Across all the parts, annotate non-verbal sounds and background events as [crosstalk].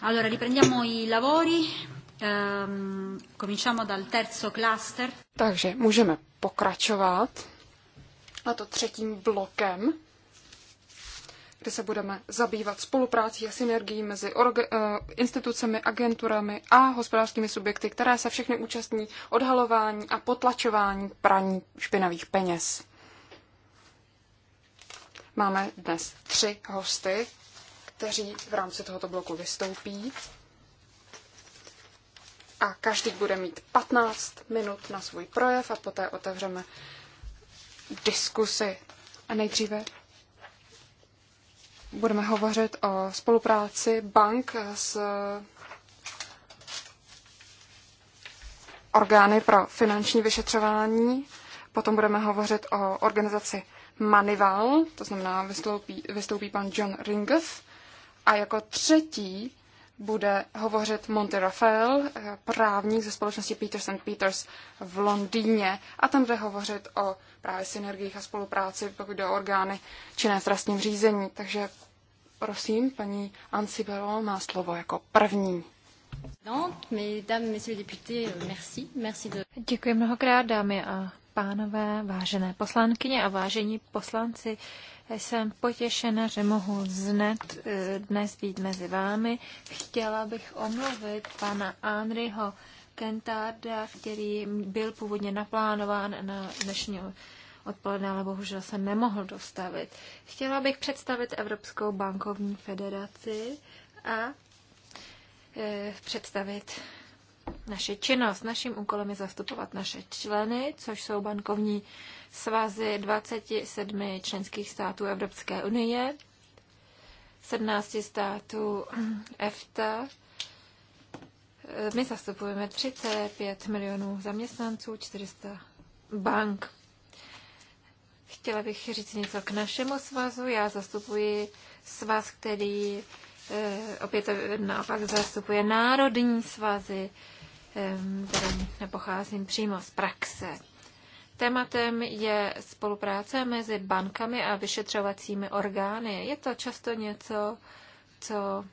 Allora, riprendiamo i lavori. Um, cominciamo dal terzo cluster. Takže můžeme pokračovat. A to třetím blokem, kde se budeme zabývat spoluprácí a synergií mezi orga- eh, institucemi, agenturami a hospodářskými subjekty, které se všechny účastní odhalování a potlačování praní špinavých peněz. Máme dnes tři hosty, kteří v rámci tohoto bloku vystoupí. A každý bude mít 15 minut na svůj projev a poté otevřeme diskusy. A nejdříve budeme hovořit o spolupráci bank s orgány pro finanční vyšetřování. Potom budeme hovořit o organizaci Manival, to znamená vystoupí, vystoupí pan John Ringef a jako třetí bude hovořit Monty Rafael, eh, právník ze společnosti Peters and Peters v Londýně a tam bude hovořit o právě synergiích a spolupráci, pokud jde o orgány činné v trestním řízení. Takže prosím, paní Ancibelo má slovo jako první. Euh, Děkuji mnohokrát, dámy a pánové, vážené poslankyně a vážení poslanci, jsem potěšena, že mohu znet, eh, dnes být mezi vámi. Chtěla bych omluvit pana Anryho Kentarda, který byl původně naplánován na dnešní odpoledne, ale bohužel se nemohl dostavit. Chtěla bych představit Evropskou bankovní federaci a eh, představit naše činnost. Naším úkolem je zastupovat naše členy, což jsou bankovní svazy 27 členských států Evropské unie, 17 států EFTA. My zastupujeme 35 milionů zaměstnanců, 400 bank. Chtěla bych říct něco k našemu svazu. Já zastupuji svaz, který eh, opět naopak zastupuje národní svazy kterým pocházím přímo z praxe. Tématem je spolupráce mezi bankami a vyšetřovacími orgány. Je to často něco, co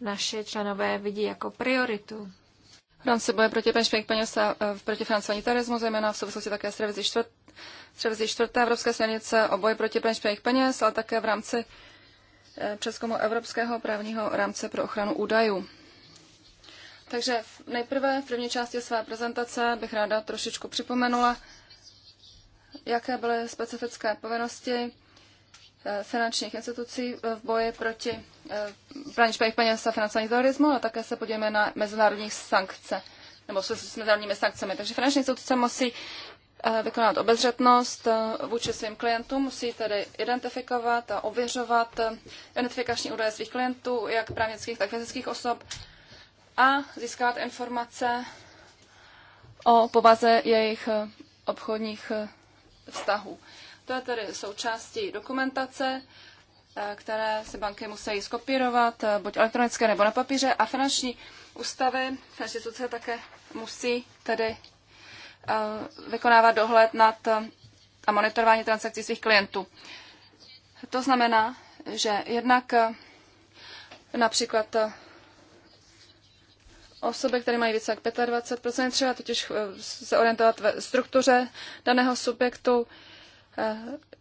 naše členové vidí jako prioritu. Francie boje proti penšpěk peněz a proti financování terorismu, zejména v souvislosti také s revizí, čtvrt, s revizí čtvrté Evropské směrnice o boji proti praní peněz, ale také v rámci eh, přeskumu Evropského právního rámce pro ochranu údajů. Takže nejprve v první části své prezentace bych ráda trošičku připomenula, jaké byly specifické povinnosti eh, finančních institucí v boji proti eh, praní špatných peněz a financování terorismu, a také se podíváme na mezinárodní sankce, nebo s mezinárodními sankcemi. Takže finanční instituce musí eh, vykonat obezřetnost vůči svým klientům, musí tedy identifikovat a ověřovat identifikační údaje svých klientů, jak právnických, tak fyzických osob, a získávat informace o povaze jejich obchodních vztahů. To je tedy součástí dokumentace, eh, které si banky musí skopírovat, eh, buď elektronické nebo na papíře, a finanční ústavy, finanční instituce také musí tedy eh, vykonávat dohled nad a monitorování transakcí svých klientů. To znamená, že jednak například osoby, které mají více jak 25%, třeba totiž eh, se orientovat ve struktuře daného subjektu. Eh,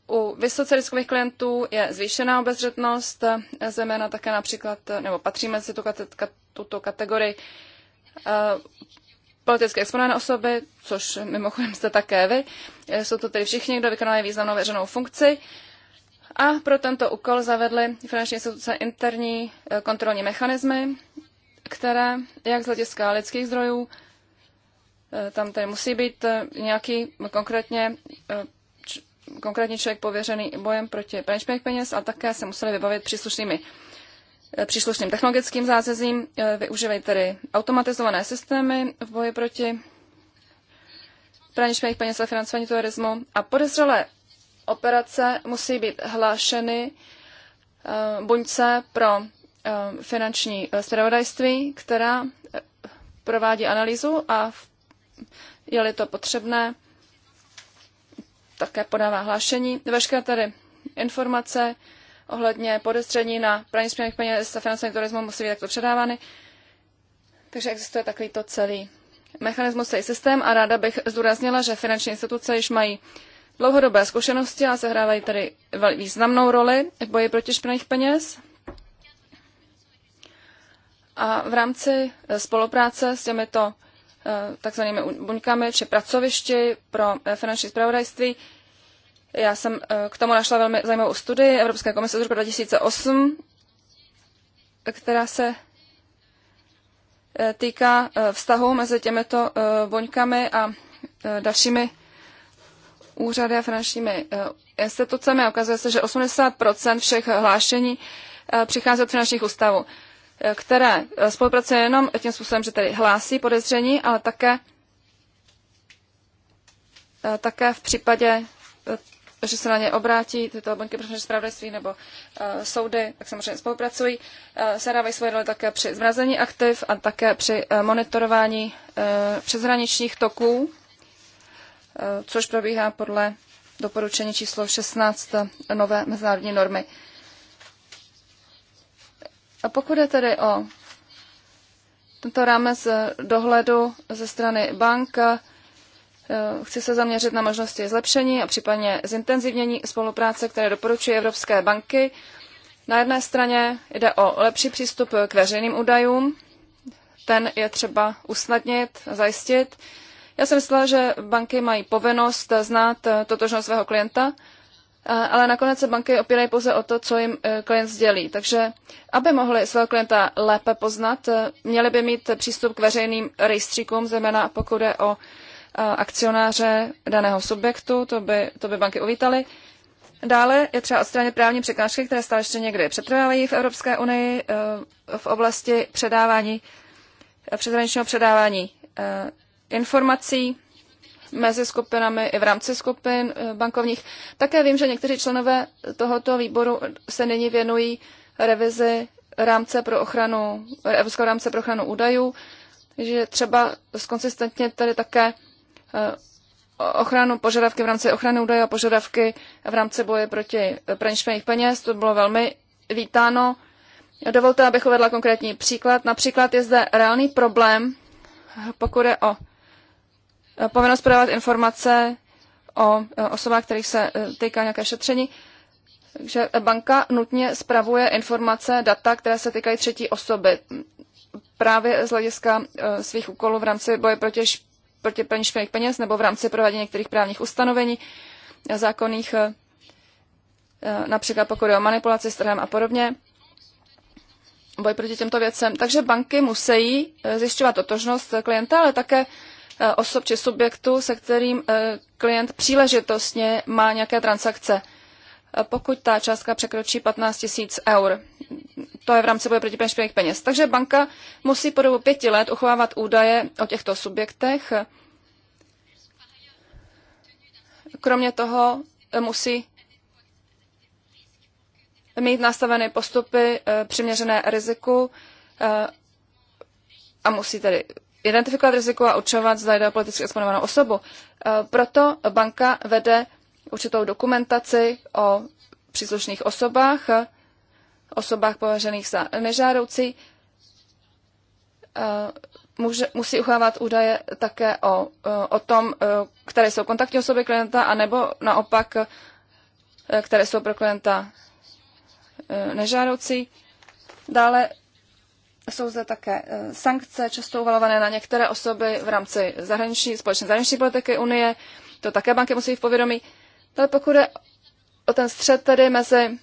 u vysoce riskových klientů je zvýšená obezřetnost, eh, zejména také například, nebo patří mezi tu, tuto kategorii politicky exponované osoby, což mimochodem jste také vy. Jsou to tedy všichni, kdo vykonávají významnou veřejnou funkci. A pro tento úkol zavedly finanční instituce interní kontrolní mechanismy, které, jak z hlediska lidských zdrojů, eh, tam tedy musí být eh, nějaký konkrétně eh, konkrétní člověk pověřený bojem proti praní peněz a také se museli vybavit příslušnými příslušným technologickým zázezím. Využívají tedy automatizované systémy v boji proti praní peněz a financování terorismu a podezřelé operace musí být hlášeny buňce pro Eh, finanční zpravodajství, která eh, provádí analýzu a je-li to potřebné, také podává hlášení. Veškeré tady informace ohledně podezření na praní špinavých peněz a financování turismu musí být takto předávány. Takže existuje takovýto celý mechanismus, a systém a ráda bych zdůraznila, že finanční instituce již mají dlouhodobé zkušenosti a sehrávají tady významnou roli v boji proti špinavých peněz a v rámci eh, spolupráce s těmito eh, takzvanými buňkami či pracovišti pro eh, finanční zpravodajství já jsem k tomu našla velmi zajímavou studii Evropské komise z roku 2008, která se týká vztahu mezi těmito buňkami a dalšími úřady a finančními institucemi. ukazuje se, že 80 všech hlášení přichází od finančních ústavů které spolupracuje jenom tím způsobem, že tedy hlásí podezření, ale také, eh, také v případě, eh, že se na ně obrátí tyto buňky pro spravodajství nebo uh, soudy, tak samozřejmě spolupracují, uh, se dávají svoje roli také při zmrazení aktiv a také při uh, monitorování uh, přeshraničních toků, uh, což probíhá podle doporučení číslo 16 nové mezinárodní normy. Uh, a pokud je tedy o tento rámec dohledu ze strany bank, eh, chci se zaměřit na možnosti zlepšení a případně zintenzivnění spolupráce, které doporučují evropské banky. Na jedné straně jde o lepší přístup k veřejným údajům, ten je třeba usnadnit, zajistit. Já jsem myslela, že banky mají povinnost znát eh, totožnost svého klienta, ale nakonec se banky opírají pouze o to, co jim eh, klient sdělí. Takže aby mohli svého klienta lépe poznat, eh, měli by mít přístup k veřejným rejstříkům, zejména pokud je o eh, akcionáře daného subjektu, to by, to by banky uvítaly. Dále je třeba odstranit právní překážky, které stále ještě někdy přetrvávají v Evropské unii v oblasti předávání, předhraničního předávání informací mezi skupinami i v rámci skupin eh, bankovních. Také vím, že někteří členové tohoto výboru se nyní věnují revizi rámce pro ochranu, eh, Evropského rámce pro ochranu údajů, že třeba skonsistentně tady také eh, ochranu požadavky v rámci ochrany údajů a požadavky v rámci boje proti praní špinavých peněz. To bylo velmi vítáno. Dovolte, abych uvedla konkrétní příklad. Například je zde reálný problém, pokud je o Eh, povinnost podávat informace o eh, osobách, kterých se eh, týká nějaké šetření. Takže banka nutně spravuje informace, data, které se týkají třetí osoby. Právě z hlediska svých úkolů v rámci boje proti, proti praní špinavých peněz nebo v rámci provádění některých právních ustanovení zákonných, například pokud je o manipulaci s trhem a podobně boj proti těmto věcem. Takže banky musí zjišťovat totožnost klienta, ale také Eh, osob či subjektů, se kterým eh, klient příležitostně má nějaké transakce, eh, pokud ta částka překročí 15 000 eur. To je v rámci boje proti špinavých peněz. Takže banka musí po dobu pěti let uchovávat údaje o těchto subjektech. Kromě toho musí mít nastavené postupy přiměřené riziku a musí tedy identifikovat riziko a určovat, zda jde o politicky exponovanou osobu. E, proto banka vede určitou dokumentaci o příslušných osobách, osobách považených za nežádoucí. E, může, musí uchovávat údaje také o, e, o tom, které jsou kontaktní osoby klienta, anebo naopak, které jsou pro klienta nežádoucí. Dále jsou zde také eh, sankce, často uvalované na některé osoby v rámci zahraniční, společné zahraniční politiky Unie. To také banky musí v povědomí. Ale pokud je o ten střed tady mezi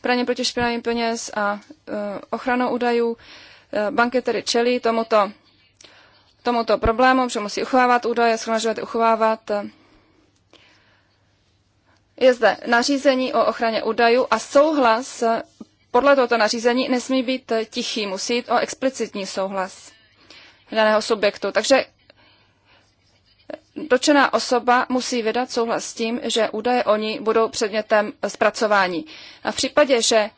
praně proti špinavým peněz a eh, ochranou údajů, eh, banky tedy čelí tomuto, tomuto problému, že musí uchovávat údaje, schromažovat, uchovávat. Je zde nařízení o ochraně údajů a souhlas podle tohoto nařízení nesmí být tichý, musí jít o explicitní souhlas daného subjektu. Takže Dočená osoba musí vydat souhlas s tím, že údaje o ní budou předmětem zpracování. A v případě, že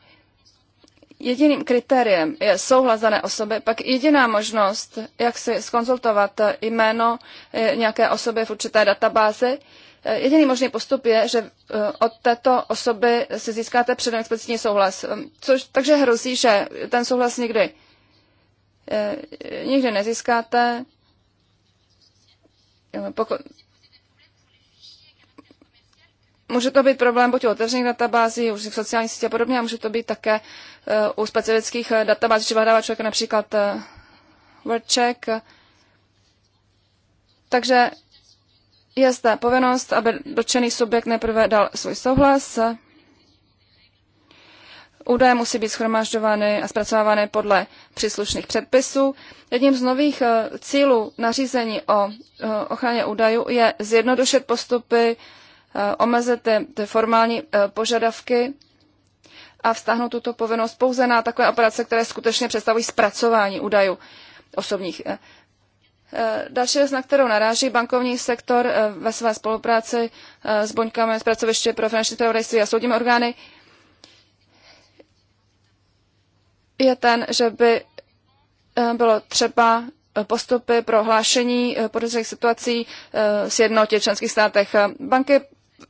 jediným kritériem je souhlas dané osoby, pak jediná možnost, jak si skonzultovat jméno eh, nějaké osoby v určité databázi, Eh, jediný možný postup je, že eh, od této osoby si získáte předem explicitní souhlas. Eh, což, takže hrozí, že ten souhlas nikdy, nikdy nezískáte. Pokud, může to být problém buď u otevřených databází, u sociálních sítí a podobně, a může to být také u specifických databází, či vyhledává člověk například WordCheck. Takže je zde povinnost, aby dotčený subjekt nejprve dal svůj souhlas. Údaje musí být schromažďovány a zpracovávány podle příslušných předpisů. Jedním z nových eh, cílů nařízení o eh, ochraně údajů je zjednodušit postupy, eh, omezit ty, formální požadavky a vztáhnout tuto povinnost pouze na takové operace, které skutečně představují zpracování údajů osobních. Eh, další věc, na kterou naráží bankovní sektor eh, ve své spolupráci eh, s buňkami z pracoviště pro finanční spravodajství a soudními orgány, je ten, že by bylo třeba postupy pro hlášení podezřelých situací sjednotit v členských státech. Banky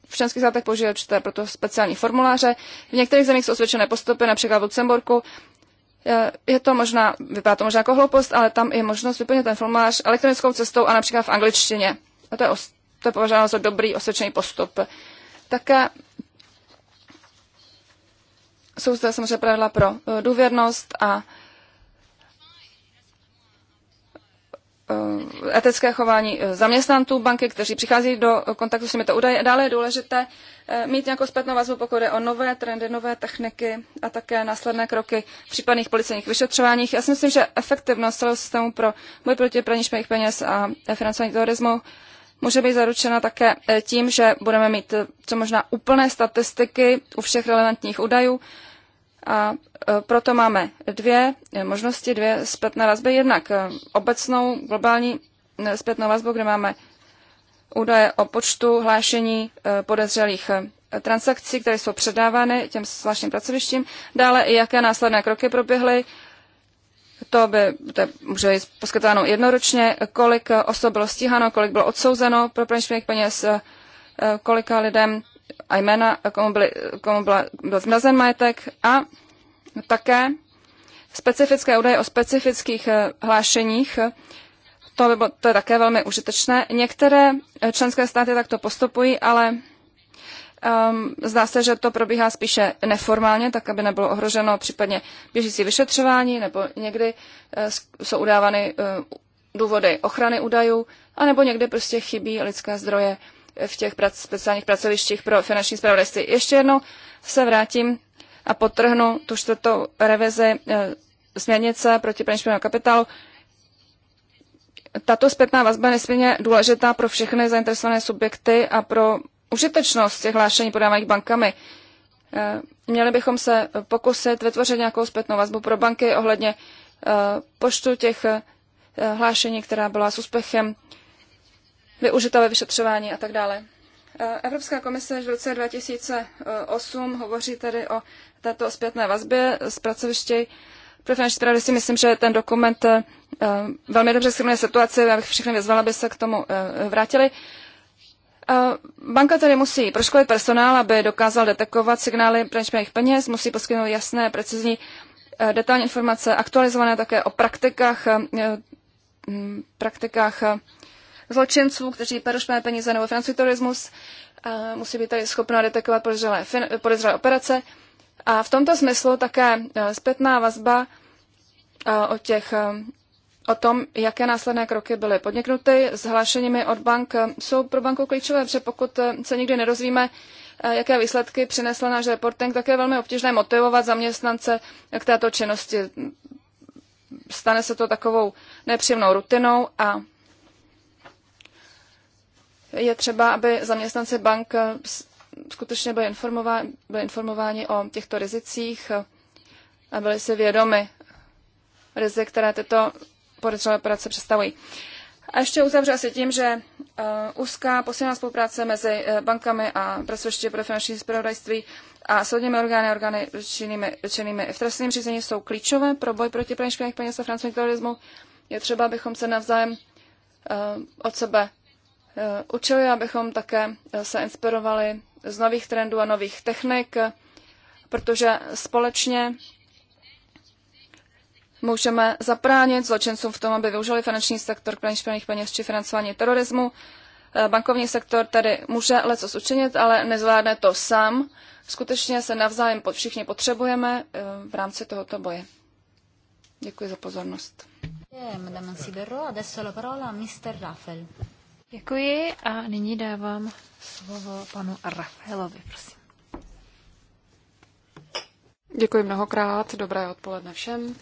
v členských státech používají určité proto speciální formuláře. V některých zemích jsou osvědčené postupy, například v Lucemburku, je to možná, vypadá to možná jako hloupost, ale tam je možnost vyplnit ten formulář elektronickou cestou a například v angličtině. A to je, os, to je považováno za dobrý osvědčený postup. Také jsou zde samozřejmě pravidla pro eh, důvěrnost a Eh, etické chování eh, zaměstnanců banky, kteří přichází do kontaktu s těmito údaji. Dále je důležité eh, mít nějakou zpětnou vazbu, pokud je o nové trendy, nové techniky a také následné kroky v případných policejních vyšetřováních. Já si myslím, že efektivnost celého systému pro boj proti praní špinavých peněz a financování terorismu může být zaručena také tím, že budeme mít co možná úplné statistiky u všech relevantních údajů a e, proto máme dvě možnosti, dvě zpětné vazby. Jednak e, obecnou globální e, zpětnou vazbu, kde máme údaje o počtu hlášení podezřelých transakcí, které jsou předávány těm zvláštním pracovištím. Dále i jaké následné kroky proběhly, to by to může být poskytováno jednoročně, kolik osob bylo stíháno, kolik bylo odsouzeno pro praní peněz, kolika lidem a jména, komu, byly, komu byla, byl zmrazen majetek a také specifické údaje o specifických eh, hlášeních. To, by bylo, to je také velmi užitečné. Některé eh, členské státy takto postupují, ale um, zdá se, že to probíhá spíše neformálně, tak aby nebylo ohroženo případně běžící vyšetřování, nebo někdy uh, jsou udávány uh, důvody ochrany údajů, anebo někde prostě chybí lidské zdroje. Uh, v těch prac, speciálních pracovištích pro finanční spravodajství. Ještě jednou se vrátím a potrhnu tu čtvrtou revizi e, směrnice proti praní kapitálu. Tato zpětná vazba je nesmírně důležitá pro všechny zainteresované subjekty a pro užitečnost těch hlášení podávaných bankami. E, měli bychom se pokusit vytvořit nějakou zpětnou vazbu pro banky ohledně e, počtu těch hlášení, která byla s úspěchem využita ve vyšetřování a tak dále. E, Evropská komise v roce 2008 hovoří tedy o této zpětné vazbě z pracoviště pro finanční zprávy si myslím, že ten dokument e, velmi dobře schrnuje situaci, já bych všechny vyzvala, aby se k tomu e, vrátili. Banka tedy musí proškolit personál, aby dokázal detekovat signály pranečných peněz, musí poskytnout jasné, precizní, detailní informace, aktualizované také o praktikách, praktikách zločinců, kteří perušmají peníze nebo financují terorismus. A musí být tady schopna detekovat podezřelé, podezřelé operace. A v tomto smyslu také e, zpětná vazba e, o těch e, o tom, jaké následné kroky byly podniknuty s hlášeními od bank, jsou pro banku klíčové, protože pokud se nikdy nerozvíme, jaké výsledky přinesl náš reporting, tak je velmi obtížné motivovat zaměstnance k této činnosti. Stane se to takovou nepříjemnou rutinou a je třeba, aby zaměstnanci bank eh, skutečně byli, informováni, byli informováni o těchto rizicích eh, a byli si vědomi rizik, které tyto podezřelé operace představují. A ještě uzavřu asi tím, že uh, úzká posílená spolupráce mezi bankami a pracoviště pro finanční zpravodajství a soudními orgány a orgány činnými, v trestním řízení jsou klíčové pro boj proti praní špinavých peněz a terorismu. Je třeba, abychom se navzájem uh, od sebe Eh, učili, abychom také eh, se inspirovali z nových trendů a nových technik, eh, protože společně můžeme zabránit zločincům v tom, aby využili finanční sektor k praní špinavých peněz či financování terorismu. Bankovní sektor tady může leco učinit, ale nezvládne to sám. Skutečně se navzájem všichni potřebujeme v rámci tohoto boje. Děkuji za pozornost. Madame Sibero, adesso la parola a Raffel. Děkuji a nyní dávám slovo panu Rafaelovi, prosím. Děkuji mnohokrát, dobré odpoledne všem.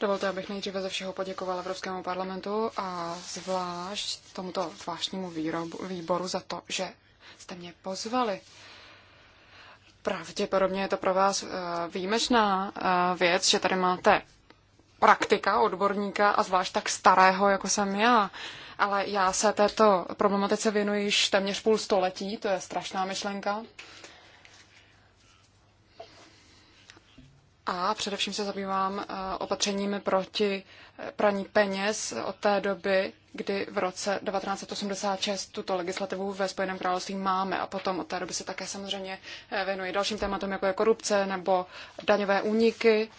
Dovolte, abych nejdříve ze všeho poděkoval Evropskému parlamentu a zvlášť tomuto zvláštnímu výrobu, výboru za to, že jste mě pozvali. Pravděpodobně je to pro vás eh, výjimečná eh, věc, že tady máte praktika, odborníka a zvlášť tak starého, jako jsem já ale já se této problematice věnuji již téměř půl století, to je strašná myšlenka. A především se zabývám eh, opatřeními proti eh, praní peněz od té doby, kdy v roce 1986 tuto legislativu ve Spojeném království máme a potom od té doby se také samozřejmě eh, věnuji dalším tématům, jako je korupce nebo daňové úniky.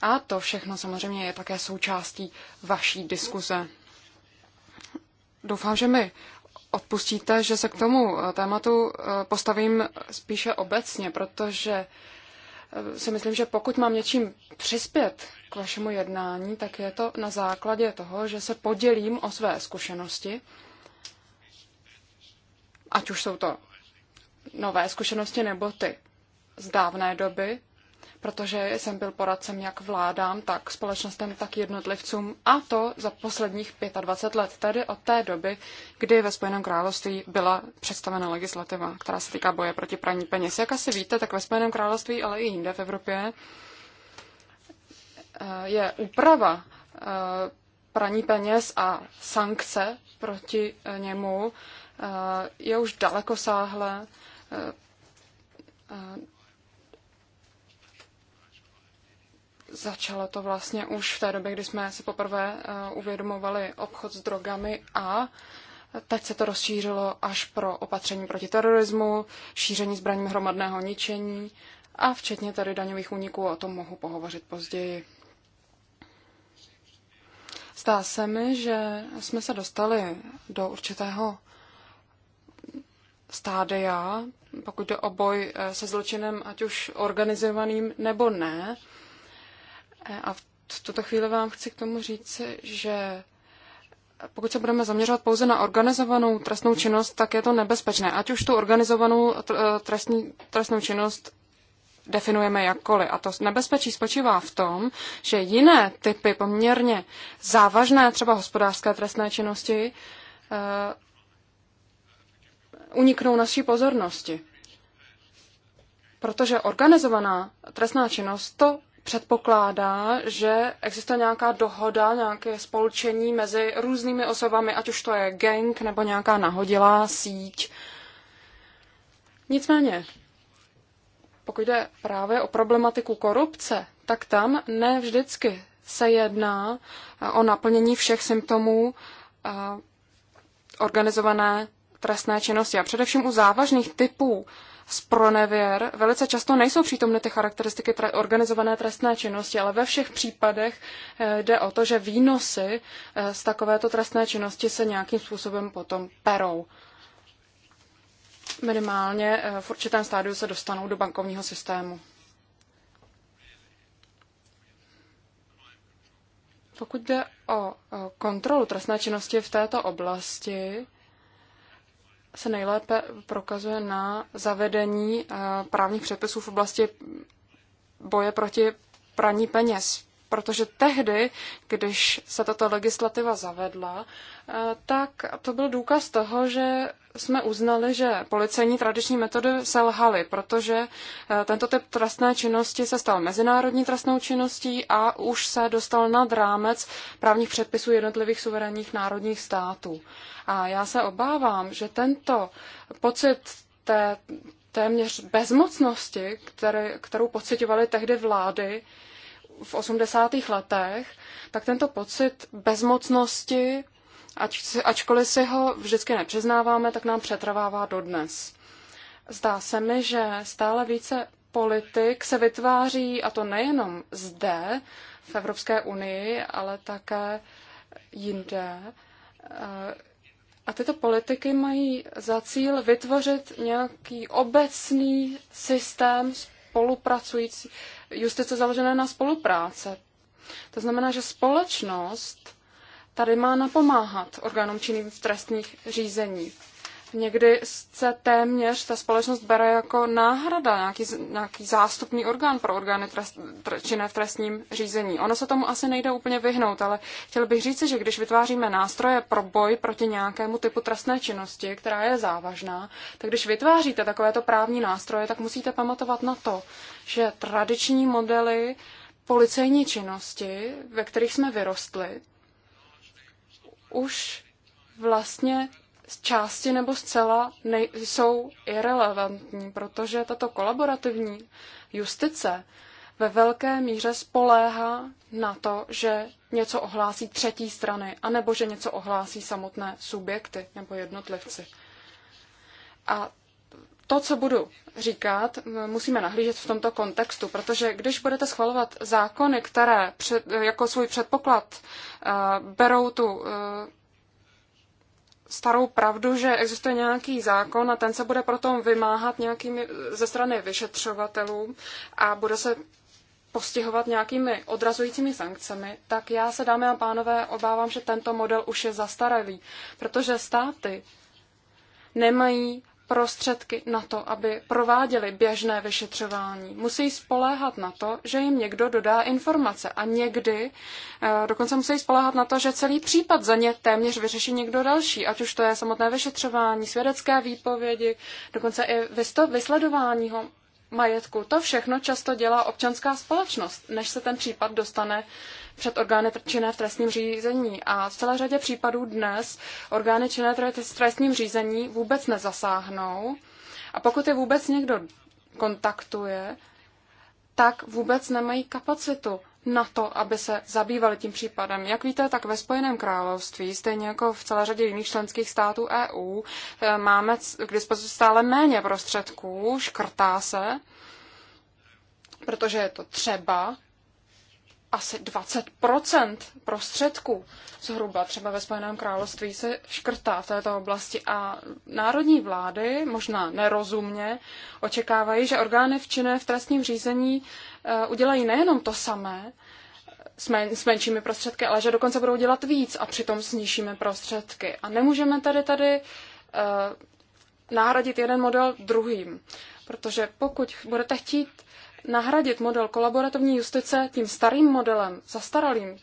A to všechno samozřejmě je také součástí vaší diskuze doufám, že mi odpustíte, že se k tomu eh, tématu eh, postavím spíše obecně, protože eh, si myslím, že pokud mám něčím přispět k vašemu jednání, tak je to na základě toho, že se podělím o své zkušenosti, ať už jsou to nové zkušenosti nebo ty z dávné doby, protože jsem byl poradcem jak vládám, tak společnostem, tak jednotlivcům a to za posledních 25 let, tedy od té doby, kdy ve Spojeném království byla představena legislativa, která se týká boje proti praní peněz. Jak asi víte, tak ve Spojeném království, ale i jinde v Evropě eh, je úprava eh, praní peněz a sankce proti eh, němu je už daleko sáhle. Začalo to vlastně už v té době, kdy jsme si poprvé eh, uvědomovali obchod s drogami a Teď se to rozšířilo až pro opatření proti terorismu, šíření zbraní hromadného ničení a včetně tady daňových úniků, o tom mohu pohovořit později. Stá se mi, že jsme se dostali do určitého stádia, pokud jde o boj eh, se zločinem, ať už organizovaným nebo ne, Eh, a v tuto chvíli vám chci k tomu říct, že pokud se budeme zaměřovat pouze na organizovanou trestnou činnost, tak je to nebezpečné. Ať už tu organizovanou eh, trestní, trestnou činnost definujeme jakkoliv. A to nebezpečí spočívá v tom, že jiné typy poměrně závažné, třeba hospodářské trestné činnosti, uh, uniknou naší pozornosti. Protože organizovaná trestná činnost to předpokládá, že existuje nějaká dohoda, nějaké spolčení mezi různými osobami, ať už to je gang nebo nějaká nahodilá síť. Nicméně, pokud jde právě o problematiku korupce, tak tam ne vždycky se jedná eh, o naplnění všech symptomů eh, organizované trestné činnosti. A především u závažných typů z pronevěr velice často nejsou přítomny ty charakteristiky tra- organizované trestné činnosti, ale ve všech případech eh, jde o to, že výnosy eh, z takovéto trestné činnosti se nějakým způsobem potom perou. Minimálně eh, v určitém stádiu se dostanou do bankovního systému. Pokud jde o kontrolu trestné činnosti v této oblasti, se nejlépe prokazuje na zavedení eh, právních předpisů v oblasti boje proti praní peněz protože tehdy, když se tato legislativa zavedla, eh, tak to byl důkaz toho, že jsme uznali, že policejní tradiční metody selhaly, protože eh, tento typ trestné činnosti se stal mezinárodní trestnou činností a už se dostal nad rámec právních předpisů jednotlivých suverénních národních států. A já se obávám, že tento pocit té téměř bezmocnosti, které, kterou pocitovaly tehdy vlády, v 80. letech, tak tento pocit bezmocnosti, ač, ačkoliv si ho vždycky nepřiznáváme, tak nám přetrvává dodnes. Zdá se mi, že stále více politik se vytváří, a to nejenom zde, v Evropské unii, ale také jinde. Eh, a tyto politiky mají za cíl vytvořit nějaký obecný systém spolupracující, justice založené na spolupráce. To znamená, že společnost tady má napomáhat orgánům činným v trestních řízeních. Někdy se téměř ta společnost bere jako náhrada, nějaký, nějaký zástupný orgán pro orgány trest, tr, činné v trestním řízení. Ono se tomu asi nejde úplně vyhnout, ale chtěl bych říci, že když vytváříme nástroje pro boj proti nějakému typu trestné činnosti, která je závažná, tak když vytváříte takovéto právní nástroje, tak musíte pamatovat na to, že tradiční modely policejní činnosti, ve kterých jsme vyrostli, už vlastně z části nebo zcela nej- jsou irrelevantní, protože tato kolaborativní justice ve velké míře spoléhá na to, že něco ohlásí třetí strany, anebo že něco ohlásí samotné subjekty nebo jednotlivci. A to, co budu říkat, musíme nahlížet v tomto kontextu, protože když budete schvalovat zákony, které před, jako svůj předpoklad uh, berou tu uh, starou pravdu, že existuje nějaký zákon a ten se bude potom vymáhat nějakými ze strany vyšetřovatelů a bude se postihovat nějakými odrazujícími sankcemi, tak já se, dámy a pánové, obávám, že tento model už je zastaralý, protože státy nemají prostředky na to, aby prováděli běžné vyšetřování. Musí spoléhat na to, že jim někdo dodá informace a někdy eh, dokonce musí spoléhat na to, že celý případ za ně téměř vyřeší někdo další, ať už to je samotné vyšetřování, svědecké výpovědi, dokonce i vysledování ho majetku. To všechno často dělá občanská společnost, než se ten případ dostane před orgány činné v trestním řízení. A v celé řadě případů dnes orgány činné v trestním řízení vůbec nezasáhnou. A pokud je vůbec někdo kontaktuje, tak vůbec nemají kapacitu na to, aby se zabývali tím případem. Jak víte, tak ve Spojeném království, stejně jako v celé řadě jiných členských států EU, eh, máme k dispozici stále méně prostředků, škrtá se, protože je to třeba asi 20 prostředků zhruba třeba ve Spojeném království se škrtá v této oblasti a národní vlády, možná nerozumně, očekávají, že orgány v činné v trestním řízení eh, udělají nejenom to samé, s, menšími prostředky, ale že dokonce budou dělat víc a přitom s nižšími prostředky. A nemůžeme tady tady eh, nahradit jeden model druhým, protože pokud budete chtít nahradit model kolaborativní justice tím starým modelem, zastaralým,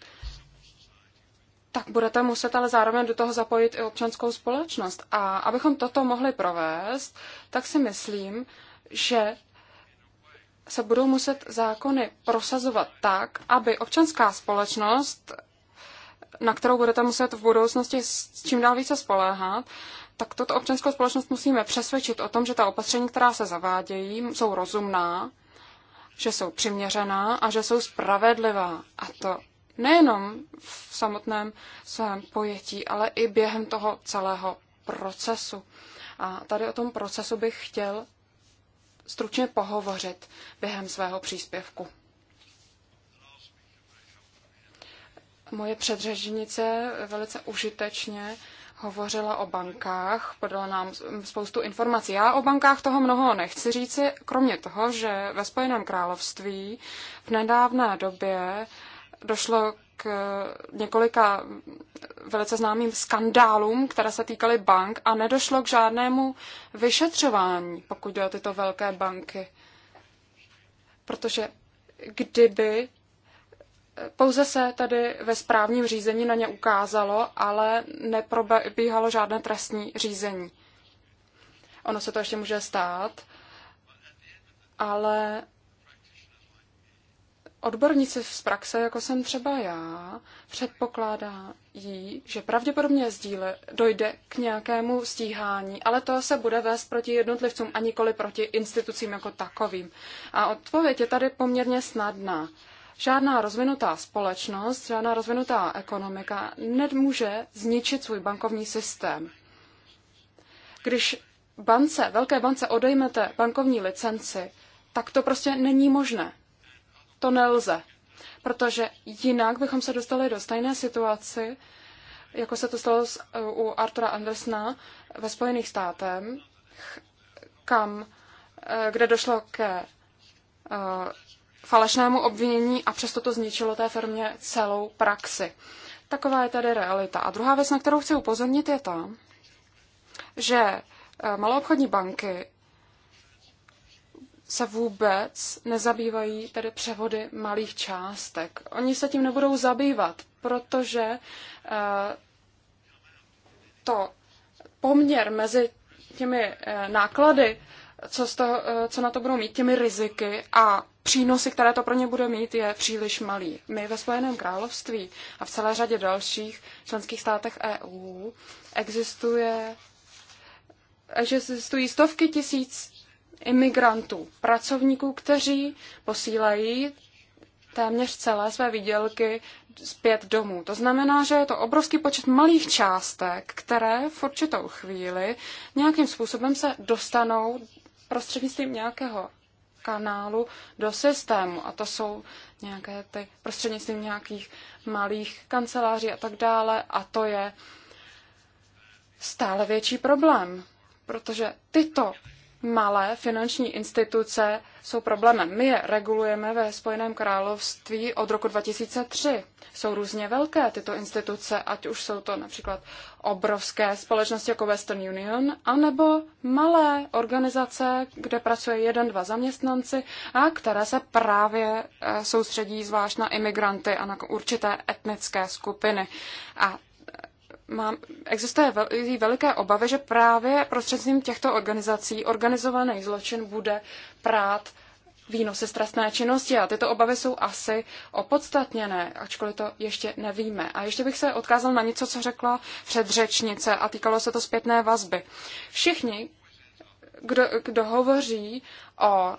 tak budete muset ale zároveň do toho zapojit i občanskou společnost. A abychom toto mohli provést, tak si myslím, že se budou muset zákony prosazovat tak, aby občanská společnost, na kterou budete muset v budoucnosti s čím dál více spoléhat, tak toto občanskou společnost musíme přesvědčit o tom, že ta opatření, která se zavádějí, jsou rozumná že jsou přiměřená a že jsou spravedlivá. A to nejenom v samotném svém pojetí, ale i během toho celého procesu. A tady o tom procesu bych chtěl stručně pohovořit během svého příspěvku. Moje předřežnice velice užitečně hovořila o bankách, podala nám spoustu informací. Já o bankách toho mnoho nechci říci, kromě toho, že ve Spojeném království v nedávné době došlo k několika velice známým skandálům, které se týkaly bank a nedošlo k žádnému vyšetřování, pokud jde o tyto velké banky. Protože kdyby pouze se tady ve správním řízení na ně ukázalo, ale neprobíhalo žádné trestní řízení. Ono se to ještě může stát, ale odborníci z praxe, jako jsem třeba já, předpokládají, že pravděpodobně sdíle dojde k nějakému stíhání, ale to se bude vést proti jednotlivcům a nikoli proti institucím jako takovým. A odpověď je tady poměrně snadná. Žádná rozvinutá společnost, žádná rozvinutá ekonomika nemůže zničit svůj bankovní systém. Když bance, velké bance odejmete bankovní licenci, tak to prostě není možné. To nelze. Protože jinak bychom se dostali do stejné situaci, jako se to stalo u Artura Andersna ve Spojených státech, kam, eh, kde došlo ke eh, falešnému obvinění a přesto to zničilo té firmě celou praxi. Taková je tady realita. A druhá věc, na kterou chci upozornit, je ta, že eh, maloobchodní banky se vůbec nezabývají tedy převody malých částek. Oni se tím nebudou zabývat, protože eh, to poměr mezi těmi eh, náklady co, z toho, eh, co na to budou mít těmi riziky a přínosy, které to pro ně bude mít, je příliš malý. My ve Spojeném království a v celé řadě dalších členských státech EU existuje, existují stovky tisíc imigrantů, pracovníků, kteří posílají téměř celé své výdělky zpět domů. To znamená, že je to obrovský počet malých částek, které v určitou chvíli nějakým způsobem se dostanou prostřednictvím nějakého kanálu do systému. A to jsou nějaké ty prostřednictvím nějakých malých kanceláří a tak dále. A to je stále větší problém, protože tyto malé finanční instituce jsou problémem. My je regulujeme ve Spojeném království od roku 2003. Jsou různě velké tyto instituce, ať už jsou to například obrovské společnosti jako Western Union, anebo malé organizace, kde pracuje jeden, dva zaměstnanci a které se právě eh, soustředí zvlášť na imigranty a na určité etnické skupiny. A mám, existuje vel, veliké obavy, že právě prostřednictvím těchto organizací organizovaný zločin bude prát výnosy z trestné činnosti a tyto obavy jsou asi opodstatněné, ačkoliv to ještě nevíme. A ještě bych se odkázal na něco, co řekla předřečnice a týkalo se to zpětné vazby. Všichni, kdo, kdo hovoří o e,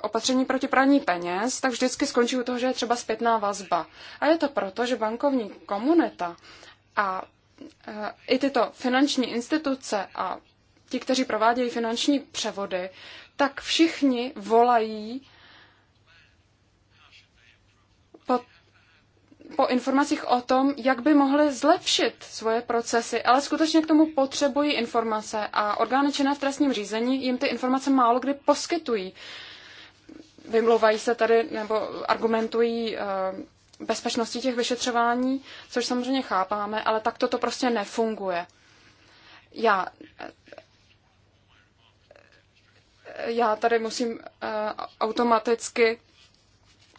opatření proti praní peněz, tak vždycky skončí u toho, že je třeba zpětná vazba. A je to proto, že bankovní komunita a Eh, i tyto finanční instituce a ti, kteří provádějí finanční převody, tak všichni volají po, po informacích o tom, jak by mohli zlepšit svoje procesy, ale skutečně k tomu potřebují informace a orgány činné v trestním řízení jim ty informace málo kdy poskytují. Vymlouvají se tady nebo argumentují eh, bezpečnosti těch vyšetřování, což samozřejmě chápáme, ale takto to prostě nefunguje. Já já tady musím uh, automaticky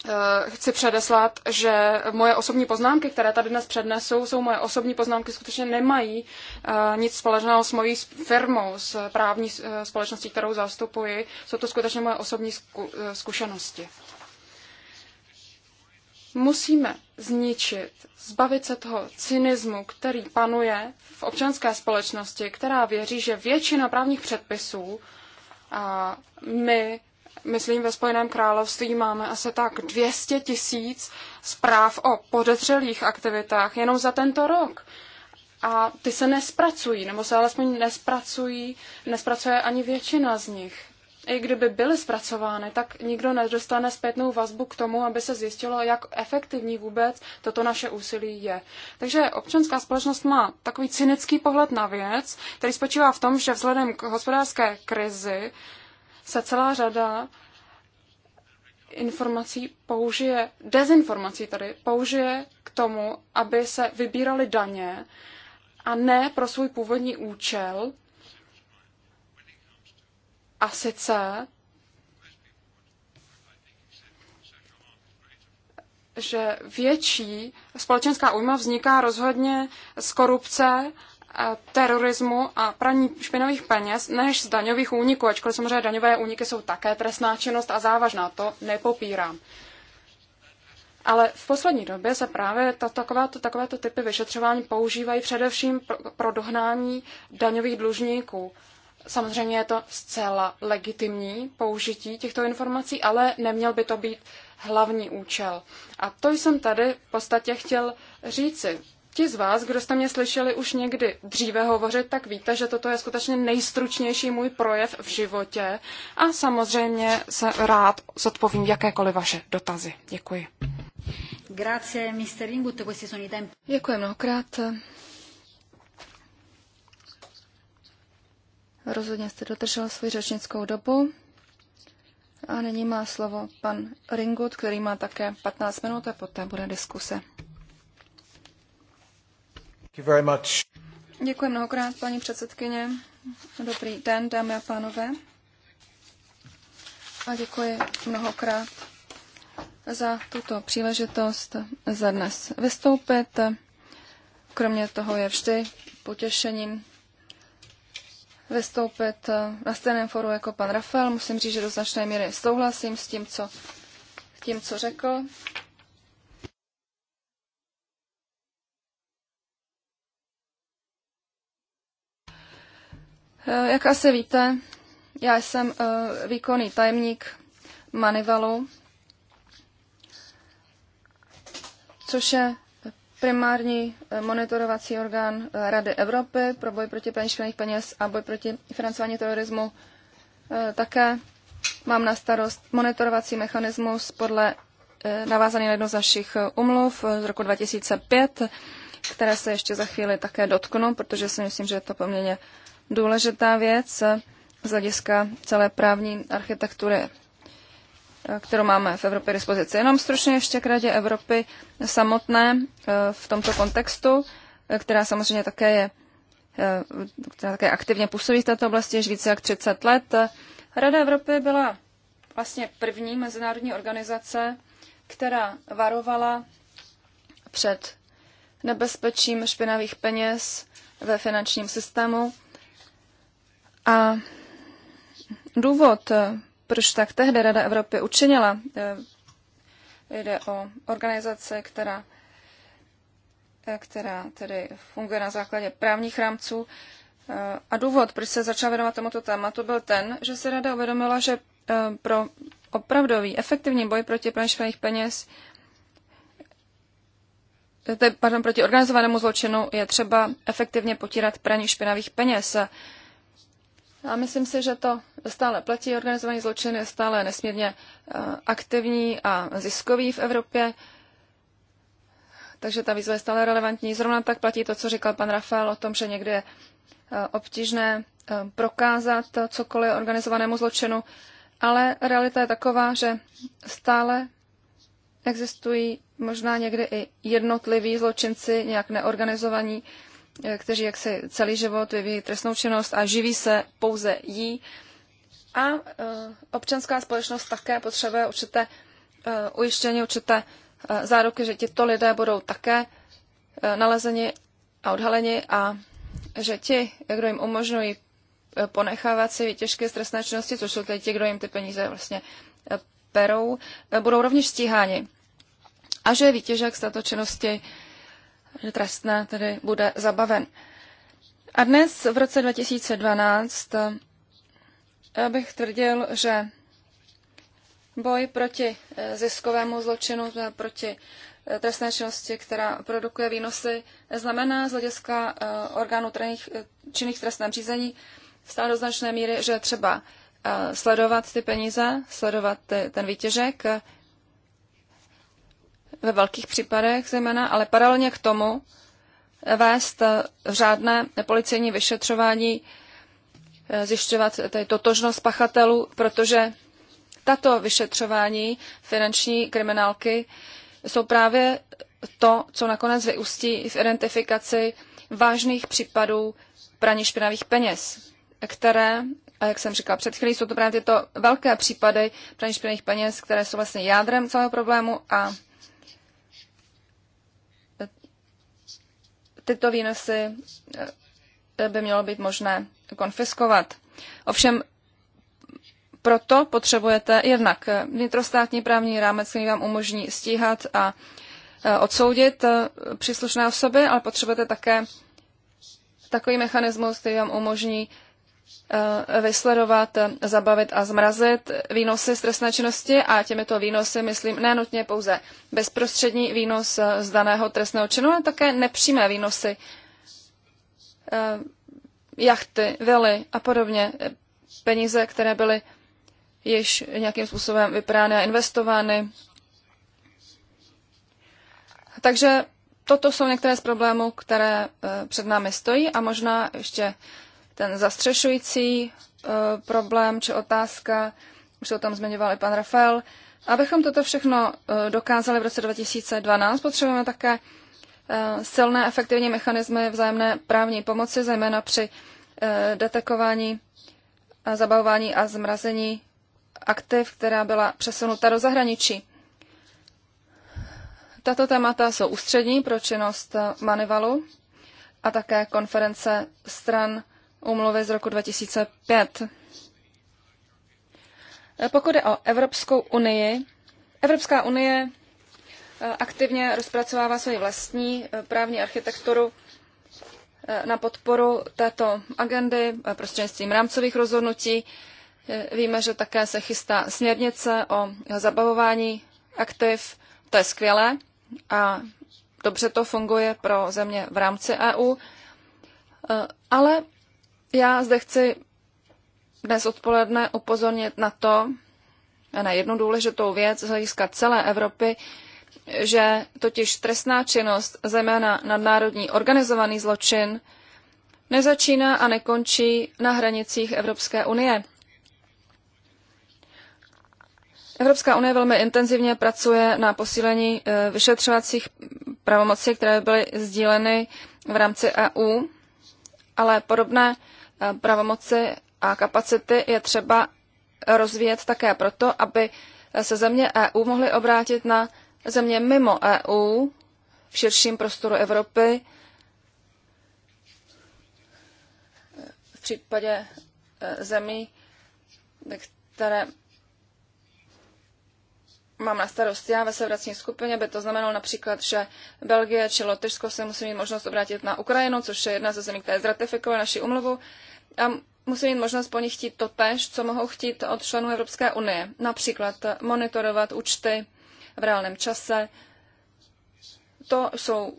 eh, chci předeslat, že moje osobní poznámky, které tady dnes přednesou, jsou moje osobní poznámky, skutečně nemají eh, nic společného s mojí firmou, s právní společností, kterou zastupuji. Jsou to skutečně moje osobní zkušenosti. Musíme zničit, zbavit se toho cynismu, který panuje v občanské společnosti, která věří, že většina právních předpisů a my myslím, ve Spojeném království máme asi tak 200 tisíc zpráv o podezřelých aktivitách jenom za tento rok. A ty se nespracují, nebo se alespoň nespracují, nespracuje ani většina z nich i kdyby byly zpracovány, tak nikdo nedostane zpětnou vazbu k tomu, aby se zjistilo, jak efektivní vůbec toto naše úsilí je. Takže občanská společnost má takový cynický pohled na věc, který spočívá v tom, že vzhledem k hospodářské krizi se celá řada informací použije, dezinformací tady, použije k tomu, aby se vybíraly daně a ne pro svůj původní účel, a sice, že větší společenská újma vzniká rozhodně z korupce, a e, terorismu a praní špinavých peněz než z daňových úniků, ačkoliv samozřejmě daňové úniky jsou také trestná činnost a závažná, to nepopírám. Ale v poslední době se právě tato, takovéto, takovéto typy vyšetřování používají především pro, pro dohnání daňových dlužníků. Samozřejmě je to zcela legitimní použití těchto informací, ale neměl by to být hlavní účel. A to jsem tady v podstatě chtěl říci. Ti z vás, kdo jste mě slyšeli už někdy dříve hovořit, tak víte, že toto je skutečně nejstručnější můj projev v životě a samozřejmě se rád zodpovím jakékoliv vaše dotazy. Děkuji. Grazie, Mr. questi sono i tempi. Děkuji mnohokrát. Rozhodně jste dodržel svou řečnickou dobu. A nyní má slovo pan Ringut, který má také 15 minut a poté bude diskuse. Děkuji mnohokrát, paní předsedkyně. Dobrý den, dámy a pánové. A děkuji mnohokrát za tuto příležitost za dnes vystoupit. Kromě toho je vždy potěšením vystoupit eh, na stejném foru jako pan Rafael. Musím říct, že do značné míry souhlasím s tím, co, tím, co řekl. Eh, jak asi víte, já jsem eh, výkonný tajemník Manivalu, což je primární eh, monitorovací orgán eh, Rady Evropy pro boj proti praní špinavých peněz a boj proti financování terorismu. Eh, také mám na starost monitorovací mechanismus podle navázaný na jednu z našich umluv z roku 2005, které se ještě za chvíli také dotknu, protože si myslím, že je to poměrně důležitá věc z hlediska celé právní architektury kterou máme v Evropě dispozici. Jenom stručně ještě k Radě Evropy samotné eh, v tomto kontextu, eh, která samozřejmě také je eh, která také aktivně působí v této oblasti již více jak 30 let. Rada Evropy byla vlastně první mezinárodní organizace, která varovala před nebezpečím špinavých peněz ve finančním systému. A důvod, proč tak tehdy Rada Evropy učinila. Eh, jde o organizace, která, eh, která tedy funguje na základě právních rámců. Eh, a důvod, proč se začala věnovat tomuto tématu, byl ten, že se Rada uvědomila, že pro opravdový, efektivní boj proti praní peněz pardon, proti organizovanému zločinu je třeba efektivně potírat praní špinavých peněz. Já myslím si, že to stále platí. Organizovaný zločin je stále nesmírně eh, aktivní a ziskový v Evropě, takže ta výzva je stále relevantní. Zrovna tak platí to, co říkal pan Rafael o tom, že někdy je eh, obtížné eh, prokázat cokoliv organizovanému zločinu, ale realita je taková, že stále existují možná někdy i jednotliví zločinci, nějak neorganizovaní, Eh, kteří se celý život vyvíjí trestnou činnost a živí se pouze jí. A eh, občanská společnost také potřebuje určité eh, ujištění, určité záruky, že tito lidé budou také nalezeni a odhaleni a že ti, kdo jim umožňují ponechávat si výtěžky z trestné činnosti, což jsou ti, kdo jim ty peníze vlastně perou, budou rovněž stíháni. A že výtěžek z této činnosti že trestné tedy bude zabaven. A dnes v roce 2012 eh, bych tvrdil, že boj proti eh, ziskovému zločinu, eh, proti trestné činnosti, která produkuje výnosy, znamená z hlediska orgánů činných v trestném řízení stále do značné míry, že třeba sledovat ty peníze, sledovat ten výtěžek, ve velkých případech zejména, ale paralelně k tomu vést řádné policejní vyšetřování, eh, zjišťovat tady totožnost pachatelů, protože tato vyšetřování finanční kriminálky jsou právě to, co nakonec vyústí v identifikaci vážných případů praní špinavých peněz, které, a jak jsem říkala před chvílí, jsou to právě tyto velké případy praní špinavých peněz, které jsou vlastně jádrem celého problému a tyto výnosy eh, by mělo být možné konfiskovat. Ovšem proto potřebujete jednak eh, vnitrostátní právní rámec, který vám umožní stíhat a eh, odsoudit příslušné osoby, ale potřebujete také takový mechanismus, který vám umožní Eh, vysledovat, eh, zabavit a zmrazit výnosy z trestné činnosti a těmito výnosy myslím nenutně pouze bezprostřední výnos eh, z daného trestného činu, ale také nepřímé výnosy jachty, vily a podobně. Peníze, které byly již nějakým způsobem vyprány a investovány. Takže toto jsou některé z problémů, které před námi stojí a možná ještě ten zastřešující eh, problém či otázka, už se o tom zmiňoval i pan Rafael, abychom toto všechno eh, dokázali v roce 2012, potřebujeme také eh, silné efektivní mechanismy vzájemné právní pomoci, zejména při detekování, zabavování a zmrazení aktiv, která byla přesunuta do zahraničí. Tato témata jsou ústřední pro činnost Manivalu a také konference stran úmluvy z roku 2005. Eh, pokud je o Evropskou unii, Evropská unie eh, aktivně rozpracovává svoji vlastní eh, právní architekturu na podporu této agendy prostřednictvím rámcových rozhodnutí. Víme, že také se chystá směrnice o zabavování aktiv. To je skvělé a dobře to funguje pro země v rámci EU, ale já zde chci dnes odpoledne upozornit na to, na jednu důležitou věc z hlediska celé Evropy, že totiž trestná činnost, zejména nadnárodní organizovaný zločin, nezačíná a nekončí na hranicích Evropské unie. Evropská unie velmi intenzivně pracuje na posílení eh, vyšetřovacích pravomocí, které byly sdíleny v rámci EU, ale podobné Eh, pravomoci a kapacity je třeba rozvíjet také proto, aby se země EU mohly obrátit na země mimo EU v širším prostoru Evropy. V případě eh, zemí, které mám na starost já ve severní skupině, by to znamenalo například, že Belgie či Lotyšsko se musí mít možnost obrátit na Ukrajinu, což je jedna ze zemí, která zratifikovala naši umluvu a musí mít možnost po nich chtít to tež, co mohou chtít od členů Evropské unie. Například monitorovat účty v reálném čase. To jsou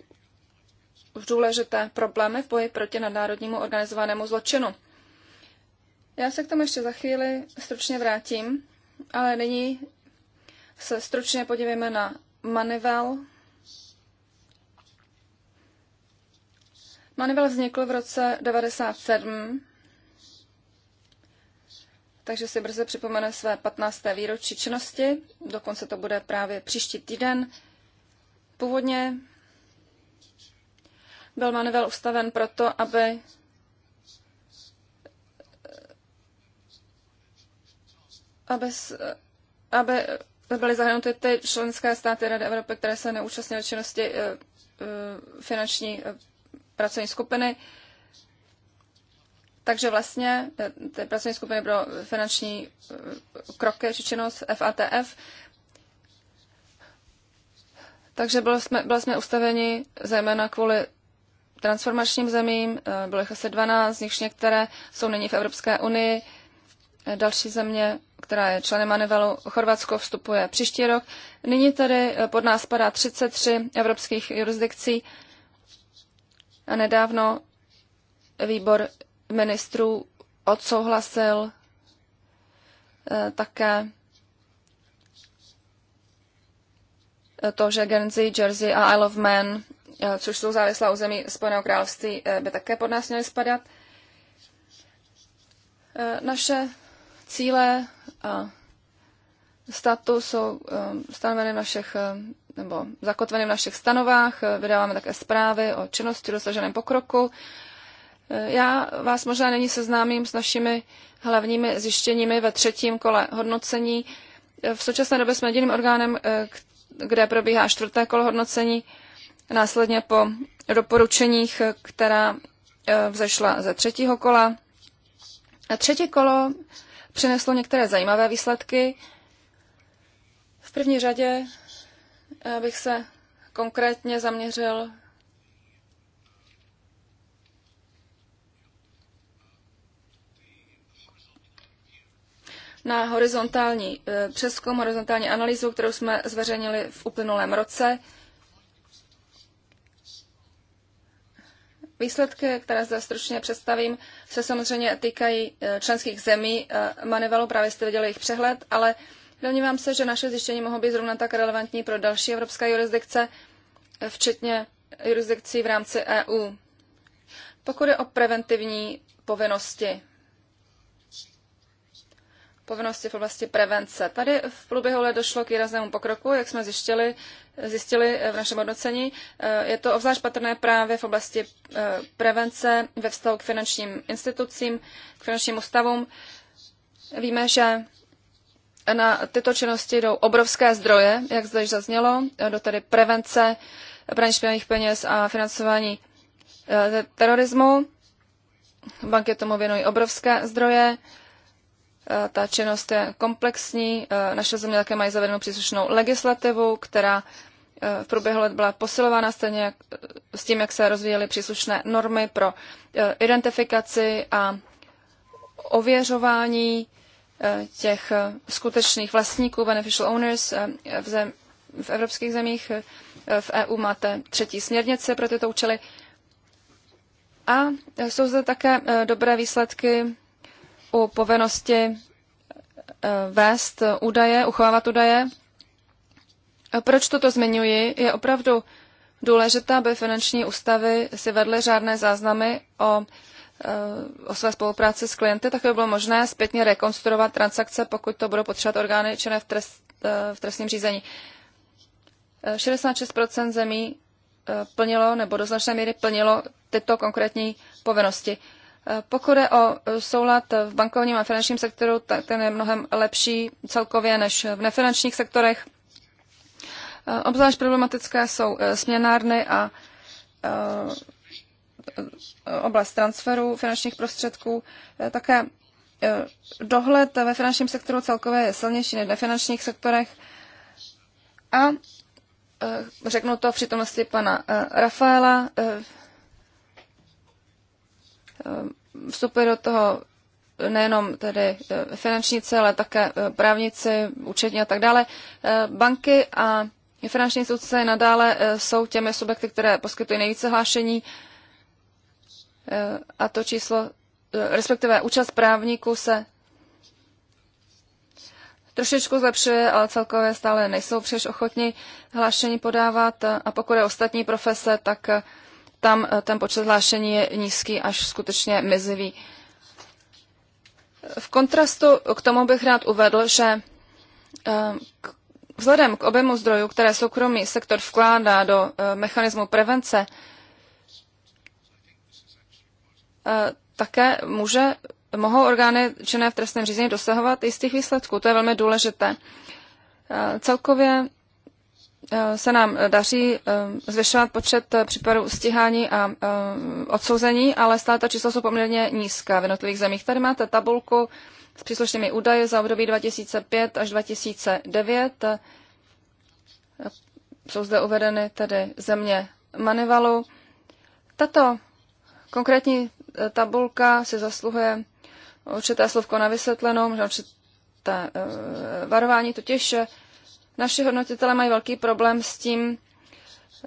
důležité problémy v boji proti nadnárodnímu organizovanému zločinu. Já se k tomu ještě za chvíli stručně vrátím, ale nyní se stručně podívejme na Manivel. Manivel vznikl v roce 1997 takže si brzy připomene své 15. výročí činnosti, dokonce to bude právě příští týden. Původně byl Manuel ustaven proto, aby aby, aby byly zahrnuty ty členské státy Rady Evropy, které se neúčastnily činnosti eh, eh, finanční eh, pracovní skupiny. Takže vlastně eh, té pracovní skupiny pro finanční eh, kroky či činnost FATF. Takže byli jsme, byli jsme ustaveni zejména kvůli transformačním zemím, eh, bylo jich asi 12, z nichž některé jsou nyní v Evropské unii. Další země, která je členem Manivelu, Chorvatsko vstupuje příští rok. Nyní tedy pod nás padá 33 evropských jurisdikcí a nedávno výbor ministrů odsouhlasil eh, také eh, to, že Guernsey, Jersey a Isle of Man, eh, což jsou závislá území Spojeného království, by také pod nás měly spadat. Naše cíle a statu jsou stanoveny v našich, nebo zakotveny v našich stanovách. Vydáváme také zprávy o činnosti, dosaženém pokroku Eh, já vás možná není seznámím s našimi hlavními zjištěními ve třetím kole hodnocení. Eh, v současné době jsme jediným orgánem, eh, kde probíhá čtvrté kolo hodnocení, následně po doporučeních, která vzešla ze třetího kola. A třetí kolo přineslo některé zajímavé výsledky. V první řadě bych se konkrétně zaměřil na horizontální eh, přeskum, horizontální analýzu, kterou jsme zveřejnili v uplynulém roce. Výsledky, které zde stručně představím, se samozřejmě týkají eh, členských zemí eh, Manivalu, právě jste viděli jejich přehled, ale domnívám se, že naše zjištění mohou být zrovna tak relevantní pro další evropské jurisdikce, včetně jurisdikcí v rámci EU. Pokud je o preventivní povinnosti, povinnosti v oblasti prevence. Tady v průběhu let došlo k výraznému pokroku, jak jsme zjištěli, zjistili eh, v našem hodnocení. Eh, je to obzvlášť patrné právě v oblasti eh, prevence ve vztahu k finančním institucím, k finančním ústavům. Víme, že na tyto činnosti jdou obrovské zdroje, jak zde již zaznělo, do tedy prevence praní špinavých peněz a financování terorismu. Banky tomu věnují obrovské zdroje Eh, ta činnost je komplexní. Eh, naše země také mají zavedenou příslušnou legislativu, která eh, v průběhu let byla posilována stejně jak, s tím, jak se rozvíjely příslušné normy pro identifikaci a ověřování těch skutečných vlastníků, beneficial owners v, zem, v evropských zemích. V EU máte třetí směrnice pro tyto účely. A jsou zde také dobré výsledky u povinnosti eh, vést údaje, uchovávat údaje. Proč toto zmiňuji? Je opravdu důležité, aby finanční ústavy si vedly řádné záznamy o, eh, o své spolupráci s klienty, tak by bylo možné zpětně rekonstruovat transakce, pokud to budou potřebovat orgány činné v, trest, eh, v trestním řízení. 66 zemí plnilo nebo do značné míry plnilo tyto konkrétní povinnosti. Pokud je o e, soulad v bankovním a finančním sektoru, tak ten je mnohem lepší celkově než v nefinančních sektorech. E, Obzvlášť problematické jsou e, směnárny a oblast transferu finančních prostředků. Také dohled ve finančním sektoru celkově je silnější než v nefinančních sektorech. A řeknu to v přítomnosti pana Rafaela, Eh, vstupuje do toho nejenom tedy eh, finančníci, ale také eh, právníci, účetní a tak dále. Banky a finanční instituce nadále jsou těmi subjekty, které poskytují nejvíce hlášení a to číslo, respektive účast právníků se trošičku zlepšuje, ale celkově stále nejsou příliš ochotní hlášení podávat a pokud je ostatní profese, tak tam eh, ten počet hlášení je nízký až skutečně mizivý. V kontrastu k tomu bych rád uvedl, že eh, vzhledem k objemu zdrojů, které soukromý sektor vkládá do eh, mechanismu prevence, také může, mohou orgány činné v trestném řízení dosahovat jistých výsledků. To je velmi důležité. Celkově Eh, se nám eh, daří eh, zvyšovat počet případů stíhání a odsouzení, ale stále ta čísla jsou poměrně nízká v jednotlivých zemích. Tady máte tabulku s příslušnými údaji za období 2005 až 2009. Jsou zde uvedeny tedy země Manivalu. Tato konkrétní tabulka si zasluhuje určité slovko na vysvětlenou, určité varování, totiž Naši hodnotitelé mají velký problém s tím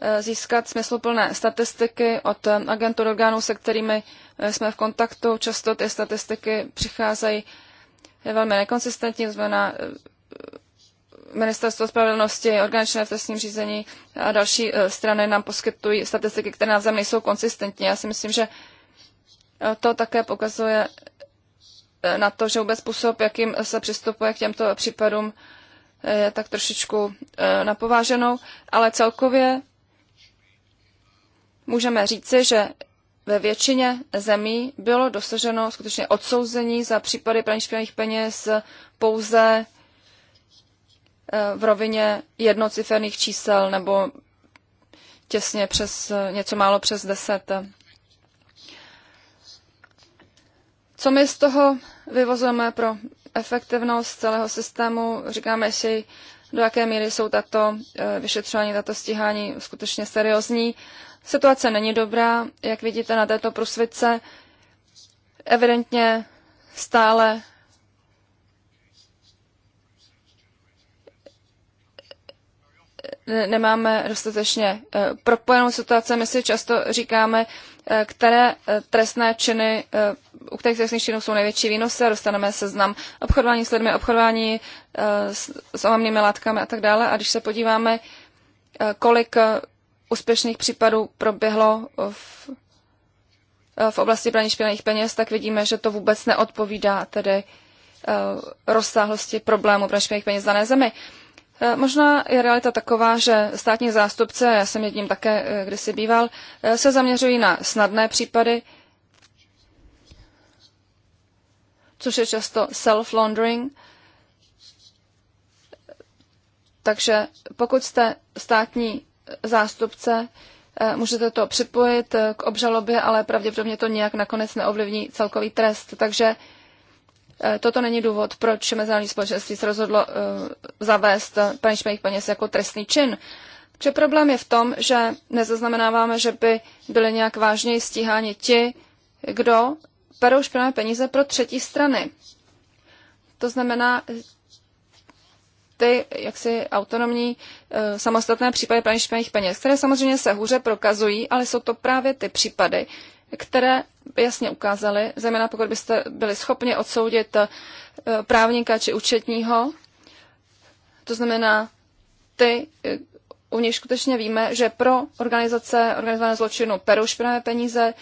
eh, získat smysluplné statistiky od eh, agentur orgánů, se kterými eh, jsme v kontaktu. Často ty statistiky přicházejí velmi nekonsistentní, to znamená Ministerstvo spravedlnosti, organičné v trestním řízení a další strany nám poskytují statistiky, které na zem nejsou konsistentní. Já si myslím, že to také pokazuje na to, že vůbec způsob, jakým se přistupuje k těmto případům, je eh, tak trošičku eh, napováženou, ale celkově můžeme říci, že ve většině zemí bylo dosaženo skutečně odsouzení za případy praní špinavých peněz pouze eh, v rovině jednociferných čísel nebo těsně přes něco málo přes deset. Co my z toho vyvozujeme pro efektivnost celého systému. Říkáme si, do jaké míry jsou tato eh, vyšetřování, tato stíhání skutečně seriózní. Situace není dobrá, jak vidíte na této prosvědce. Evidentně stále nemáme dostatečně eh, propojenou situaci. My si často říkáme, Eh, které eh, trestné činy, eh, u kterých trestných činů jsou největší výnosy a dostaneme seznam obchodování s lidmi, obchodování s, s omamnými látkami a tak dále. A když se podíváme, kolik úspěšných případů proběhlo v, v oblasti praní špinavých peněz, tak vidíme, že to vůbec neodpovídá tedy rozsáhlosti problému praní špinavých peněz v dané zemi. Eh, možná je realita taková, že státní zástupce, já jsem jedním také eh, kdysi býval, eh, se zaměřují na snadné případy, což je často self-laundering. Takže pokud jste státní zástupce, můžete to připojit k obžalobě, ale pravděpodobně to nějak nakonec neovlivní celkový trest. Takže Eh, toto není důvod, proč mezinárodní společenství se rozhodlo eh, zavést praní špinavých eh, peněz jako trestný čin. Takže problém je v tom, že nezaznamenáváme, že by byly nějak vážněji stíháni ti, kdo perou špinavé peníze pro třetí strany. To znamená ty jaksi autonomní samostatné případy praní špinavých peněz, které samozřejmě se hůře prokazují, ale jsou to právě ty případy, které jasně ukázaly, zejména pokud byste byli schopni odsoudit eh, právníka či účetního, to znamená ty, eh, u nich skutečně víme, že pro organizace organizované zločinu perou špinavé peníze,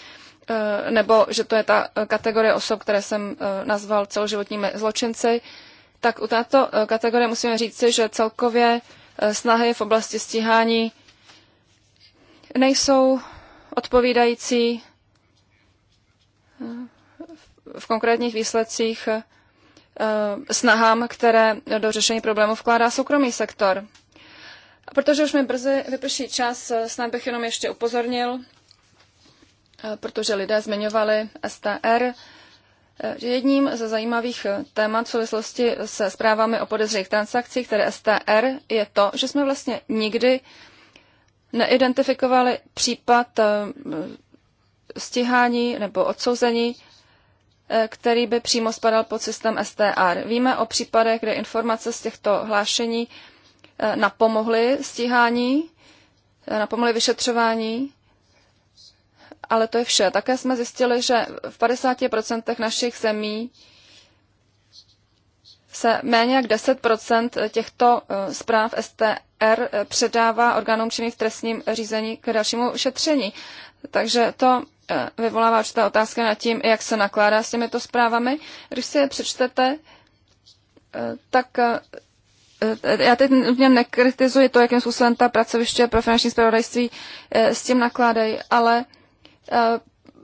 eh, nebo že to je ta kategorie osob, které jsem nazval celoživotními zločinci, tak u této kategorie musíme říci, že celkově snahy v oblasti stíhání nejsou odpovídající v konkrétních výsledcích eh, snahám, které do řešení problému vkládá soukromý sektor. protože už mi brzy vyprší čas, eh, snad bych jenom ještě upozornil, eh, protože lidé zmiňovali STR, že jedním ze zajímavých témat v souvislosti se zprávami o podezřelých transakcích, které STR, je to, že jsme vlastně nikdy neidentifikovali případ stíhání nebo odsouzení, eh, který by přímo spadal pod systém STR. Víme o případech, kde informace z těchto hlášení eh, napomohly stíhání, eh, napomohly vyšetřování, ale to je vše. Také jsme zjistili, že v 50% našich zemí se méně jak 10 těchto zpráv STR předává orgánům činným v trestním řízení k dalšímu šetření. Takže to E, vyvolává určitá otázka nad tím, jak se nakládá s těmito zprávami. Když si je přečtete, e, tak e, já teď mě nekritizuji to, jakým způsobem ta pracoviště pro finanční zpravodajství s tím nakládají, ale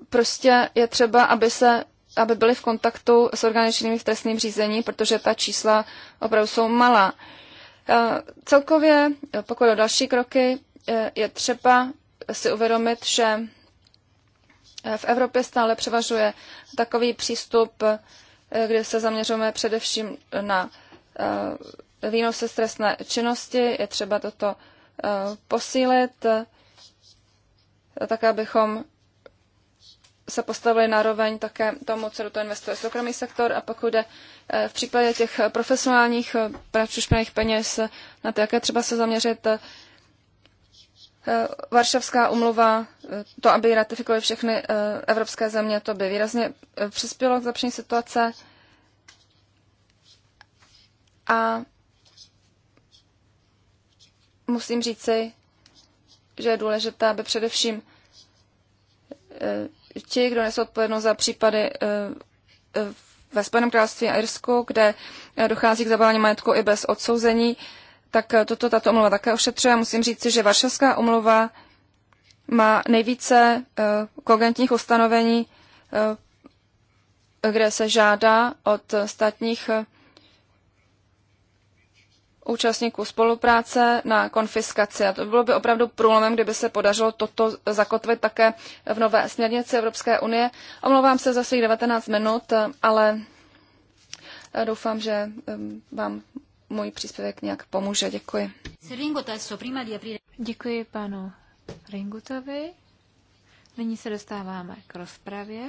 prostě je třeba, aby se aby byli v kontaktu s organičnými v trestním řízení, protože ta čísla opravdu jsou malá. Celkově, pokud o další kroky, je třeba si uvědomit, že v Evropě stále převažuje takový přístup, eh, kde se zaměřujeme především na eh, výnosy z trestné činnosti. Je třeba toto eh, posílit, tak abychom se postavili na roveň také tomu, co do toho investuje soukromý sektor a pokud jde v případě těch profesionálních pračů peněz, na to, jaké třeba se zaměřit, Varšavská umluva to, aby ratifikovali všechny eh, evropské země, to by výrazně eh, přispělo k zlepšení situace. A musím říci, že je důležité, aby především eh, ti, kdo nesou odpovědnost za případy ve Spojeném království a Irsku, kde dochází k zabalání majetku i bez odsouzení, tak toto tato omluva také ošetřuje. Musím říci, že Varšavská omluva má nejvíce eh, kogentních ustanovení, eh, kde se žádá od státních eh, účastníků spolupráce na konfiskaci. A to bylo by opravdu průlomem, kdyby se podařilo toto zakotvit také v nové směrnici Evropské unie. Omlouvám se za svých 19 minut, ale doufám, že vám můj příspěvek nějak pomůže. Děkuji. Děkuji panu Ringutovi. Nyní se dostáváme k rozpravě,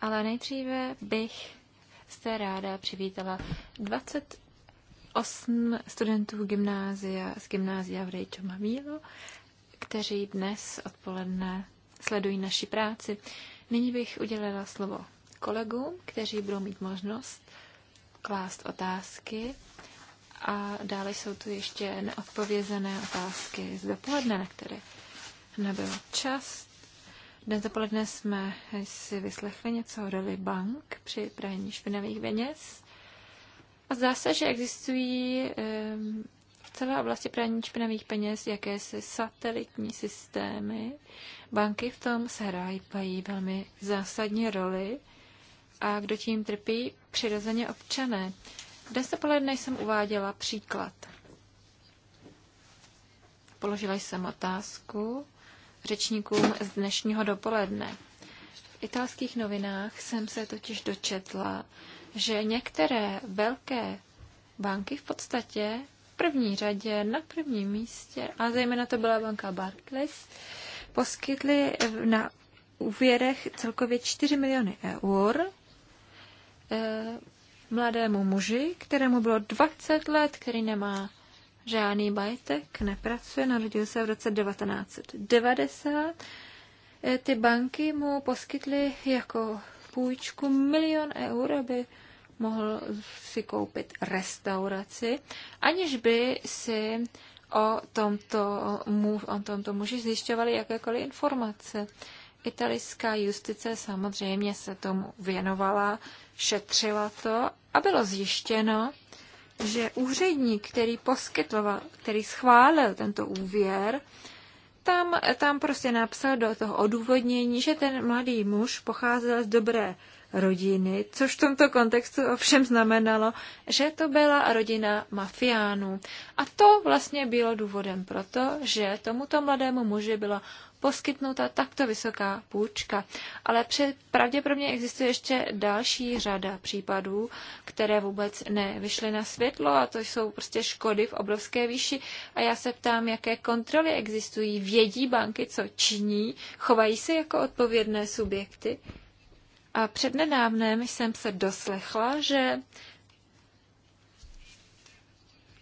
ale nejdříve bych jste ráda přivítala 28 studentů gymnázia z gymnázia v Rejčo Mavílo, kteří dnes odpoledne sledují naši práci. Nyní bych udělala slovo kolegům, kteří budou mít možnost klást otázky a dále jsou tu ještě neodpovězené otázky z dopoledne, na které nebyl čas. Dnes dopoledne jsme si vyslechli něco o roli bank při praní špinavých peněz. A zdá se, že existují v celé oblasti praní špinavých peněz jakési satelitní systémy. Banky v tom sehrávají velmi zásadní roli a kdo tím trpí, přirozeně občané. Dnes dopoledne jsem uváděla příklad. Položila jsem otázku, řečníkům z dnešního dopoledne. V italských novinách jsem se totiž dočetla, že některé velké banky v podstatě v první řadě, na prvním místě, a zejména to byla banka Barclays, poskytly na úvěrech celkově 4 miliony eur eh, mladému muži, kterému bylo 20 let, který nemá žádný bajtek, nepracuje, narodil se v roce 1990. E, ty banky mu poskytly jako půjčku milion eur, aby mohl si koupit restauraci, aniž by si o tomto, mu, o tomto muži zjišťovali jakékoliv informace. Italská justice samozřejmě se tomu věnovala, šetřila to a bylo zjištěno, že úředník, který poskytoval, který schválil tento úvěr, tam, tam prostě napsal do toho odůvodnění, že ten mladý muž pocházel z dobré rodiny, což v tomto kontextu ovšem znamenalo, že to byla rodina mafiánů. A to vlastně bylo důvodem proto, že tomuto mladému muži byla poskytnuta takto vysoká půjčka. Ale před, pravděpodobně existuje ještě další řada případů, které vůbec nevyšly na světlo a to jsou prostě škody v obrovské výši. A já se ptám, jaké kontroly existují, vědí banky, co činí, chovají se jako odpovědné subjekty. A přednedávnem jsem se doslechla, že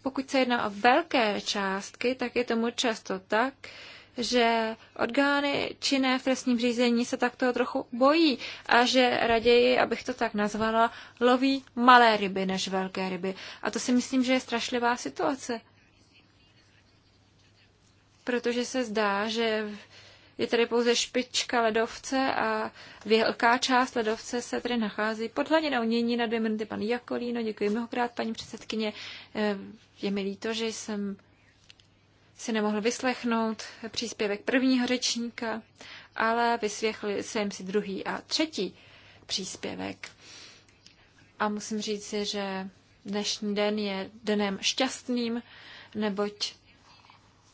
pokud se jedná o velké částky, tak je tomu často tak, že orgány činné v trestním řízení se toho trochu bojí a že raději, abych to tak nazvala, loví malé ryby než velké ryby. A to si myslím, že je strašlivá situace. Protože se zdá, že je tady pouze špička ledovce a velká část ledovce se tady nachází pod hladinou mění na dvě minuty pan Jakolíno. Děkuji mnohokrát, paní předsedkyně. Eh, je mi líto, že jsem si nemohl vyslechnout příspěvek prvního řečníka, ale vyslechl jsem si druhý a třetí příspěvek. A musím říci, že dnešní den je dnem šťastným, neboť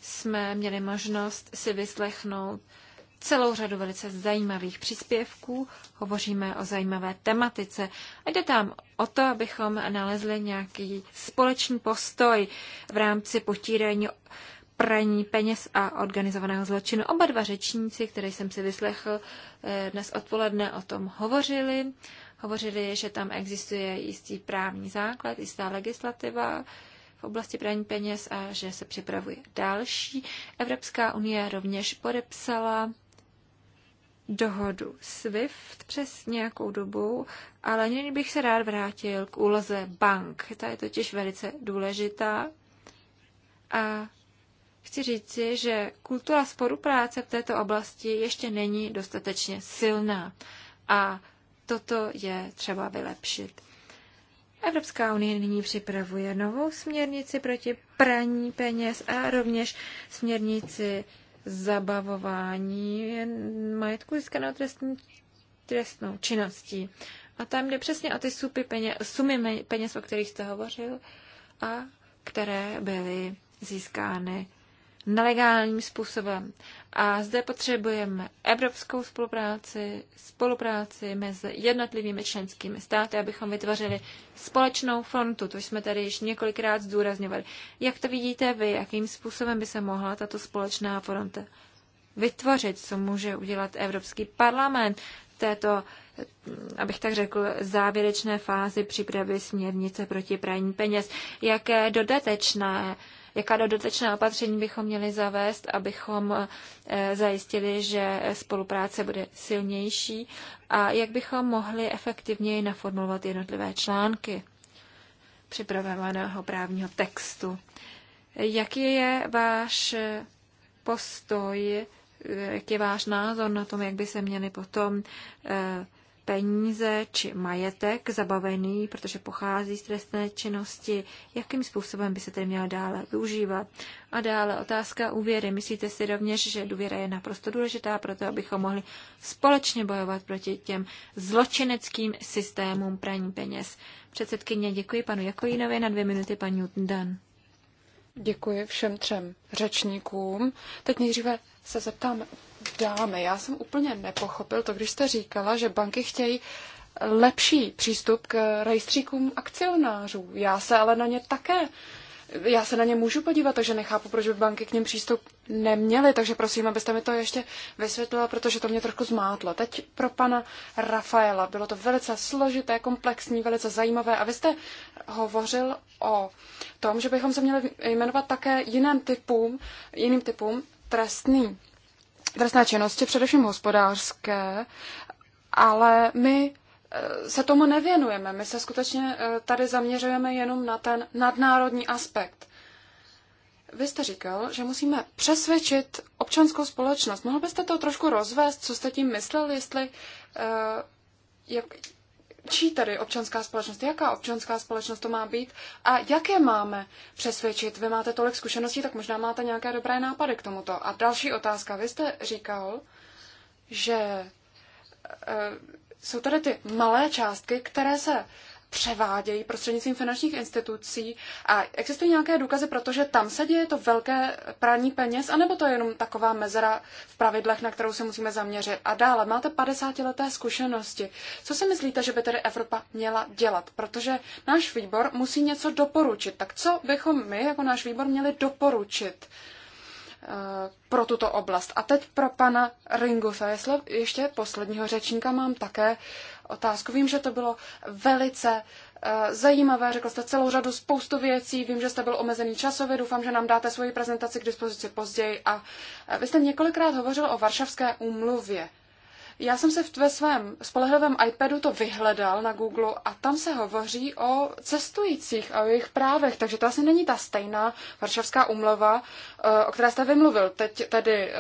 jsme měli možnost si vyslechnout celou řadu velice zajímavých příspěvků, hovoříme o zajímavé tematice a jde tam o to, abychom nalezli nějaký společný postoj v rámci potírání praní peněz a organizovaného zločinu. Oba dva řečníci, které jsem si vyslechl eh, dnes odpoledne, o tom hovořili. Hovořili, že tam existuje jistý právní základ, jistá legislativa, v oblasti praní peněz a že se připravuje další. Evropská unie rovněž podepsala dohodu SWIFT přes nějakou dobu, ale nyní bych se rád vrátil k úloze bank. Ta je totiž velice důležitá a chci říci, že kultura spolupráce v této oblasti ještě není dostatečně silná a toto je třeba vylepšit. Evropská unie nyní připravuje novou směrnici proti praní peněz a rovněž směrnici zabavování majetku získaného trestní, trestnou činností. A tam jde přesně o ty supy peněz, sumy peněz, o kterých jste hovořil a které byly získány nelegálním způsobem. A zde potřebujeme evropskou spolupráci, spolupráci mezi jednotlivými členskými státy, abychom vytvořili společnou frontu, to jsme tady již několikrát zdůrazňovali. Jak to vidíte vy, jakým způsobem by se mohla tato společná fronta vytvořit, co může udělat Evropský parlament této, abych tak řekl, závěrečné fázi přípravy směrnice proti praní peněz, jaké dodatečné uh, jaká dodatečná opatření bychom měli zavést, abychom eh, zajistili, že spolupráce bude silnější a jak bychom mohli efektivněji naformulovat jednotlivé články připravovaného právního textu. Jaký je váš postoj, eh, jaký je váš názor na tom, jak by se měly potom eh, peníze či majetek zabavený, protože pochází z trestné činnosti, jakým způsobem by se tedy měl dále využívat. A dále otázka úvěry. Myslíte si rovněž, že důvěra je naprosto důležitá pro to, abychom mohli společně bojovat proti těm zločineckým systémům praní peněz? Předsedkyně, děkuji panu Jakojinovi na dvě minuty, paní Dan. Děkuji všem třem řečníkům. Teď nejdříve se zeptám dáme. Já jsem úplně nepochopil to, když jste říkala, že banky chtějí lepší přístup k rejstříkům akcionářů. Já se ale na ně také já se na ně můžu podívat, takže nechápu, proč by banky k něm přístup neměly, takže prosím, abyste mi to ještě vysvětlila, protože to mě trochu zmátlo. Teď pro pana Rafaela bylo to velice složité, komplexní, velice zajímavé a vy jste hovořil o tom, že bychom se měli jmenovat také jiným typům, jiným typům trestný trestné činnosti, především hospodářské, ale my eh, se tomu nevěnujeme. My se skutečně eh, tady zaměřujeme jenom na ten nadnárodní aspekt. Vy jste říkal, že musíme přesvědčit občanskou společnost. Mohl byste to trošku rozvést, co jste tím myslel, jestli, eh, jak, čí tady občanská společnost, jaká občanská společnost to má být a jaké máme přesvědčit. Vy máte tolik zkušeností, tak možná máte nějaké dobré nápady k tomuto. A další otázka. Vy jste říkal, že eh, jsou tady ty malé částky, které se převádějí prostřednictvím finančních institucí. A existují nějaké důkazy, protože tam se děje to velké prání peněz, anebo to je jenom taková mezera v pravidlech, na kterou se musíme zaměřit. A dále máte 50-leté zkušenosti. Co si myslíte, že by tedy Evropa měla dělat? Protože náš výbor musí něco doporučit. Tak co bychom my jako náš výbor měli doporučit? Eh, pro tuto oblast. A teď pro pana Ringutha, jestli ještě posledního řečníka mám také otázku. Vím, že to bylo velice eh, zajímavé, řekl jste celou řadu spoustu věcí, vím, že jste byl omezený časově, doufám, že nám dáte svoji prezentaci k dispozici později a eh, vy jste několikrát hovořil o Varšavské úmluvě. Já jsem se ve svém spolehlivém iPadu to vyhledal na Google a tam se hovoří o cestujících a o jejich právech, takže to asi není ta stejná Varšavská umlova, eh, o které jste vymluvil. Teď tedy eh,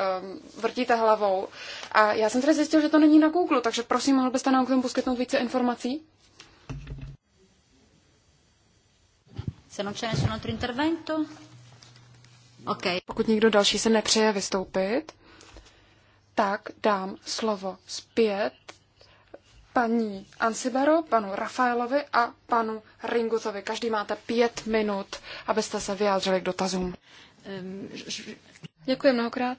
vrtíte hlavou. A já jsem tedy zjistil, že to není na Google, takže prosím, mohl byste nám k tomu poskytnout více informací? Se non c'è nessun altro intervento? Okay. Pokud někdo další se nepřeje vystoupit, tak dám slovo zpět paní Ansibero, panu Rafaelovi a panu Ringutovi. Každý máte pět minut, abyste se vyjádřili k dotazům. Děkuji mnohokrát.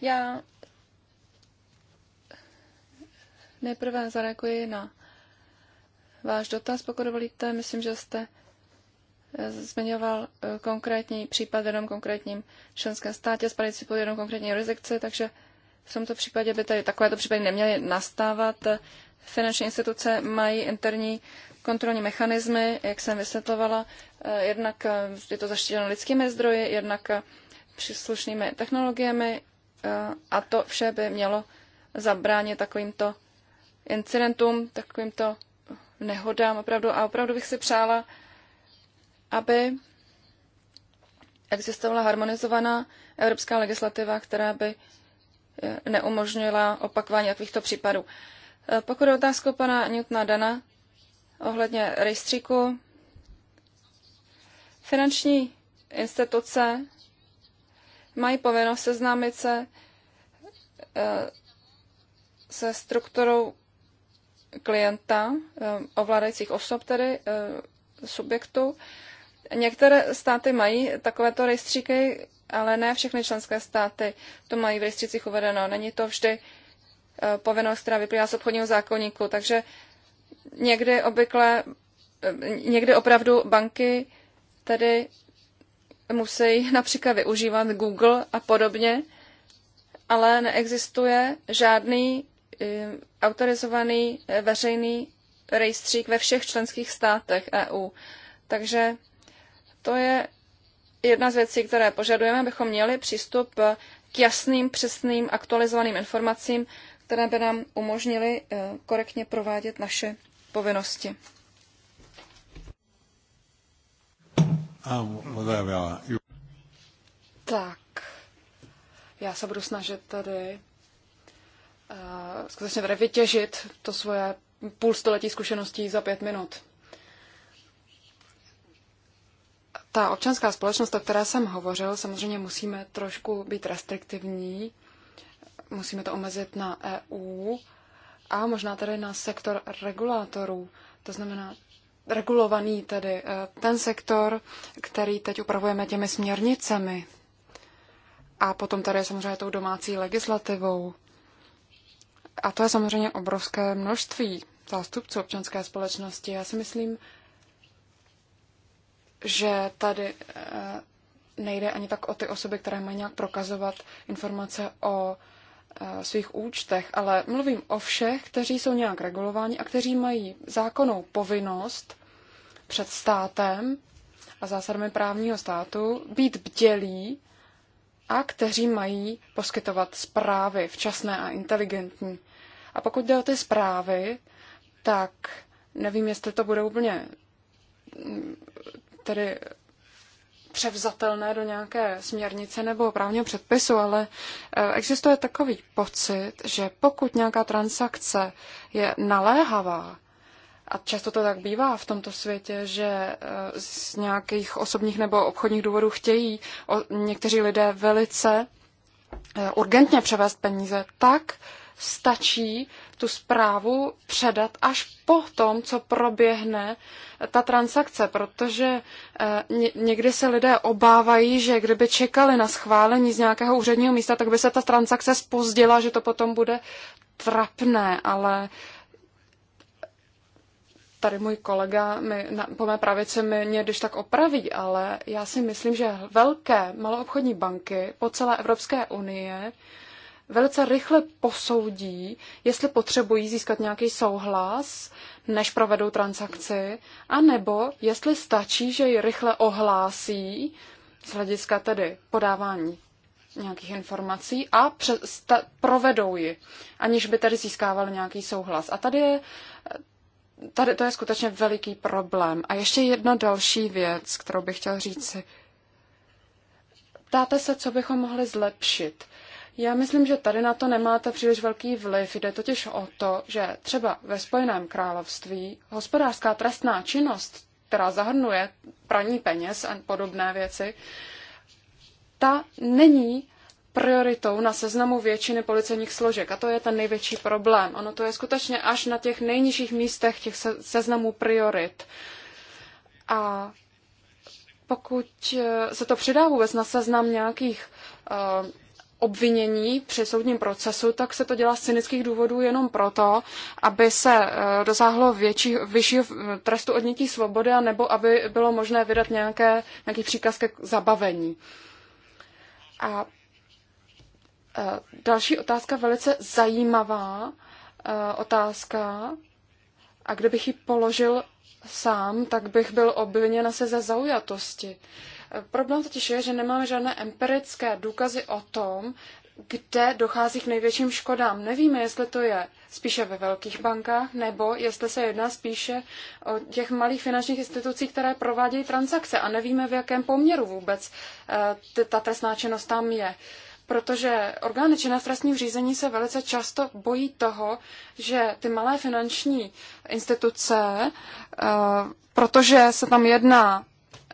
Já nejprve zareaguji na váš dotaz, pokud dovolíte. Myslím, že jste Eh, zmiňoval eh, konkrétní případ v jednom konkrétním členském státě, spadající pod jednou konkrétní jurisdikci, takže v tomto případě by tady takovéto případy neměly nastávat. Eh, finanční instituce mají interní kontrolní mechanismy, jak jsem vysvětlovala, jednak je to zaštítěno lidskými zdroji, jednak příslušnými technologiemi a to vše by mělo zabránit takovýmto incidentům, takovýmto nehodám opravdu. A opravdu bych si přála, aby existovala harmonizovaná evropská legislativa, která by eh, neumožnila opakování takovýchto případů. Eh, pokud je otázku pana Newtona Dana ohledně rejstříku, finanční instituce mají povinnost seznámit se eh, se strukturou klienta, ovládajících osob tedy, subjektu, Některé státy mají takovéto rejstříky, ale ne všechny členské státy to mají v rejstřících uvedeno. Není to vždy eh, povinnost, která vyplývá z obchodního zákonníku, takže někdy obvykle, eh, někdy opravdu banky tedy musí [laughs] například využívat Google a podobně, ale neexistuje žádný eh, autorizovaný veřejný rejstřík ve všech členských státech EU. Takže to je jedna z věcí, které požadujeme, abychom měli přístup k jasným, přesným, aktualizovaným informacím, které by nám umožnily eh, korektně provádět naše povinnosti. No, tak, já se budu snažit tady uh, skutečně tady vytěžit to svoje půl století zkušeností za pět minut. ta občanská společnost, o které jsem hovořil, samozřejmě musíme trošku být restriktivní, musíme to omezit na EU a možná tedy na sektor regulátorů, to znamená regulovaný tedy eh, ten sektor, který teď upravujeme těmi směrnicemi. A potom tady samozřejmě tou domácí legislativou. A to je samozřejmě obrovské množství zástupců občanské společnosti. Já si myslím, že tady eh, nejde ani tak o ty osoby, které mají nějak prokazovat informace o eh, svých účtech, ale mluvím o všech, kteří jsou nějak regulováni a kteří mají zákonnou povinnost před státem a zásadami právního státu být bdělí a kteří mají poskytovat zprávy včasné a inteligentní. A pokud jde o ty zprávy, tak nevím, jestli to bude úplně tedy převzatelné do nějaké směrnice nebo právního předpisu, ale e, existuje takový pocit, že pokud nějaká transakce je naléhavá, a často to tak bývá v tomto světě, že e, z nějakých osobních nebo obchodních důvodů chtějí někteří lidé velice e, urgentně převést peníze, tak stačí tu zprávu předat až po tom, co proběhne ta transakce, protože eh, někdy se lidé obávají, že kdyby čekali na schválení z nějakého úředního místa, tak by se ta transakce spozdila, že to potom bude trapné, ale tady můj kolega mi, na, po mé pravici mi, mě když tak opraví, ale já si myslím, že velké maloobchodní banky po celé Evropské unie velice rychle posoudí, jestli potřebují získat nějaký souhlas, než provedou transakci, anebo jestli stačí, že ji rychle ohlásí, z hlediska tedy podávání nějakých informací a provedou ji, aniž by tady získával nějaký souhlas. A tady je tady to je skutečně veliký problém. A ještě jedna další věc, kterou bych chtěl říct si. Ptáte se, co bychom mohli zlepšit. Já myslím, že tady na to nemáte příliš velký vliv. Jde totiž o to, že třeba ve Spojeném království hospodářská trestná činnost, která zahrnuje praní peněz a podobné věci, ta není prioritou na seznamu většiny policejních složek. A to je ten největší problém. Ono to je skutečně až na těch nejnižších místech těch se- seznamů priorit. A pokud eh, se to přidá vůbec na seznam nějakých uh, obvinění při soudním procesu, tak se to dělá z cynických důvodů jenom proto, aby se eh, dosáhlo větší, vyššího eh, trestu odnětí svobody, nebo aby bylo možné vydat nějaké, nějaký příkaz ke zabavení. A eh, další otázka, velice zajímavá otázka, a kdybych ji položil sám, tak bych byl obviněn se ze zaujatosti. Uh, Problém totiž je, že nemáme žádné empirické důkazy o tom, kde dochází k největším škodám. Nevíme, jestli to je spíše ve velkých bankách, nebo jestli se jedná spíše o těch malých finančních institucí, které provádějí transakce a nevíme, v jakém poměru vůbec eh, ta trestná činnost tam je. Protože orgány činné v trestním řízení se velice často bojí toho, že ty malé finanční instituce, eh, protože se tam jedná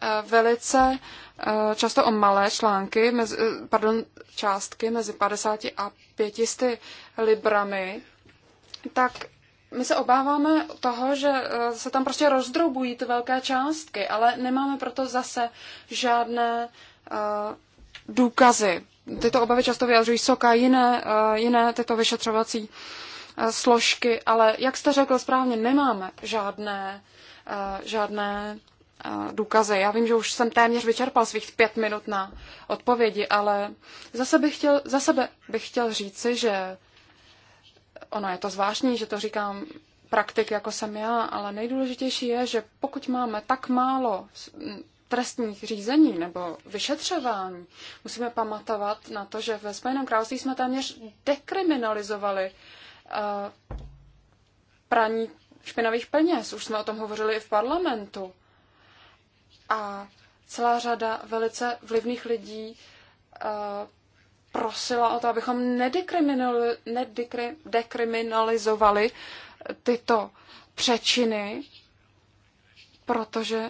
Eh, velice eh, často o malé články, mezi, eh, pardon, částky mezi 50 a 500 librami, tak my se obáváme toho, že se tam prostě rozdrobují ty velké částky, ale nemáme proto zase žádné uh, důkazy. Tyto obavy často vyjadřují soka, jiné, uh, jiné tyto vyšetřovací uh, složky, ale jak jste řekl správně, nemáme žádné, uh, žádné důkazy. Já vím, že už jsem téměř vyčerpal svých pět minut na odpovědi, ale zase bych chtěl, za sebe bych chtěl říci, že ono je to zvláštní, že to říkám praktik, jako jsem já, ale nejdůležitější je, že pokud máme tak málo trestních řízení nebo vyšetřování, musíme pamatovat na to, že ve Spojeném království jsme téměř dekriminalizovali praní špinavých peněz. Už jsme o tom hovořili i v parlamentu a celá řada velice vlivných lidí eh, prosila o to, abychom nedekriminalizovali tyto přečiny, protože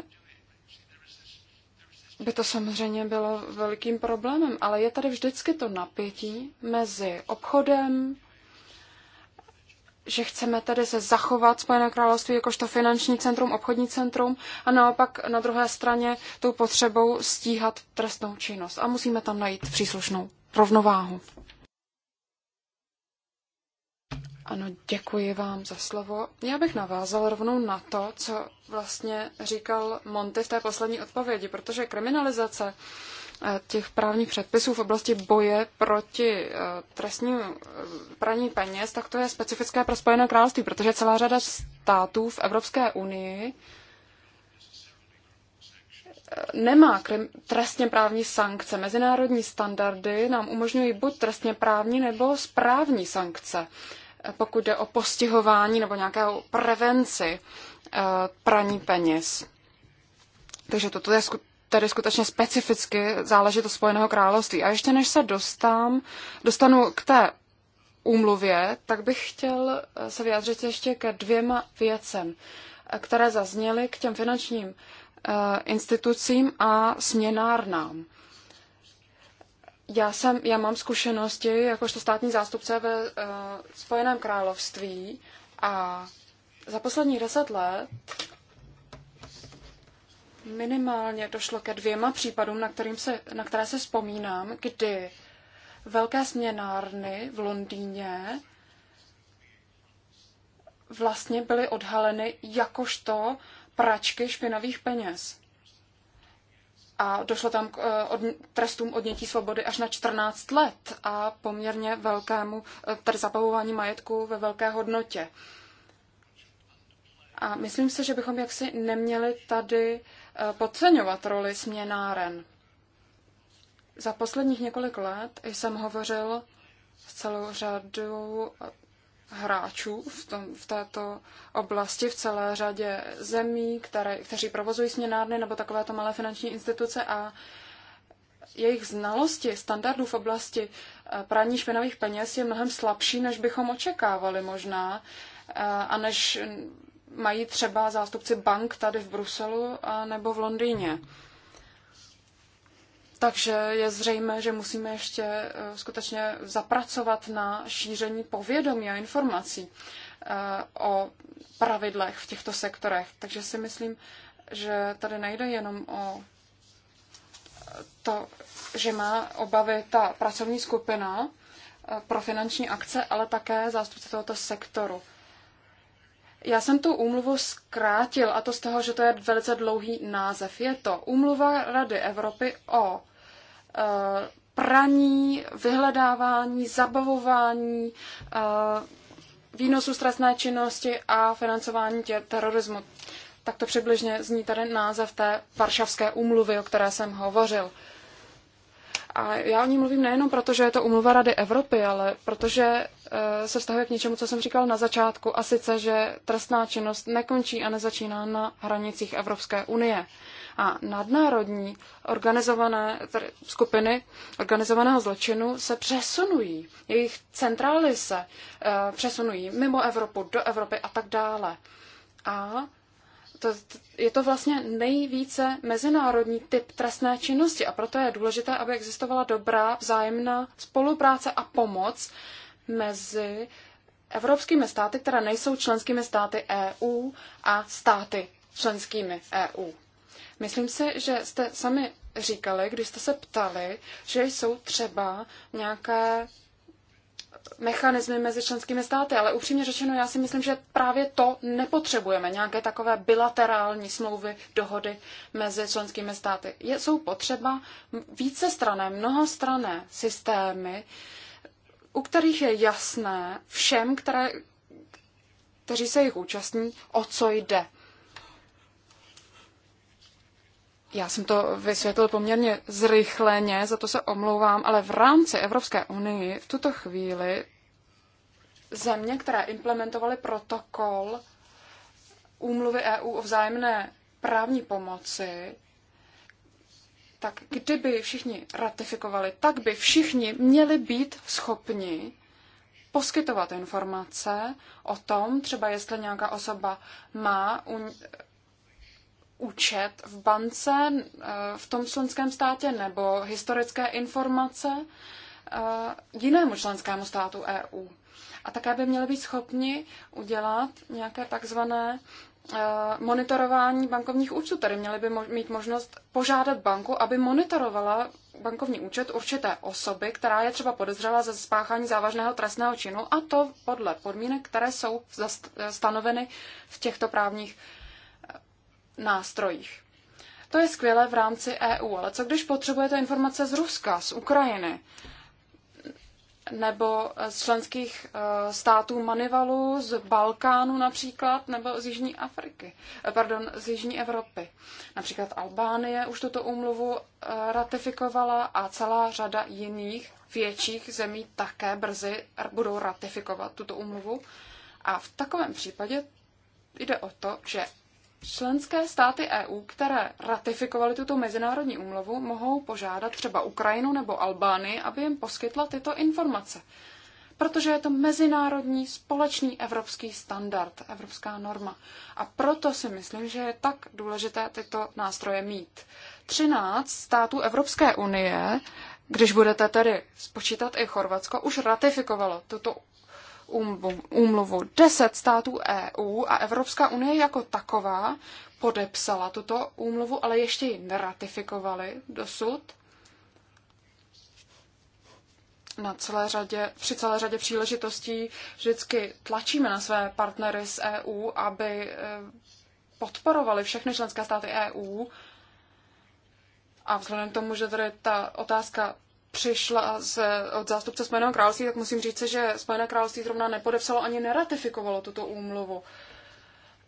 by to samozřejmě bylo velikým problémem, ale je tady vždycky to napětí mezi obchodem, že chceme tedy se zachovat Spojené království jakožto finanční centrum, obchodní centrum a naopak na druhé straně tou potřebou stíhat trestnou činnost. A musíme tam najít příslušnou rovnováhu. Ano, děkuji vám za slovo. Já bych navázal rovnou na to, co vlastně říkal Monty v té poslední odpovědi, protože kriminalizace Eh, těch právních předpisů v oblasti boje proti eh, trestnímu eh, praní peněz, tak to je specifické pro Spojené království, protože celá řada států v Evropské unii nemá trestně právní sankce. Mezinárodní standardy nám umožňují buď trestně právní nebo správní sankce, pokud jde o postihování nebo nějakou prevenci praní peněz. Takže toto je tedy skutečně specificky záležitost Spojeného království. A ještě než se dostám, dostanu k té úmluvě, tak bych chtěl eh, se vyjádřit ještě ke dvěma věcem, eh, které zazněly k těm finančním eh, institucím a směnárnám. Já, jsem, já mám zkušenosti jakožto státní zástupce ve uh, Spojeném království a za poslední deset let minimálně došlo ke dvěma případům, na, kterým se, na které se vzpomínám, kdy velké směnárny v Londýně vlastně byly odhaleny jakožto pračky špinavých peněz. A došlo tam k eh, od, trestům odnětí svobody až na 14 let a poměrně velkému eh, tedy zabavování majetku ve velké hodnotě. A myslím si, že bychom jaksi neměli tady Eh, podceňovat roli směnáren. Za posledních několik let jsem hovořil s celou řadou eh, hráčů v, tom, v této oblasti, v celé řadě zemí, které, kteří provozují směnárny nebo takovéto malé finanční instituce a jejich znalosti standardů v oblasti eh, praní špinavých peněz je mnohem slabší, než bychom očekávali možná a než mají třeba zástupci bank tady v Bruselu a nebo v Londýně. Takže je zřejmé, že musíme ještě eh, skutečně zapracovat na šíření povědomí a informací eh, o pravidlech v těchto sektorech. Takže si myslím, že tady nejde jenom o to, že má obavy ta pracovní skupina eh, pro finanční akce, ale také zástupci tohoto sektoru. Já jsem tu úmluvu zkrátil a to z toho, že to je velice dlouhý název. Je to Úmluva Rady Evropy o e, praní, vyhledávání, zabavování e, výnosu stresné činnosti a financování tě, terorismu. Tak to přibližně zní tady název té Varšavské úmluvy, o které jsem hovořil. A já o ní mluvím nejenom proto, že je to umluva Rady Evropy, ale protože Eh, se vztahuje k něčemu, co jsem říkal na začátku, a sice, že trestná činnost nekončí a nezačíná na hranicích Evropské unie. A nadnárodní organizované skupiny organizovaného zločinu se přesunují, jejich centrály se eh, přesunují mimo Evropu, do Evropy a tak dále. A to, je to vlastně nejvíce mezinárodní typ trestné činnosti a proto je důležité, aby existovala dobrá vzájemná spolupráce a pomoc mezi evropskými státy, které nejsou členskými státy EU a státy členskými EU. Myslím si, že jste sami říkali, když jste se ptali, že jsou třeba nějaké mechanismy mezi členskými státy, ale upřímně řečeno, já si myslím, že právě to nepotřebujeme, nějaké takové bilaterální smlouvy, dohody mezi členskými státy. Je, jsou potřeba vícestrané, mnohostrané systémy, uh, u kterých je jasné všem, které, kteří se jich účastní, o co jde. Já jsem to vysvětlil poměrně zrychleně, za to se omlouvám, ale v rámci Evropské unii v tuto chvíli země, které implementovaly protokol úmluvy EU o vzájemné právní pomoci, tak kdyby všichni ratifikovali, tak by všichni měli být schopni poskytovat informace o tom, třeba jestli nějaká osoba má účet v bance eh, v tom slunském státě nebo historické informace eh, jinému členskému státu EU. A také by měli být schopni udělat nějaké takzvané Eh, monitorování bankovních účtů. Tady měli by mít možnost požádat banku, aby monitorovala bankovní účet určité osoby, která je třeba podezřela ze spáchání závažného trestného činu a to podle podmínek, které jsou stanoveny v těchto právních eh, nástrojích. To je skvělé v rámci EU, ale co když potřebujete informace z Ruska, z Ukrajiny? nebo z členských eh, států Manivalu, z Balkánu například, nebo z Jižní Afriky, eh, pardon, z Jižní Evropy. Například Albánie už tuto úmluvu eh, ratifikovala a celá řada jiných větších zemí také brzy budou ratifikovat tuto úmluvu. A v takovém případě jde o to, že Členské státy EU, které ratifikovaly tuto mezinárodní úmluvu, mohou požádat třeba Ukrajinu nebo Albánii, aby jim poskytla tyto informace. Protože je to mezinárodní společný evropský standard, evropská norma. A proto si myslím, že je tak důležité tyto nástroje mít. 13 států Evropské unie, když budete tedy spočítat i Chorvatsko, už ratifikovalo tuto úmluvu. Deset států EU a Evropská unie jako taková podepsala tuto úmluvu, ale ještě ji neratifikovali dosud. Na celé řadě, při celé řadě příležitostí vždycky tlačíme na své partnery z EU, aby eh, podporovali všechny členské státy EU. A vzhledem k tomu, že tady ta otázka přišla z, od zástupce Spojeného království, tak musím říct, že Spojené království zrovna nepodepsalo ani neratifikovalo tuto úmluvu.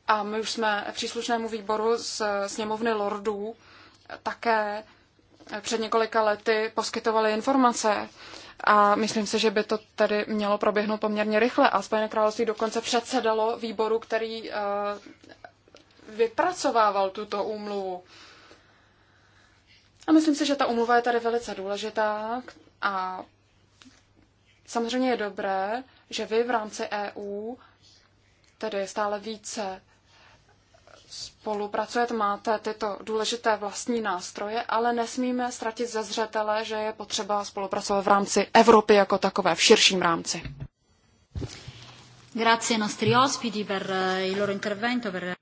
A my už jsme příslušnému výboru z sněmovny lordů také před několika lety poskytovali informace. A myslím si, že by to tedy mělo proběhnout poměrně rychle. A Spojené království dokonce předsedalo výboru, který eh, vypracovával tuto úmluvu. A myslím si, že ta umluva je tady velice důležitá a samozřejmě je dobré, že vy v rámci EU tedy stále více spolupracujete, máte tyto důležité vlastní nástroje, ale nesmíme ztratit ze zřetele, že je potřeba spolupracovat v rámci Evropy jako takové, v širším rámci. Eh,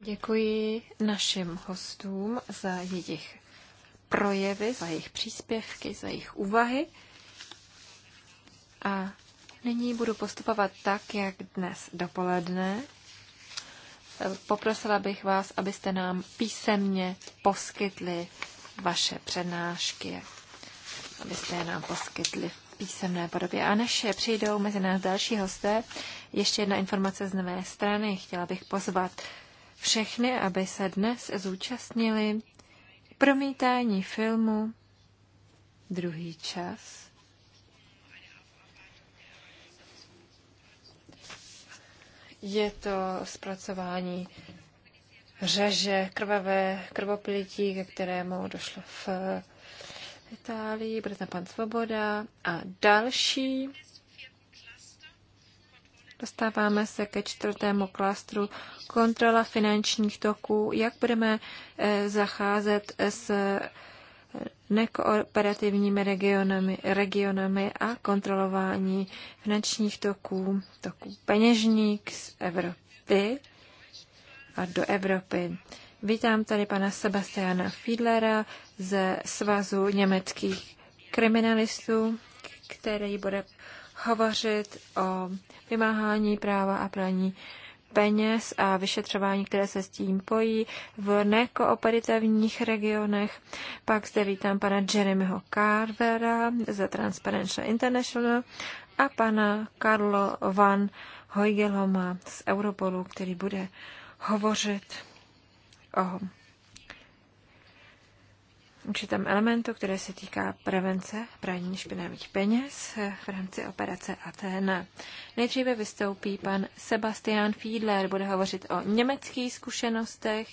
Děkuji našim hostům za jejich projevy, za jejich příspěvky, za jejich úvahy. A nyní budu postupovat tak, jak dnes dopoledne. Poprosila bych vás, abyste nám písemně poskytli vaše přednášky, abyste je nám poskytli v písemné podobě. A než přijdou mezi nás další hosté, ještě jedna informace z nové strany. Chtěla bych pozvat všechny, aby se dnes zúčastnili Promítání filmu, druhý čas. Je to zpracování řeže, krvavé krvopilití, ke kterému došlo v Itálii, bude tam pan Svoboda a další. Dostáváme se ke čtvrtému klastru kontrola finančních toků, jak budeme eh, zacházet s eh, nekooperativními regionami, regionami a kontrolování finančních toků, toků peněžník z Evropy a do Evropy. Vítám tady pana Sebastiana Fiedlera ze Svazu německých kriminalistů, který bude hovořit o vymáhání práva a praní peněz a vyšetřování, které se s tím pojí v nekooperativních regionech. Pak zde vítám pana Jeremyho Carvera ze Transparency International a pana Karlo Van Hojgelhoma z Europolu, který bude hovořit o určitém elementu, které se týká prevence praní špinavých peněz v rámci operace Athena. Nejdříve vystoupí pan Sebastian Fiedler, bude hovořit o německých zkušenostech,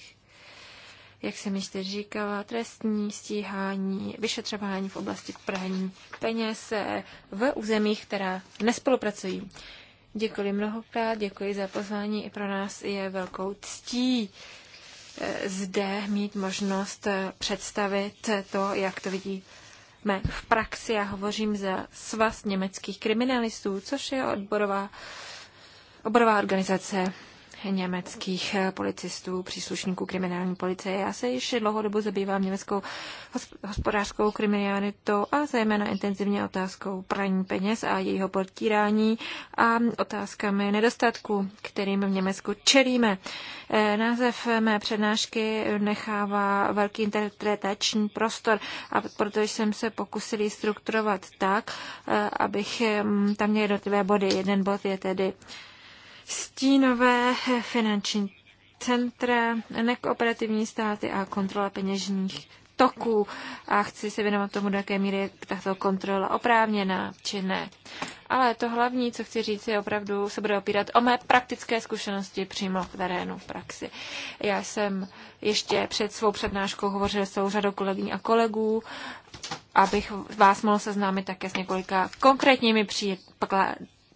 jak jsem již teď říkala, trestní stíhání, vyšetřování v oblasti praní peněz v územích, která nespolupracují. Děkuji mnohokrát, děkuji za pozvání, i pro nás je velkou ctí zde mít možnost eh, představit to, jak to vidí v praxi, já hovořím za svaz německých kriminalistů, což je odborová, oborová organizace německých eh, policistů, příslušníků kriminální policie. Já se již dlouhodobu zabývám německou hospodářskou kriminalitou a zejména intenzivně otázkou praní peněz a jejího potírání a otázkami nedostatku, kterým v Německu čelíme. Eh, název mé přednášky nechává velký interpretační prostor a protože jsem se pokusil strukturovat tak, eh, abych mm, tam měl jednotlivé body. Jeden bod je tedy stínové finanční centra, nekooperativní státy a kontrola peněžních toků. A chci se věnovat tomu, do jaké míry je tato kontrola oprávněná či ne. Ale to hlavní, co chci říct, je opravdu se bude opírat o mé praktické zkušenosti přímo v terénu, v praxi. Já jsem ještě před svou přednáškou hovořil s celou řadou kolegyň a kolegů, abych vás mohl seznámit také s několika konkrétními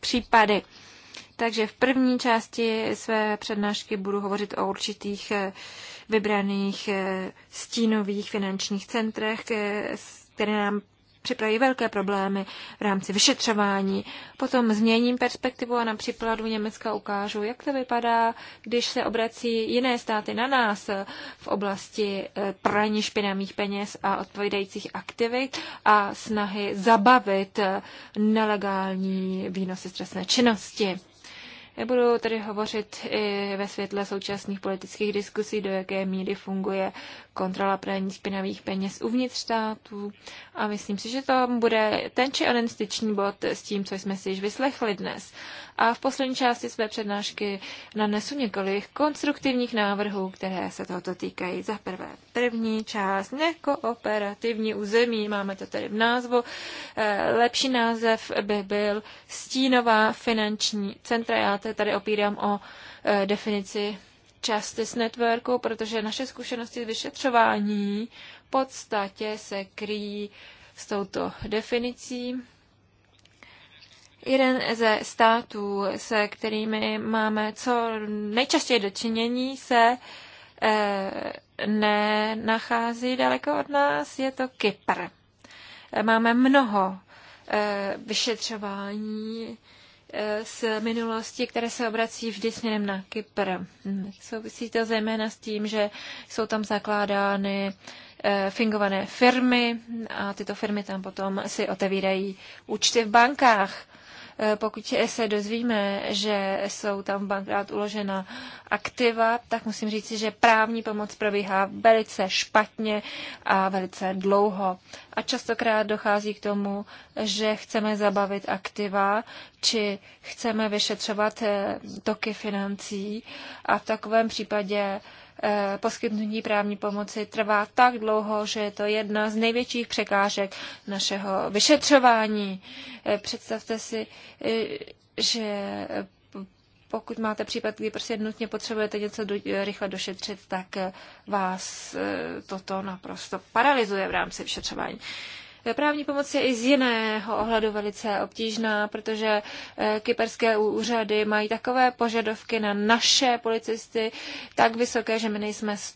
případy. Takže v první části své přednášky budu hovořit o určitých eh, vybraných eh, stínových finančních centrech, eh, které nám připraví velké problémy v rámci vyšetřování. Potom změním perspektivu a na příkladu Německa ukážu, jak to vypadá, když se obrací jiné státy na nás v oblasti praní špinavých peněz a odpovídajících aktivit a snahy zabavit nelegální výnosy stresné činnosti. Budu tedy hovořit i ve světle současných politických diskusí, do jaké míry funguje kontrola praní špinavých peněz uvnitř států a myslím si, že to bude ten či onen styční bod s tím, co jsme si již vyslechli dnes. A v poslední části své přednášky nanesu několik konstruktivních návrhů, které se tohoto týkají. Za prvé, první část, nekooperativní území, máme to tady v názvu. Eh, lepší název by byl stínová finanční centra. Já tady opírám o eh, definici Justice Networku, protože naše zkušenosti z vyšetřování v podstatě se kryjí s touto definicí. Jeden ze států, se kterými máme co nejčastěji dočinění, se e, nenachází daleko od nás, je to Kypr. Eh, máme mnoho e, vyšetřování z minulosti, které se obrací vždy směrem na Kypr. Hmm. Souvisí to zejména s tím, že jsou tam zakládány eh, fingované firmy a tyto firmy tam potom si otevírají účty v bankách. Eh, pokud se dozvíme, že jsou tam v bankrát uložena aktiva, tak musím říct, že právní pomoc probíhá velice špatně a velice dlouho. A častokrát dochází k tomu, že chceme zabavit aktiva, či chceme vyšetřovat eh, toky financí a v takovém případě Eh, poskytnutí právní pomoci trvá tak dlouho, že je to jedna z největších překážek našeho vyšetřování. Eh, představte si, eh, že pokud máte případ, kdy prostě nutně potřebujete něco do, rychle došetřit, tak vás toto naprosto paralizuje v rámci vyšetřování. Právní pomoc je i z jiného ohledu velice obtížná, protože eh, kyperské úřady mají takové požadovky na naše policisty tak vysoké, že my nejsme z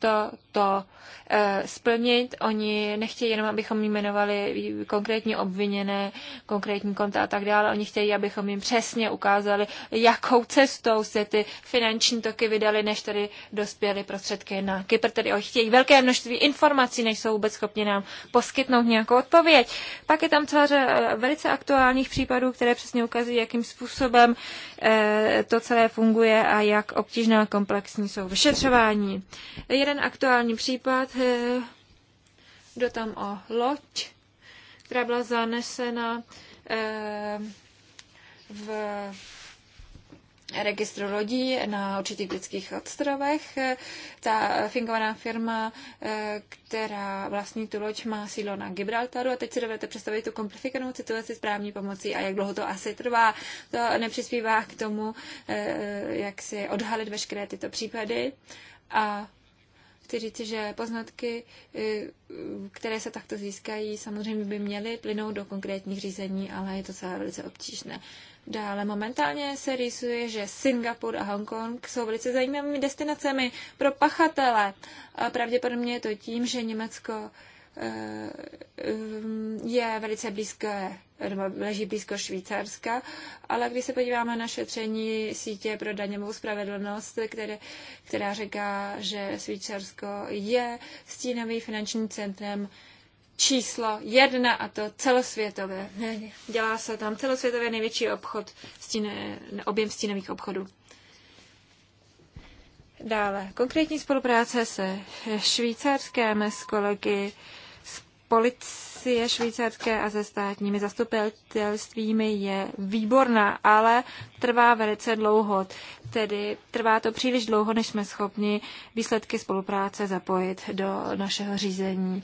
to Eh, splnit. Oni nechtějí jenom, abychom jim jmenovali konkrétní obviněné, konkrétní konta a tak dále. Oni chtějí, abychom jim přesně ukázali, jakou cestou se ty finanční toky vydaly, než tady dospěly prostředky na Kypr. Tedy oni chtějí velké množství informací, než jsou vůbec schopni nám poskytnout nějakou odpověď. Pak je tam celá eh, velice aktuálních případů, které přesně ukazují, jakým způsobem eh, to celé funguje a jak obtížná komplexní jsou vyšetřování. Jeden aktuální případ Jde tam o loď, která byla zanesena eh, v registru lodí na určitých britských ostrovech. Ta fingovaná firma, eh, která vlastní tu loď, má sídlo na Gibraltaru a teď si dovedete představit tu komplikovanou situaci s právní pomocí a jak dlouho to asi trvá. To nepřispívá k tomu, eh, jak si odhalit veškeré tyto případy a chci říci, že poznatky, eh, které se takto získají, samozřejmě by měly plynout do konkrétních řízení, ale je to celé velice obtížné. Dále momentálně se rýsuje, že Singapur a Hongkong jsou velice zajímavými destinacemi pro pachatele. A pravděpodobně je to tím, že Německo Eh, je velice blízké, nebo leží blízko Švýcarska, ale když se podíváme na šetření sítě pro daňovou spravedlnost, které, která říká, že Švýcarsko je stínový finanční centrem číslo jedna, a to celosvětové. Dělá se tam celosvětově největší obchod, stíne, objem stínových obchodů. Dále, konkrétní spolupráce se švýcarském s kolegy z policie švýcarské a se státními zastupitelstvími je výborná, ale trvá velice dlouho. Tedy trvá to příliš dlouho, než jsme schopni výsledky spolupráce zapojit do našeho řízení.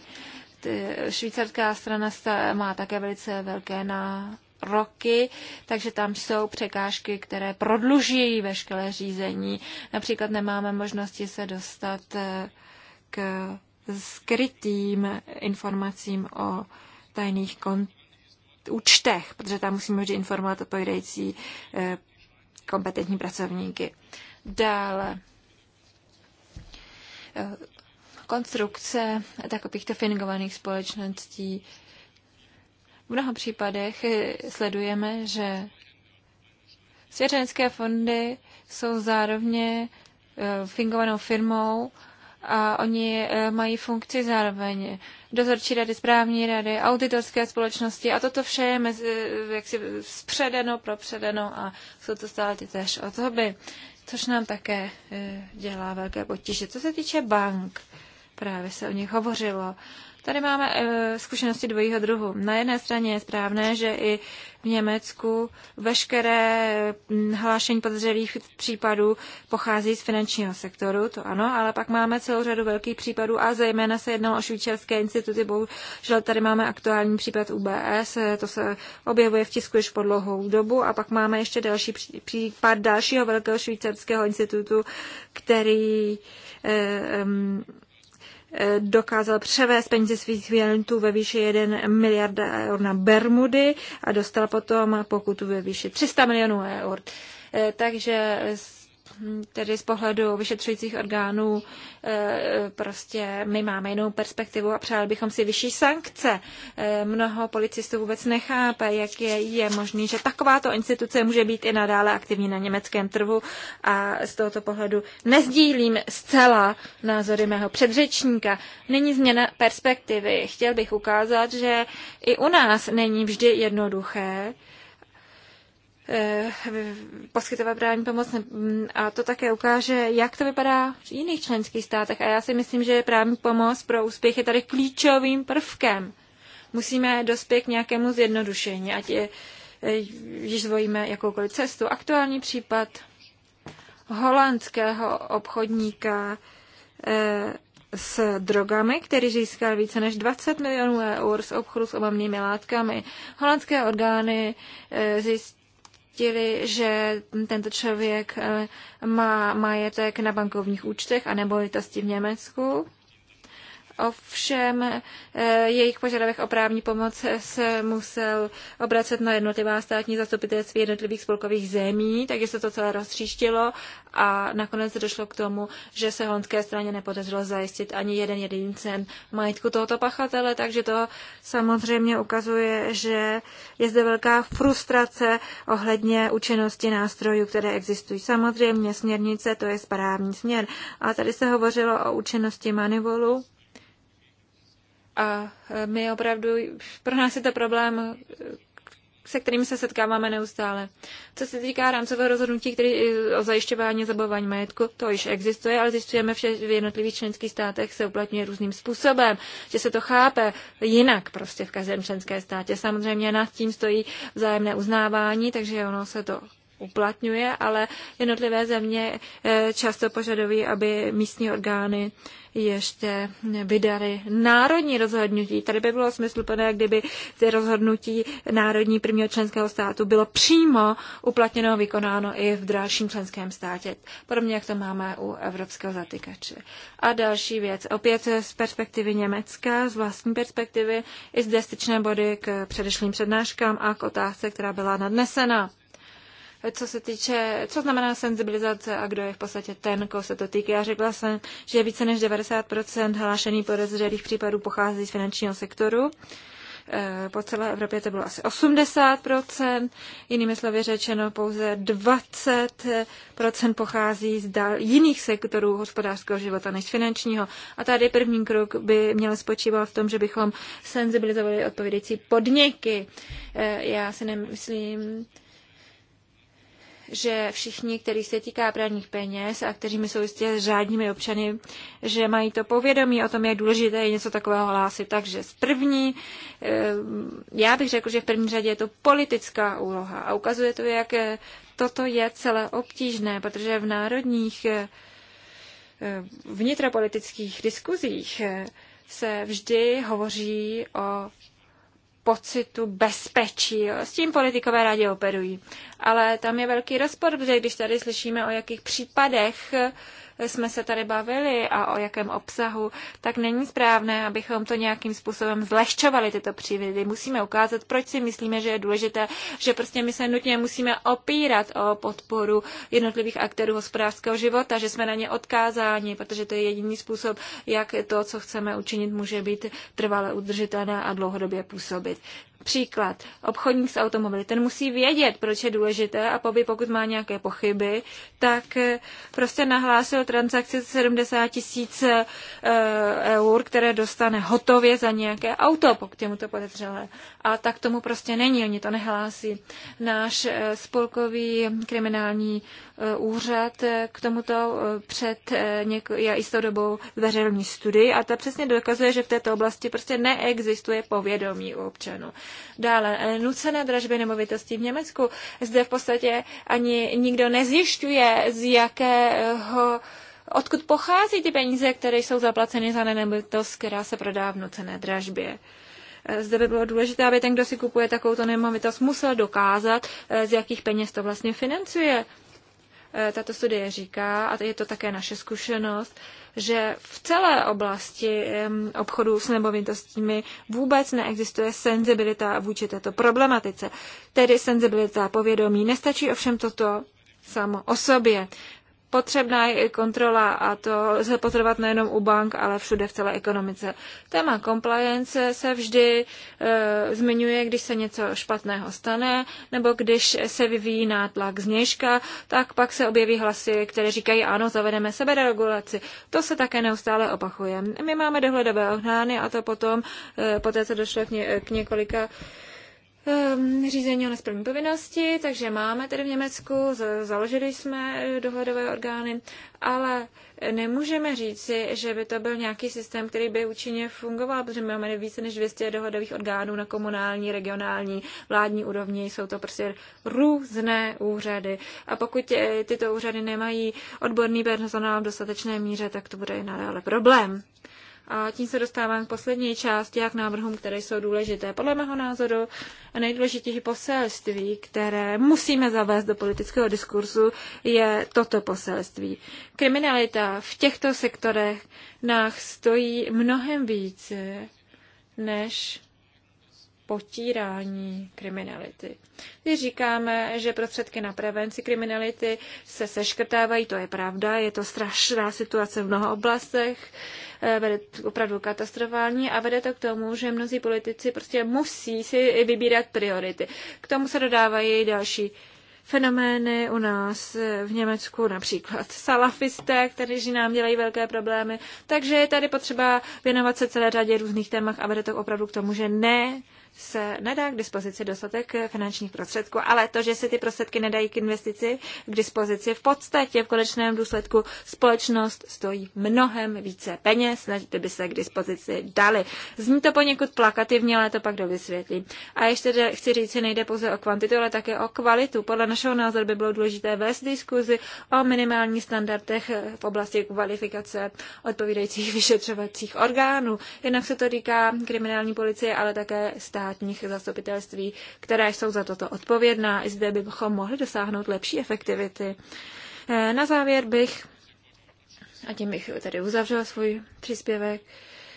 Švýcarská strana má také velice velké na roky, takže tam jsou překážky, které prodlužují veškeré řízení. Například nemáme možnosti se dostat eh, k skrytým informacím o tajných kont- účtech, protože tam musíme vždy informovat odpovídající eh, kompetentní pracovníky. Dále eh, konstrukce takovýchto fingovaných společností v mnoha případech sledujeme, že svěřenské fondy jsou zároveň eh, fingovanou firmou a oni eh, mají funkci zároveň dozorčí rady, správní rady, auditorské společnosti a toto vše je mezi, eh, jaksi zpředeno, propředeno a jsou to stále ty tež osoby, což nám také dělá velké potíže. Co se týče bank, právě se o nich hovořilo. Tady máme e, zkušenosti dvojího druhu. Na jedné straně je správné, že i v Německu veškeré eh, hlášení podezřelých případů pochází z finančního sektoru, to ano, ale pak máme celou řadu velkých případů a zejména se jednalo o švýcarské instituty. Bohužel tady máme aktuální případ UBS, eh, to se objevuje v tisku již po dlouhou dobu a pak máme ještě další případ dalšího velkého švýcarského institutu, který e, um, dokázal převést peníze svých klientů ve výši 1 miliarda eur na Bermudy a dostal potom pokutu ve výši 300 milionů eur. Eh, takže Mm, tedy z pohledu vyšetřujících orgánů eh, prostě my máme jinou perspektivu a přáli bychom si vyšší sankce. Eh, mnoho policistů vůbec nechápe, jak je, je možný, že takováto instituce může být i nadále aktivní na německém trhu a z tohoto pohledu nezdílím zcela názory mého předřečníka. Není změna perspektivy. Chtěl bych ukázat, že i u nás není vždy jednoduché Eh, poskytovat právní pomoc a to také ukáže, jak to vypadá v jiných členských státech. A já si myslím, že právní pomoc pro úspěch je tady klíčovým prvkem. Musíme dospět k nějakému zjednodušení, ať je, když eh, zvojíme jakoukoliv cestu. Aktuální případ holandského obchodníka eh, s drogami, který získal více než 20 milionů eur z obchodu s obamnými látkami. Holandské orgány zjistily, zjistili, že tento člověk eh, má majetek na bankovních účtech a nemovitosti v Německu Ovšem eh, jejich požadavek o právní pomoc se musel obracet na jednotlivá státní zastupitelství jednotlivých spolkových zemí, takže se to celé roztříštilo a nakonec došlo k tomu, že se honské straně nepodařilo zajistit ani jeden jediný cen majetku tohoto pachatele, takže to samozřejmě ukazuje, že je zde velká frustrace ohledně účinnosti nástrojů, které existují. Samozřejmě směrnice to je správný směr, a tady se hovořilo o účinnosti manivolu a e, my opravdu, pro nás je to problém, se kterým se setkáváme neustále. Co se týká rámcového rozhodnutí který, e, o zajišťování a zabavování majetku, to již existuje, ale zjistujeme že v jednotlivých členských státech se uplatňuje různým způsobem, že se to chápe jinak prostě v každém členském státě. Samozřejmě nad tím stojí vzájemné uznávání, takže ono se to uplatňuje, ale jednotlivé země eh, často požadují, aby místní orgány ještě vydali národní rozhodnutí. Tady by bylo smysluplné, kdyby ty rozhodnutí národní prvního členského státu bylo přímo uplatněno, vykonáno i v dalším členském státě. Podobně, jak to máme u evropského zatykače. A další věc, opět z perspektivy Německa, z vlastní perspektivy, i zde styčné body k předešlým přednáškám a k otázce, která byla nadnesena co se týče, co znamená senzibilizace a kdo je v podstatě ten, koho se to týká. Já řekla jsem, že více než 90% hlášených podezřelých případů pochází z finančního sektoru eh, po celé Evropě to bylo asi 80%, jinými slovy řečeno pouze 20% pochází z dal jiných sektorů hospodářského života než finančního. A tady první krok by měl spočívat v tom, že bychom senzibilizovali odpovědějící podniky. Eh, já si nemyslím, že všichni, kteří se týká právních peněz a kteří jsou jistě řádními občany, že mají to povědomí o tom, jak důležité je něco takového hlásit. Takže z první, eh, já bych řekl, že v první řadě je to politická úloha a ukazuje to, jak eh, toto je celé obtížné, protože v národních eh, vnitropolitických diskuzích se vždy hovoří o pocitu bezpečí. Jo. S tím politikové rádi operují. Ale tam je velký rozpor, protože když tady slyšíme o jakých případech jsme se tady bavili a o jakém obsahu, tak není správné, abychom to nějakým způsobem zlehčovali tyto přívědy. Musíme ukázat, proč si myslíme, že je důležité, že prostě my se nutně musíme opírat o podporu jednotlivých aktérů hospodářského života, že jsme na ně odkázáni, protože to je jediný způsob, jak to, co chceme učinit, může být trvale udržitelné a dlouhodobě působit. Příklad, obchodník s automobily, ten musí vědět, proč je důležité a poby, pokud má nějaké pochyby, tak eh, prostě nahlásil transakci 70 tisíc eh, eur, které dostane hotově za nějaké auto, pokud je mu to podezřelé a tak tomu prostě není, oni to nehlásí. Náš eh, spolkový kriminální eh, úřad eh, k tomuto před já jistou dobou zveřejnil studii a ta přesně dokazuje, že v této oblasti prostě neexistuje povědomí u občanů. Dále, nucené dražby nemovitostí v Německu. Zde v podstatě ani nikdo nezjišťuje, z jakého odkud pochází ty peníze, které jsou zaplaceny za nemovitost, která se prodá v nucené dražbě. Eh, zde by bylo důležité, aby ten, kdo si kupuje takovouto nemovitost, musel dokázat, eh, z jakých peněz to vlastně financuje. Eh, tato studie říká, a je to také naše zkušenost, že v celé oblasti obchodu s nemovitostmi vůbec neexistuje senzibilita vůči této problematice. Tedy senzibilita povědomí. Nestačí ovšem toto samo o sobě. Potřebná je i kontrola a to se potřebovat nejenom u bank, ale všude v celé ekonomice. Téma compliance se vždy e, zmiňuje, když se něco špatného stane, nebo když se vyvíjí nátlak zněžka, tak pak se objeví hlasy, které říkají ano, zavedeme seberegulaci. To se také neustále opakuje. My máme dohledové orgány a to potom, e, poté co došlo k, ně, k několika e, Ehm, řízení o nesplní povinnosti, takže máme tedy v Německu, založili jsme eh, dohledové orgány, ale nemůžeme říci, že by to byl nějaký systém, který by účinně fungoval, protože my máme více než 200 dohodových orgánů na komunální, regionální, vládní úrovni, jsou to prostě různé úřady. A pokud eh, tyto úřady nemají odborný personál v dostatečné míře, tak to bude i nadále problém. A tím se dostávám k poslední části a k návrhům, které jsou důležité. Podle mého názoru nejdůležitější poselství, které musíme zavést do politického diskursu, je toto poselství. Kriminalita v těchto sektorech nás stojí mnohem více než potírání kriminality. Když říkáme, že prostředky na prevenci kriminality se seškrtávají, to je pravda, je to strašná situace v mnoha oblastech, eh, vede to opravdu katastrofální a vede to k tomu, že mnozí politici prostě musí si vybírat priority. K tomu se dodávají další fenomény u nás eh, v Německu, například salafisté, kteří nám dělají velké problémy. Takže je tady potřeba věnovat se celé řadě různých témat a vede to opravdu k tomu, že ne se nedá k dispozici dostatek finančních prostředků, ale to, že se ty prostředky nedají k investici k dispozici, v podstatě v konečném důsledku společnost stojí mnohem více peněz, než by se k dispozici dali. Zní to poněkud plakativně, ale to pak dovysvětlím. A ještě chci říct, že nejde pouze o kvantitu, ale také o kvalitu. Podle našeho názoru by bylo důležité vést diskuzi o minimálních standardech v oblasti kvalifikace odpovídajících [laughs] vyšetřovacích orgánů. Jinak se to týká kriminální policie, ale také stát státních zastupitelství, které jsou za toto odpovědná. I zde bychom mohli dosáhnout lepší efektivity. Eh, na závěr bych, a tím bych tady uzavřela svůj příspěvek,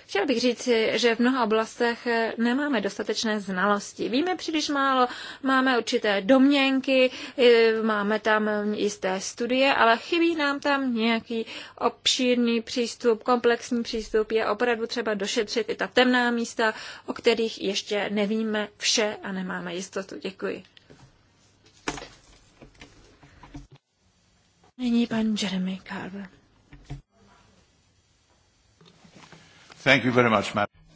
Chtěl bych říci, že v mnoha oblastech eh, nemáme dostatečné znalosti. Víme příliš málo, máme určité domněnky, eh, máme tam jisté studie, ale chybí nám tam nějaký obšírný přístup, komplexní přístup. Je opravdu třeba došetřit i ta temná místa, o kterých ještě nevíme vše a nemáme jistotu. Děkuji. Nyní pan Jeremy Carver.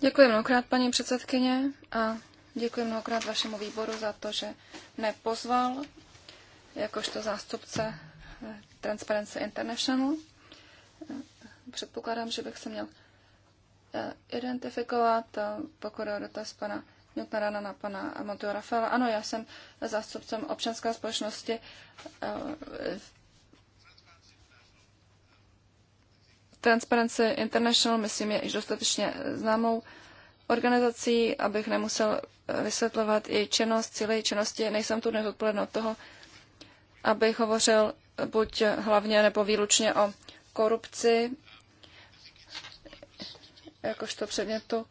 Děkuji mnohokrát, paní předsedkyně, a děkuji mnohokrát vašemu výboru za to, že mě pozval jakožto zástupce eh, Transparency International. Předpokládám, že bych se měl eh, identifikovat, eh, pokud je dotaz pana Newtonrana na pana Monteo Rafaela. Ano, já jsem zástupcem občanské společnosti Transparency International, myslím, je již dostatečně známou organizací, abych nemusel vysvětlovat její činnost, cíle činnosti. Nejsem tu dnes odpoledne od toho, abych hovořil buď hlavně nebo výlučně o korupci, jakožto předmětu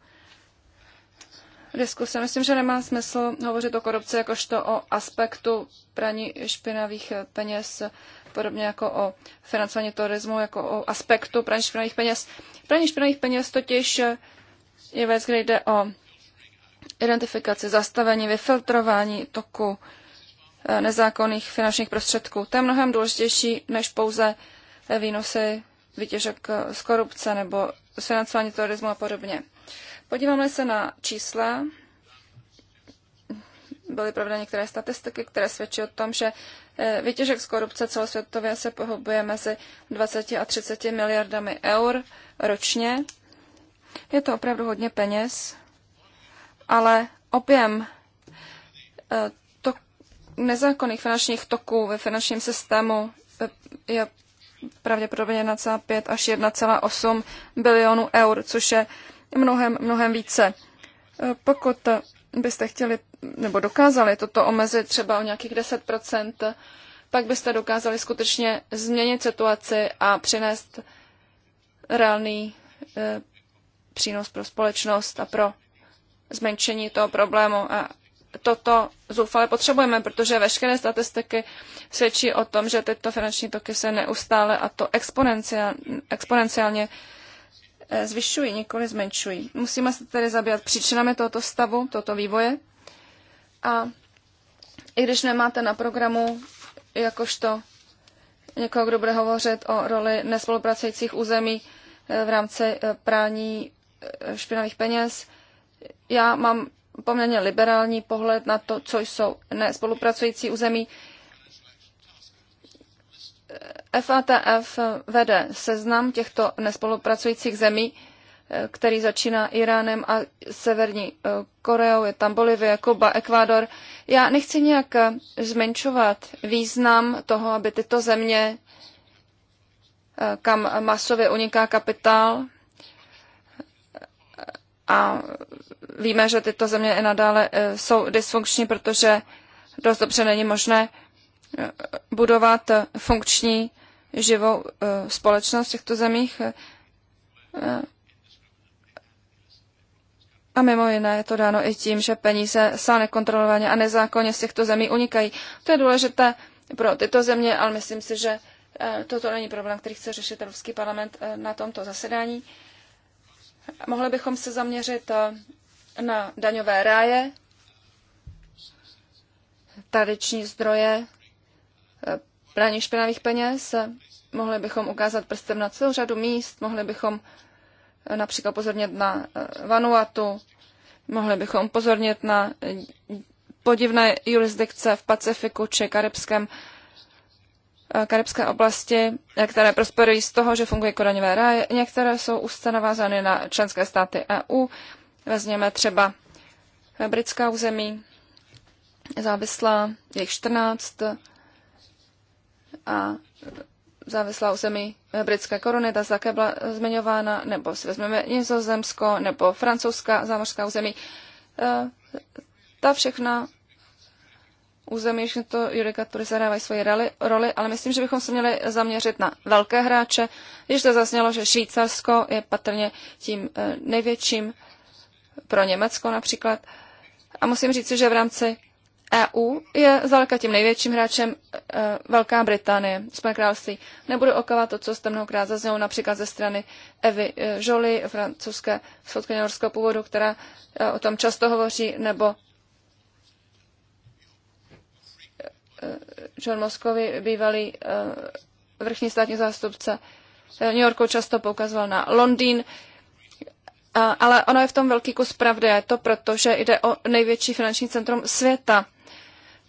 diskuse. Myslím, že nemá smysl hovořit o korupci jakožto o aspektu praní špinavých peněz podobně jako o financování terorismu, jako o aspektu praní špinavých peněz. Praní špinavých peněz totiž je věc, kde jde o identifikaci, zastavení, vyfiltrování toku eh, nezákonných finančních prostředků. To je mnohem důležitější než pouze eh, výnosy vytěžek eh, z korupce nebo financování terorismu a podobně. Podíváme se na čísla byly pravda některé statistiky, které svědčí o tom, že eh, vytěžek z korupce celosvětově se pohybuje mezi 20 a 30 miliardami eur ročně. Je to opravdu hodně peněz, ale objem eh, to nezákonných finančních toků ve finančním systému eh, je pravděpodobně 1,5 až 1,8 bilionů eur, což je mnohem, mnohem více. Pokud byste chtěli nebo dokázali toto omezit třeba o nějakých 10 pak byste dokázali skutečně změnit situaci a přinést reálný e, přínos pro společnost a pro zmenšení toho problému. A toto zoufale potřebujeme, protože veškeré statistiky svědčí o tom, že tyto finanční toky se neustále a to exponenciál, exponenciálně E, zvyšují, nikoli zmenšují. Musíme se tedy zabývat příčinami tohoto stavu, tohoto vývoje. A i když nemáte na programu jakožto někoho, kdo bude hovořit o roli nespolupracujících území e, v rámci e, prání špinavých peněz, já mám poměrně liberální pohled na to, co jsou nespolupracující území. FATF vede seznam těchto nespolupracujících zemí, eh, který začíná Iránem a Severní eh, Koreou, je tam Bolivie, Kuba, Ekvádor. Já nechci nějak eh, zmenšovat význam toho, aby tyto země, kam masově uniká kapitál, a víme, že tyto země i nadále jsou dysfunkční, protože dost dobře není možné budovat funkční živou eh, společnost v těchto zemích. Eh, a mimo jiné je to dáno i tím, že peníze se nekontrolovaně a nezákonně z těchto zemí unikají. To je důležité pro tyto země, ale myslím si, že eh, toto není problém, který chce řešit Evropský parlament na tomto zasedání. Mohli bychom se zaměřit na daňové ráje, tradiční zdroje praní špinavých peněz. Mohli bychom ukázat prstem na celou řadu míst, mohli bychom eh, například pozornit na eh, Vanuatu, mohli bychom pozornit na eh, podivné jurisdikce v Pacifiku či Karibském, Karibské oblasti, které prosperují z toho, že funguje koraňové ráje. Některé jsou úzce navázány na členské státy EU. Vezměme třeba britská území, závislá, jejich 14, a závislá u zemí eh, britské koruny, ta také byla eh, zmiňována, nebo si vezmeme Nizozemsko, nebo francouzská zámořská území. Eh, ta všechna území, že to judikatury zahrávají svoji roli, roli, ale myslím, že bychom se měli zaměřit na velké hráče. Již to zaznělo, že Švýcarsko je patrně tím největším pro Německo například. A musím říct, že v rámci EU je zdaleka tím největším hráčem e, Velká Británie, Spojené království. Nebudu okovat to, co jste mnohokrát zaznělo, například ze strany Evy e, francouzské soudkyně norského původu, která e, o tom často hovoří, nebo e, e, John Moskovi, bývalý e, vrchní státní zástupce New Yorku, často poukazoval na Londýn. Ale ono je v tom velký kus pravdy. Je to proto, že jde o největší finanční centrum světa.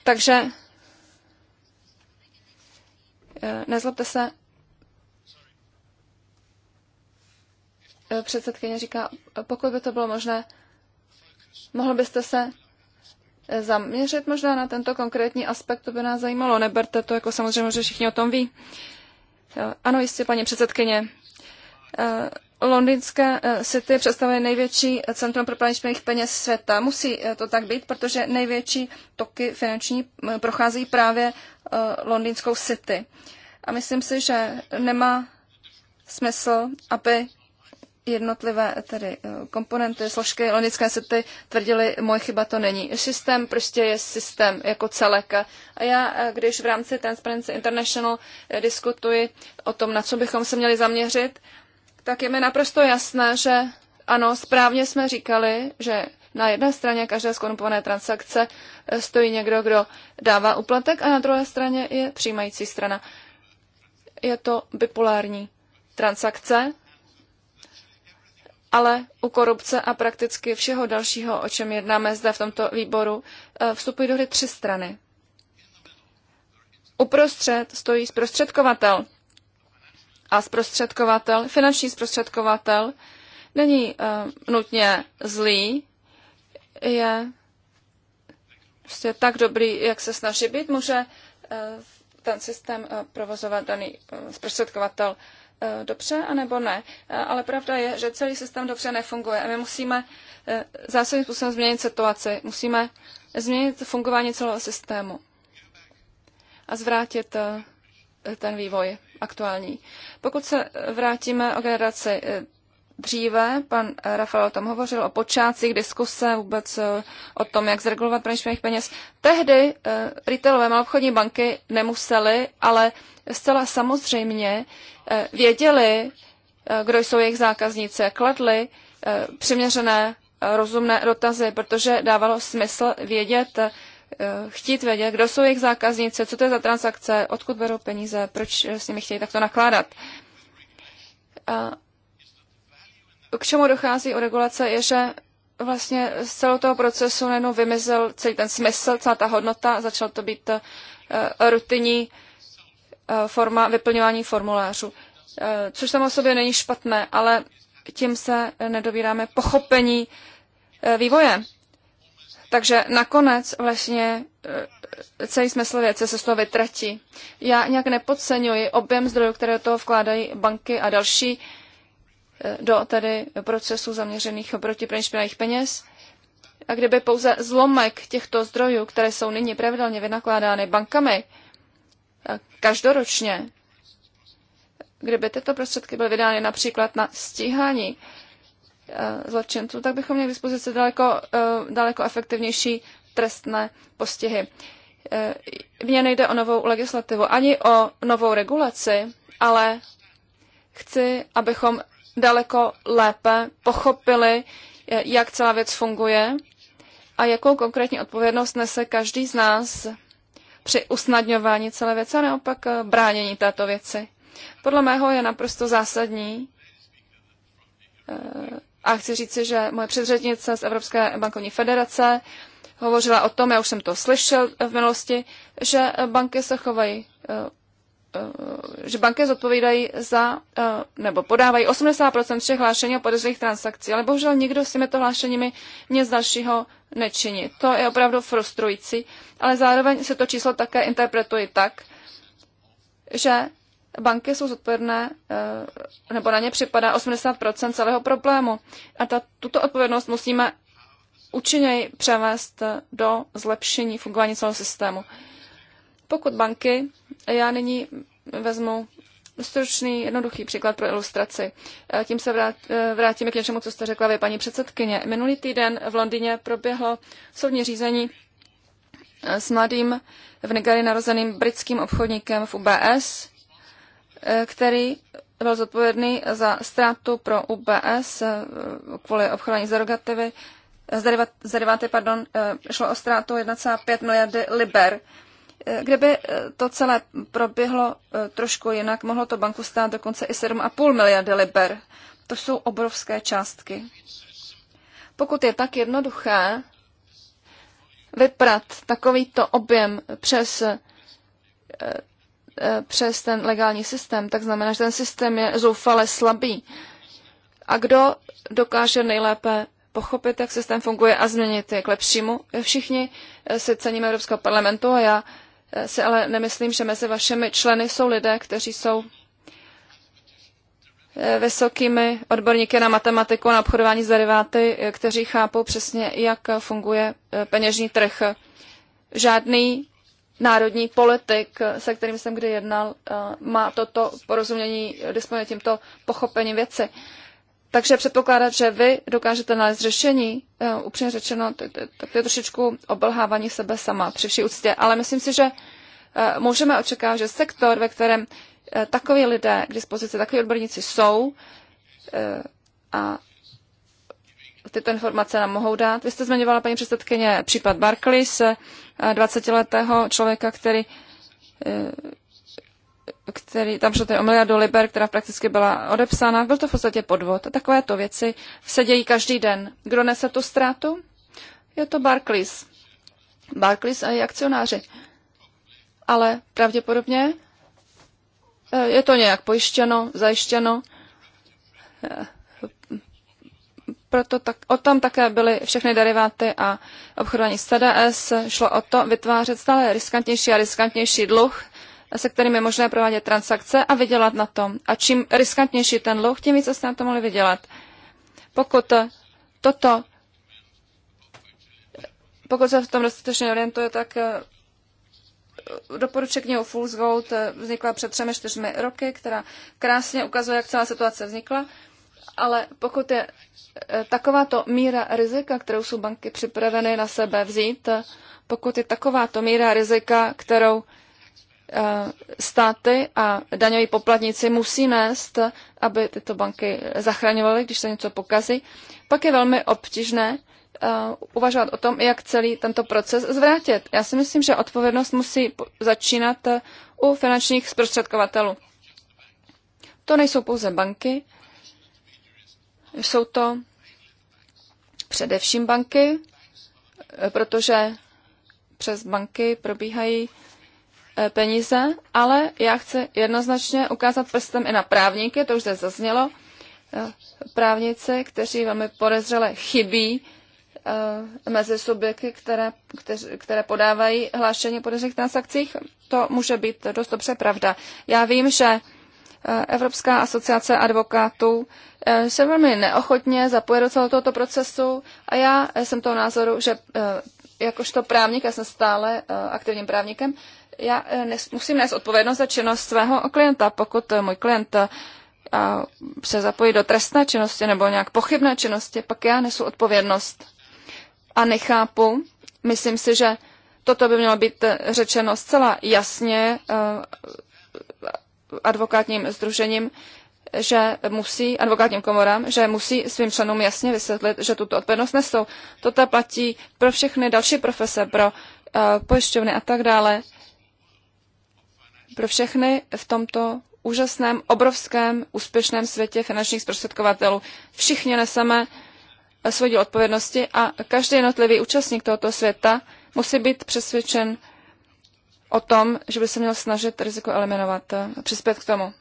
Takže eh, nezlobte se, eh, předsedkyně říká, eh, pokud by to bylo možné, mohl byste se zaměřit možná na tento konkrétní aspekt, to by nás zajímalo. Neberte to, jako samozřejmě, že všichni o tom ví. Ano, jistě, paní předsedkyně. Londýnské eh, City představuje největší centrum pro praní špinavých peněz světa. Musí eh, to tak být, protože největší toky finanční eh, prochází právě Londýnskou City. A myslím si, že nemá smysl, aby jednotlivé tedy komponenty, složky Londýnské City tvrdili, moje chyba to není. Systém prostě je systém jako celek. A já, když v rámci Transparency International diskutuji o tom, na co bychom se měli zaměřit, tak je mi naprosto jasné, že ano, správně jsme říkali, že na jedné straně každé skonupované transakce eh, stojí někdo, kdo dává uplatek a na druhé straně je přijímající strana. Je to bipolární transakce, ale u korupce a prakticky všeho dalšího, o čem jednáme zde v tomto výboru, eh, vstupují do hry tři strany. Uprostřed stojí zprostředkovatel a zprostředkovatel, finanční zprostředkovatel, není uh, nutně zlý, je prostě tak dobrý, jak se snaží být, může uh, ten systém uh, provozovat daný uh, zprostředkovatel uh, dobře, anebo ne. Ale pravda je, že celý systém dobře nefunguje a my musíme zásadním způsobem změnit situaci. Musíme změnit fungování celého systému a zvrátit ten vývoj aktuální. Pokud se vrátíme o generaci eh, dříve, pan eh, Rafael o tom hovořil, o počátcích diskuse vůbec eh, o tom, jak zregulovat praní špinavých peněz. Tehdy retailové malobchodní banky nemusely, ale zcela samozřejmě věděli, kdo jsou jejich zákazníci, kladli přiměřené rozumné dotazy, protože dávalo smysl vědět, Eh, chtít vědět, kdo jsou jejich zákaznice, co to je za transakce, odkud berou peníze, proč eh, s nimi chtějí takto nakládat. A eh, k čemu dochází u regulace, je, že vlastně z celého toho procesu nejenom vymizel celý ten smysl, celá ta hodnota, začal to být rutinní forma vyplňování formulářů. Což samo o sobě není špatné, ale tím se nedobíráme pochopení vývoje. Takže nakonec vlastně eh, celý smysl věce se z toho vytratí. Já nějak nepodceňuji objem zdrojů, které do toho vkládají banky a další eh, do tedy procesů zaměřených proti praní špinavých peněz. A kdyby pouze zlomek těchto zdrojů, které jsou nyní pravidelně vynakládány bankami eh, každoročně, kdyby tyto prostředky byly vydány například na stíhání Eh, zločinců, tak bychom měli k dispozici daleko, eh, daleko efektivnější trestné postihy. Eh, mně nejde o novou legislativu, ani o novou regulaci, ale chci, abychom daleko lépe pochopili, jak celá věc funguje a jakou konkrétní odpovědnost nese každý z nás při usnadňování celé věci a neopak bránění této věci. Podle mého je naprosto zásadní a chci říci, že moje předřednice z Evropské bankovní federace hovořila o tom, já už jsem to slyšel v minulosti, že banky se chovají, eh, eh, že banky zodpovídají za, eh, nebo podávají 80% všech hlášení o podezřelých transakcí, ale bohužel nikdo s těmito hlášeními nic dalšího nečiní. To je opravdu frustrující, ale zároveň se to číslo také interpretuje tak, že banky jsou zodpovědné, eh, nebo na ně připadá 80% celého problému. A ta, tuto odpovědnost musíme účinněji převést do zlepšení fungování celého systému. Pokud banky, já nyní vezmu stručný, jednoduchý příklad pro ilustraci. Eh, tím se eh, vrátíme k něčemu, co jste řekla vy, paní předsedkyně. Minulý týden v Londýně proběhlo soudní řízení s mladým v Nigerii narozeným britským obchodníkem v UBS, Eh, který byl zodpovědný za ztrátu pro UBS eh, kvůli obchodování z eh, deriváty, pardon, šlo o ztrátu 1,5 miliardy liber. Kdyby to celé proběhlo trošku jinak, mohlo to banku stát dokonce i 7,5 miliardy liber. To jsou obrovské částky. Pokud je tak jednoduché vyprat takovýto objem přes E, přes ten legální systém, tak znamená, že ten systém je zoufale slabý. A kdo dokáže nejlépe pochopit, jak systém funguje a změnit je k lepšímu? Všichni se ceníme Evropského parlamentu a já e, si ale nemyslím, že mezi vašimi členy jsou lidé, kteří jsou e, vysokými odborníky na matematiku a na obchodování s deriváty, kteří chápou přesně, jak funguje peněžní trh. Žádný národní politik, se kterým jsem kdy jednal, eh, má toto porozumění, disponuje tímto pochopením věci. Takže předpokládat, že vy dokážete nalézt řešení, eh, upřímně řečeno, tak to je trošičku obelhávání sebe sama při vší úctě. Ale myslím si, že eh, můžeme očekávat, že sektor, ve kterém takoví lidé k dispozici, takoví odborníci jsou a tyto informace nám mohou dát. Vy jste zmiňovala, paní předsedkyně, případ Barclays, 20-letého eh, člověka, který eh, který, tam šlo ten o miliardu liber, která prakticky byla odepsána. Byl to v podstatě podvod. A takovéto věci se dějí každý den. Kdo nese tu ztrátu? Je to Barclays. Barclays a její akcionáři. Ale pravděpodobně eh, je to nějak pojištěno, zajištěno proto tak, o tom také byly všechny deriváty a obchodování s CDS. Šlo o to vytvářet stále riskantnější a riskantnější dluh, se kterým je možné provádět transakce a vydělat na tom. A čím riskantnější ten dluh, tím více jste na to mohli vydělat. Pokud toto, pokud se v tom dostatečně orientuje, tak eh, doporučuji knihu Fool's Gold, eh, vznikla před třemi, čtyřmi roky, která krásně ukazuje, jak celá situace vznikla ale pokud je e, takováto míra rizika, kterou jsou banky připraveny na sebe vzít, pokud je takováto míra rizika, kterou e, státy a daňoví poplatníci musí nést, aby tyto banky zachraňovaly, když se něco pokazí, pak je velmi obtížné e, uvažovat o tom, jak celý tento proces zvrátit. Já si myslím, že odpovědnost musí začínat u finančních zprostředkovatelů. To nejsou pouze banky, jsou to především banky, protože přes banky probíhají eh, peníze, ale já chci jednoznačně ukázat prstem i na právníky, to už zde zaznělo, eh, právníci, kteří velmi podezřele chybí eh, mezi subjekty, které, které, podávají hlášení o podezřelých transakcích, to může být dost dobře pravda. Já vím, že Evropská asociace advokátů eh, se velmi neochotně zapoje do celého tohoto procesu a já jsem toho názoru, že eh, jakožto právník, já jsem stále eh, aktivním právníkem, já nes, musím nést odpovědnost za činnost svého klienta. Pokud můj klient se zapojí do trestné činnosti nebo nějak pochybné činnosti, pak já nesu odpovědnost. A nechápu, myslím si, že toto by mělo být řečeno zcela jasně advokátním združením, že musí, advokátním komorám, že musí svým členům jasně vysvětlit, že tuto odpovědnost nesou. Toto platí pro všechny další profese, pro uh, pojišťovny a tak dále. Pro všechny v tomto úžasném, obrovském, úspěšném světě finančních zprostředkovatelů. Všichni neseme eh, svůj díl odpovědnosti a každý jednotlivý účastník tohoto světa musí být přesvědčen o tom, že by se měl snažit riziko eliminovat, eh, přispět k tomu.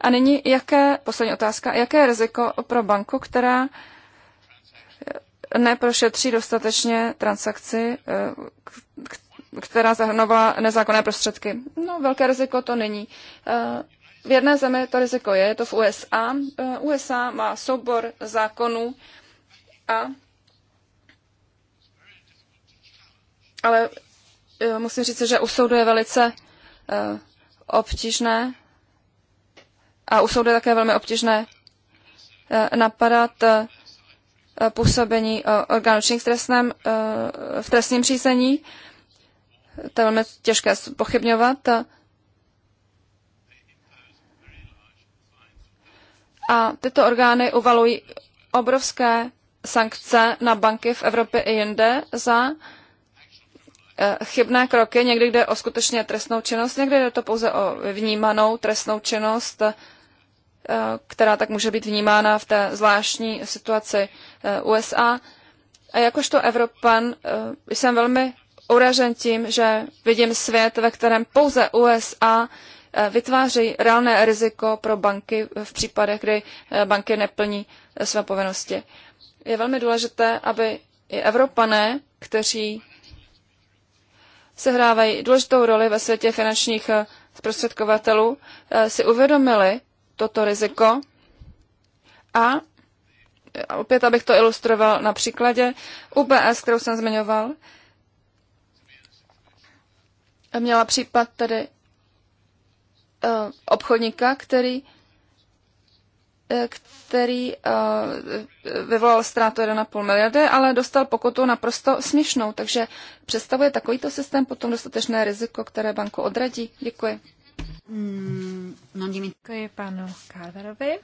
A nyní, jaké, poslední otázka, jaké je riziko pro banku, která eh, neprošetří dostatečně transakci, eh, která zahrnovala nezákonné prostředky. No, velké riziko to není. V jedné zemi to riziko je, je to v USA. USA má soubor zákonů a ale Eh, musím říct, že u soudu je velice eh, obtížné a u soudu je také velmi obtížné eh, napadat působení orgánů činných uh, v trestním řízení. To je velmi těžké pochybňovat. A tyto orgány uvalují obrovské sankce na banky v Evropě i jinde za uh, Eh, chybné kroky. Někdy jde o skutečně trestnou činnost, někdy jde to pouze o vnímanou trestnou činnost, eh, která tak může být vnímána v té zvláštní situaci eh, USA. A jakožto Evropan jsem velmi uražen tím, že vidím svět, ve kterém pouze USA vytvářejí reálné riziko pro banky v případech, kdy banky neplní své povinnosti. Je velmi důležité, aby i Evropané, kteří sehrávají důležitou roli ve světě finančních eh, zprostředkovatelů, eh, si uvědomili toto riziko a eh, opět, abych to ilustroval na příkladě UBS, kterou jsem zmiňoval, měla případ tedy obchodníka, který který eh, vyvolal ztrátu 1,5 miliardy, ale dostal pokutu naprosto směšnou. Takže představuje takovýto systém potom dostatečné riziko, které banku odradí? Děkuji. Mm, no, děkuji panu Carverovi.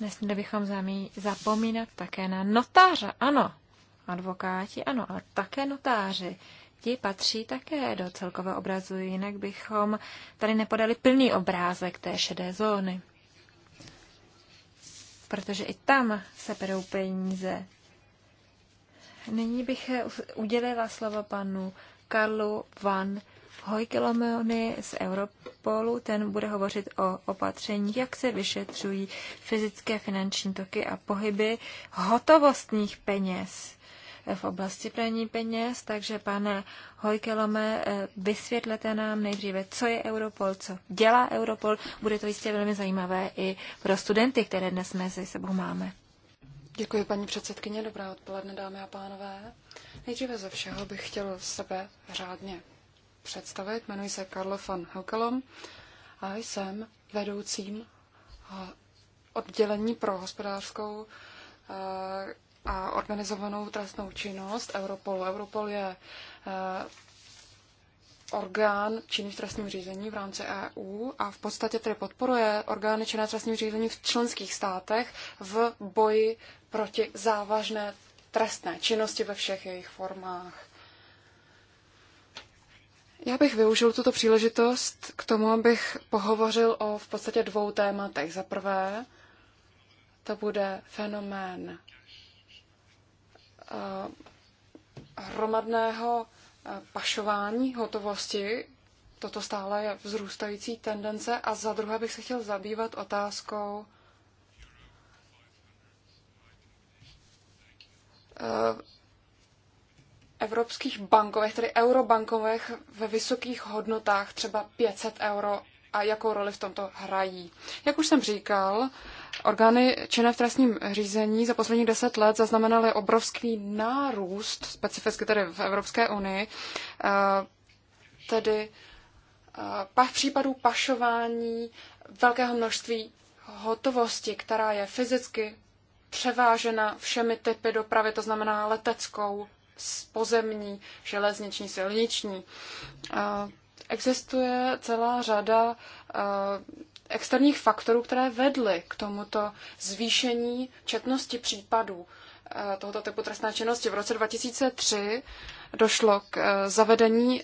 Nesměli bychom zamí, zapomínat také na notáře. Ano, advokáti, ano, ale také notáři. Ti patří také do celkového obrazu, jinak bychom tady nepodali plný obrázek té šedé zóny protože i tam se perou peníze. Nyní bych eh, udělila slovo panu Karlu Van Hojkelomony z Europolu. Ten bude hovořit o opatření, jak se vyšetřují fyzické finanční toky a pohyby hotovostních peněz v oblasti praní peněz, takže pane Hojkelome, eh, vysvětlete nám nejdříve, co je Europol, co dělá Europol. Bude to jistě velmi zajímavé i pro studenty, které dnes mezi sebou máme. Děkuji, paní předsedkyně. Dobrá odpoledne, dámy a pánové. Nejdříve ze všeho bych chtěl sebe řádně představit. Jmenuji se Karlo van Hokelom a jsem vedoucím eh, oddělení pro hospodářskou eh, a organizovanou trestnou činnost Europolu. Europol je eh, orgán činný v trestním řízení v rámci EU a v podstatě tedy podporuje orgány činné v trestním řízení v členských státech v boji proti závažné trestné činnosti ve všech jejich formách. Já bych využil tuto příležitost k tomu, abych pohovořil o v podstatě dvou tématech. Za prvé, to bude fenomén Eh, hromadného eh, pašování hotovosti. Toto stále je vzrůstající tendence. A za druhé bych se chtěl zabývat otázkou eh, evropských bankovech, tedy eurobankovech ve vysokých hodnotách, třeba 500 euro a jakou roli v tomto hrají. Jak už jsem říkal, orgány činné v trestním řízení za posledních deset let zaznamenaly obrovský nárůst, specificky tedy v Evropské unii, eh, tedy eh, v případů pašování velkého množství hotovosti, která je fyzicky převážena všemi typy dopravy, to znamená leteckou, pozemní, železniční, silniční. Eh, existuje celá řada eh, externích faktorů, které vedly k tomuto zvýšení četnosti případů eh, tohoto typu trestné činnosti. V roce 2003 došlo k eh, zavedení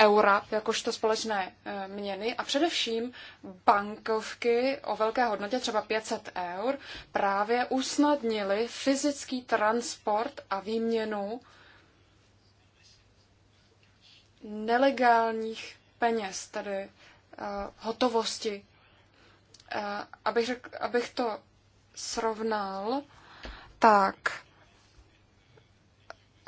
eura jakožto společné měny a především bankovky o velké hodnotě třeba 500 eur právě usnadnily fyzický transport a výměnu nelegálních peněz, tedy eh, hotovosti. Eh, abych, řekl, abych to srovnal, tak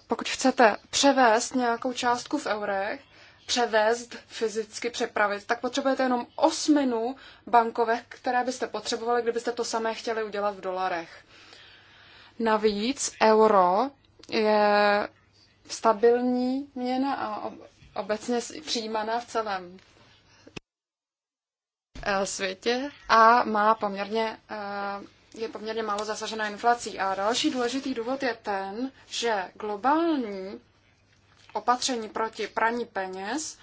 pokud chcete převést nějakou částku v eurech, převést fyzicky, přepravit, tak potřebujete jenom osminu bankovek, které byste potřebovali, kdybyste to samé chtěli udělat v dolarech. Navíc euro je stabilní měna a obecně přijímaná v celém eh, světě a má poměrně, eh, je poměrně málo zasažena inflací. A další důležitý důvod je ten, že globální opatření proti praní peněz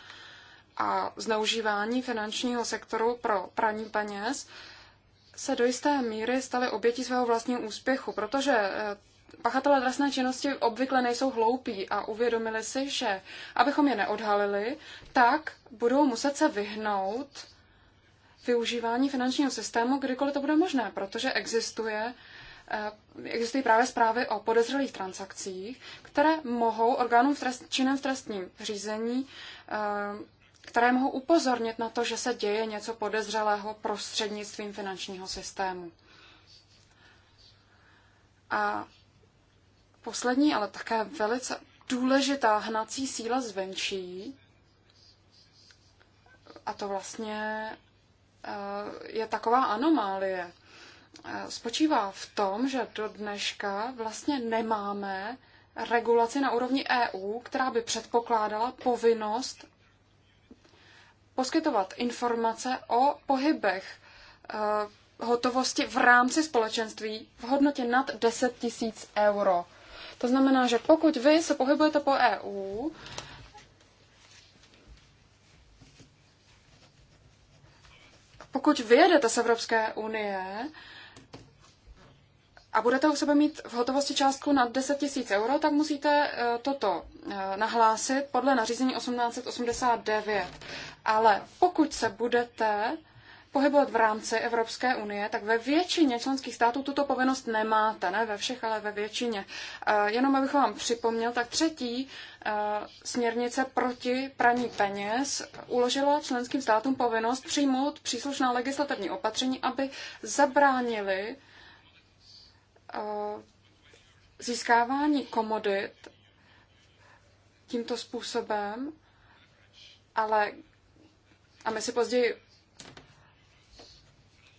a zneužívání finančního sektoru pro praní peněz se do jisté míry staly obětí svého vlastního úspěchu, protože eh, pachatelé trestné činnosti obvykle nejsou hloupí a uvědomili si, že abychom je neodhalili, tak budou muset se vyhnout využívání finančního systému, kdykoliv to bude možné, protože existuje eh, existují právě zprávy o podezřelých transakcích, které mohou orgánům v trest, činem v trestním řízení, eh, které mohou upozornit na to, že se děje něco podezřelého prostřednictvím finančního systému. A poslední, ale také velice důležitá hnací síla zvenčí. A to vlastně eh, je taková anomálie. Eh, spočívá v tom, že do dneška vlastně nemáme regulaci na úrovni EU, která by předpokládala povinnost poskytovat informace o pohybech eh, hotovosti v rámci společenství v hodnotě nad 10 000 euro. To znamená, že pokud vy se pohybujete po EU, pokud vyjedete z Evropské unie a budete u sebe mít v hotovosti částku nad 10 000 euro, tak musíte eh, toto eh, nahlásit podle nařízení 1889. Ale pokud se budete pohybovat v rámci Evropské unie, tak ve většině členských států tuto povinnost nemáte, ne ve všech, ale ve většině. Eh, jenom abych vám připomněl, tak třetí eh, směrnice proti praní peněz uložila členským státům povinnost přijmout příslušná legislativní opatření, aby zabránili eh, získávání komodit tímto způsobem, ale a my si později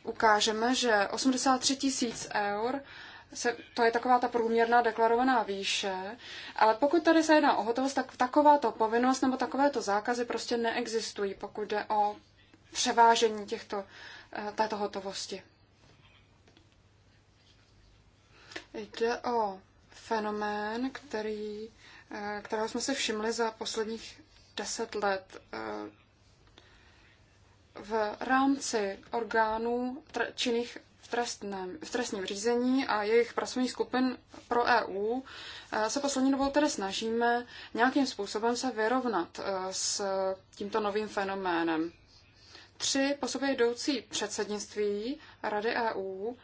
ukážeme, že 83 tisíc eur se, to je taková ta průměrná deklarovaná výše, ale pokud tady se jedná o hotovost, tak takováto povinnost nebo takovéto zákazy prostě neexistují, pokud jde o převážení těchto, eh, této hotovosti. Jde o fenomén, který, eh, kterého jsme si všimli za posledních deset let. Eh, v rámci orgánů činných v trestném, v trestním řízení a jejich pracovních skupin pro EU eh, se poslední dobou tedy snažíme nějakým způsobem se vyrovnat eh, s tímto novým fenoménem. Tři po sobě jdoucí předsednictví Rady EU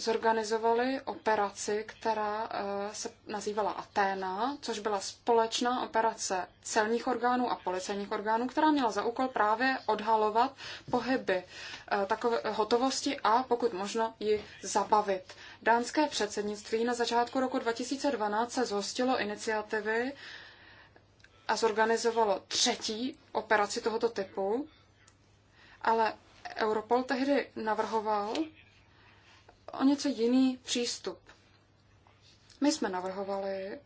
zorganizovali operaci, která eh, se nazývala Aténa, což byla společná operace celních orgánů a policejních orgánů, která měla za úkol právě odhalovat pohyby eh, takové hotovosti a pokud možno ji zabavit. Dánské předsednictví na začátku roku 2012 se zhostilo iniciativy a zorganizovalo třetí operaci tohoto typu, ale Europol tehdy navrhoval, o něco jiný přístup. My jsme navrhovali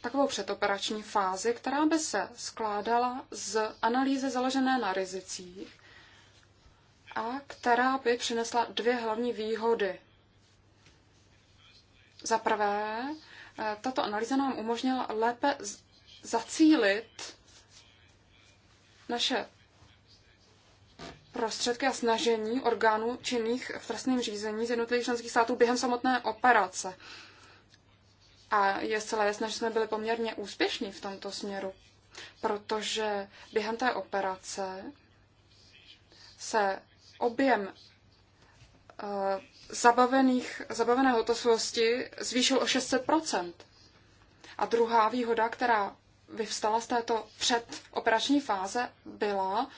takovou předoperační fázi, která by se skládala z analýzy založené na rizicích a která by přinesla dvě hlavní výhody. Za prvé, eh, tato analýza nám umožnila lépe zacílit naše prostředky a snažení orgánů činných v trestním řízení z jednotlivých členských států během samotné operace. A je zcela jasné, že jsme byli poměrně úspěšní v tomto směru, protože během té operace se objem eh, zabavených, zabavené hotovosti zvýšil o 600 A druhá výhoda, která vyvstala z této předoperační fáze, byla,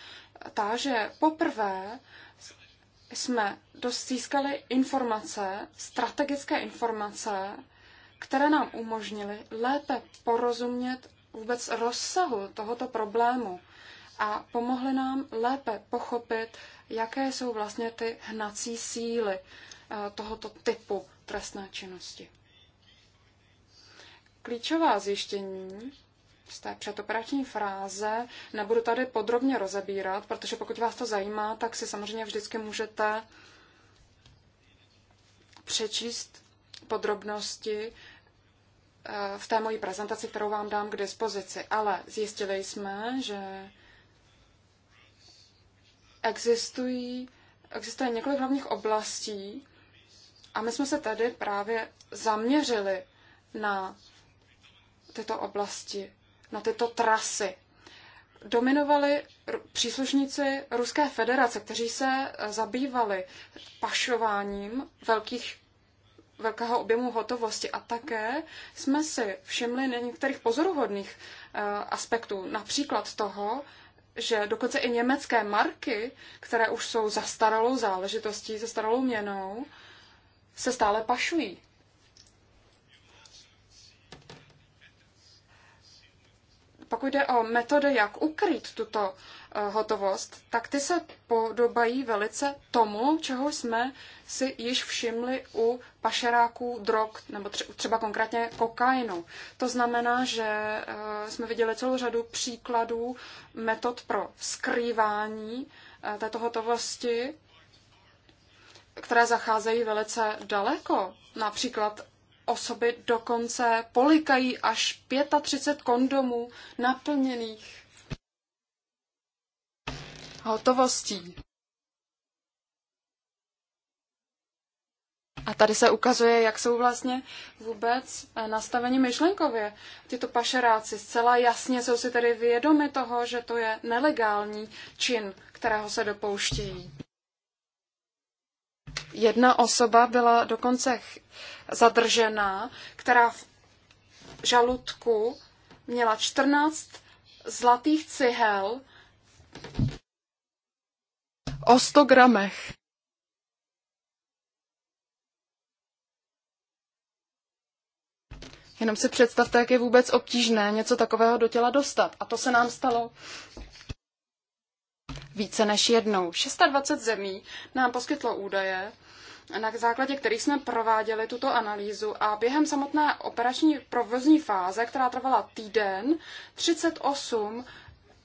ta, že poprvé jsme získali informace, strategické informace, které nám umožnily lépe porozumět vůbec rozsahu tohoto problému a pomohly nám lépe pochopit, jaké jsou vlastně ty hnací síly eh, tohoto typu trestné činnosti. Klíčová zjištění z té předoperační fráze nebudu tady podrobně rozebírat, protože pokud vás to zajímá, tak si samozřejmě vždycky můžete přečíst podrobnosti eh, v té mojí prezentaci, kterou vám dám k dispozici. Ale zjistili jsme, že existují, existuje několik hlavních oblastí a my jsme se tady právě zaměřili na tyto oblasti na tyto trasy. Dominovali příslušníci Ruské federace, kteří se e, zabývali pašováním velkých velkého objemu hotovosti. A také jsme si všimli některých pozoruhodných e, aspektů, například toho, že dokonce i německé marky, které už jsou zastaralou záležitostí, zastaralou měnou, se stále pašují. pokud jde o metody, jak ukrýt tuto eh, hotovost, tak ty se podobají velice tomu, čeho jsme si již všimli u pašeráků drog, nebo třeba konkrétně kokainu. To znamená, že eh, jsme viděli celou řadu příkladů metod pro skrývání eh, této hotovosti, které zacházejí velice daleko. Například osoby dokonce polikají až 35 kondomů naplněných hotovostí. A tady se ukazuje, jak jsou vlastně vůbec eh, nastaveni myšlenkově. Tyto pašeráci zcela jasně jsou si tedy vědomi toho, že to je nelegální čin, kterého se dopouštějí. Jedna osoba byla dokonce zadržená, která v žaludku měla 14 zlatých cihel o 100 gramech. Jenom si představte, jak je vůbec obtížné něco takového do těla dostat. A to se nám stalo více než jednou. 26 zemí nám poskytlo údaje, na základě kterých jsme prováděli tuto analýzu a během samotné operační provozní fáze, která trvala týden, 38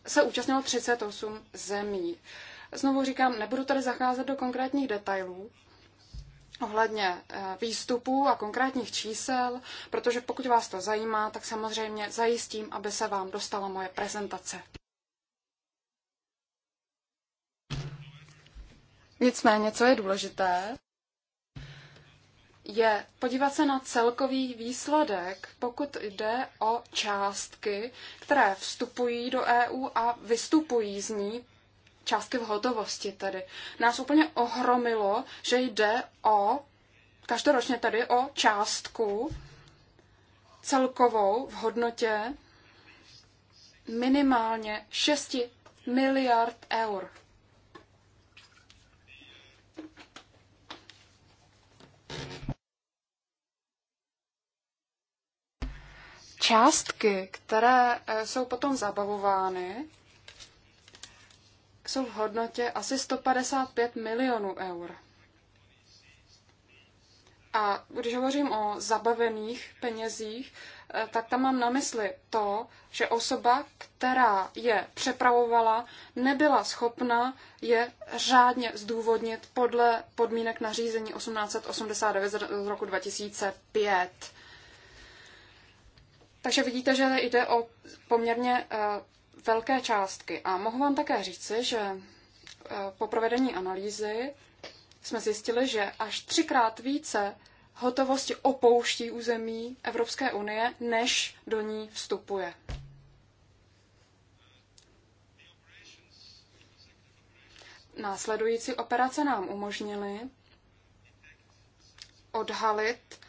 se účastnilo 38 zemí. Znovu říkám, nebudu tady zacházet do konkrétních detailů ohledně eh, výstupů a konkrétních čísel, protože pokud vás to zajímá, tak samozřejmě zajistím, aby se vám dostala moje prezentace. Nicméně, co je důležité, je podívat se na celkový výsledek, pokud jde o částky, které vstupují do EU a vystupují z ní, částky v hotovosti tedy. Nás úplně ohromilo, že jde o, každoročně tedy o částku celkovou v hodnotě minimálně 6 miliard eur. částky, které eh, jsou potom zabavovány, jsou v hodnotě asi 155 milionů eur. A když hovořím o zabavených penězích, eh, tak tam mám na mysli to, že osoba, která je přepravovala, nebyla schopna je řádně zdůvodnit podle podmínek nařízení 1889 z roku 2005. Takže vidíte, že jde o poměrně eh, velké částky. A mohu vám také říci, že eh, po provedení analýzy jsme zjistili, že až třikrát více hotovosti opouští území Evropské unie, než do ní vstupuje. Následující operace nám umožnily odhalit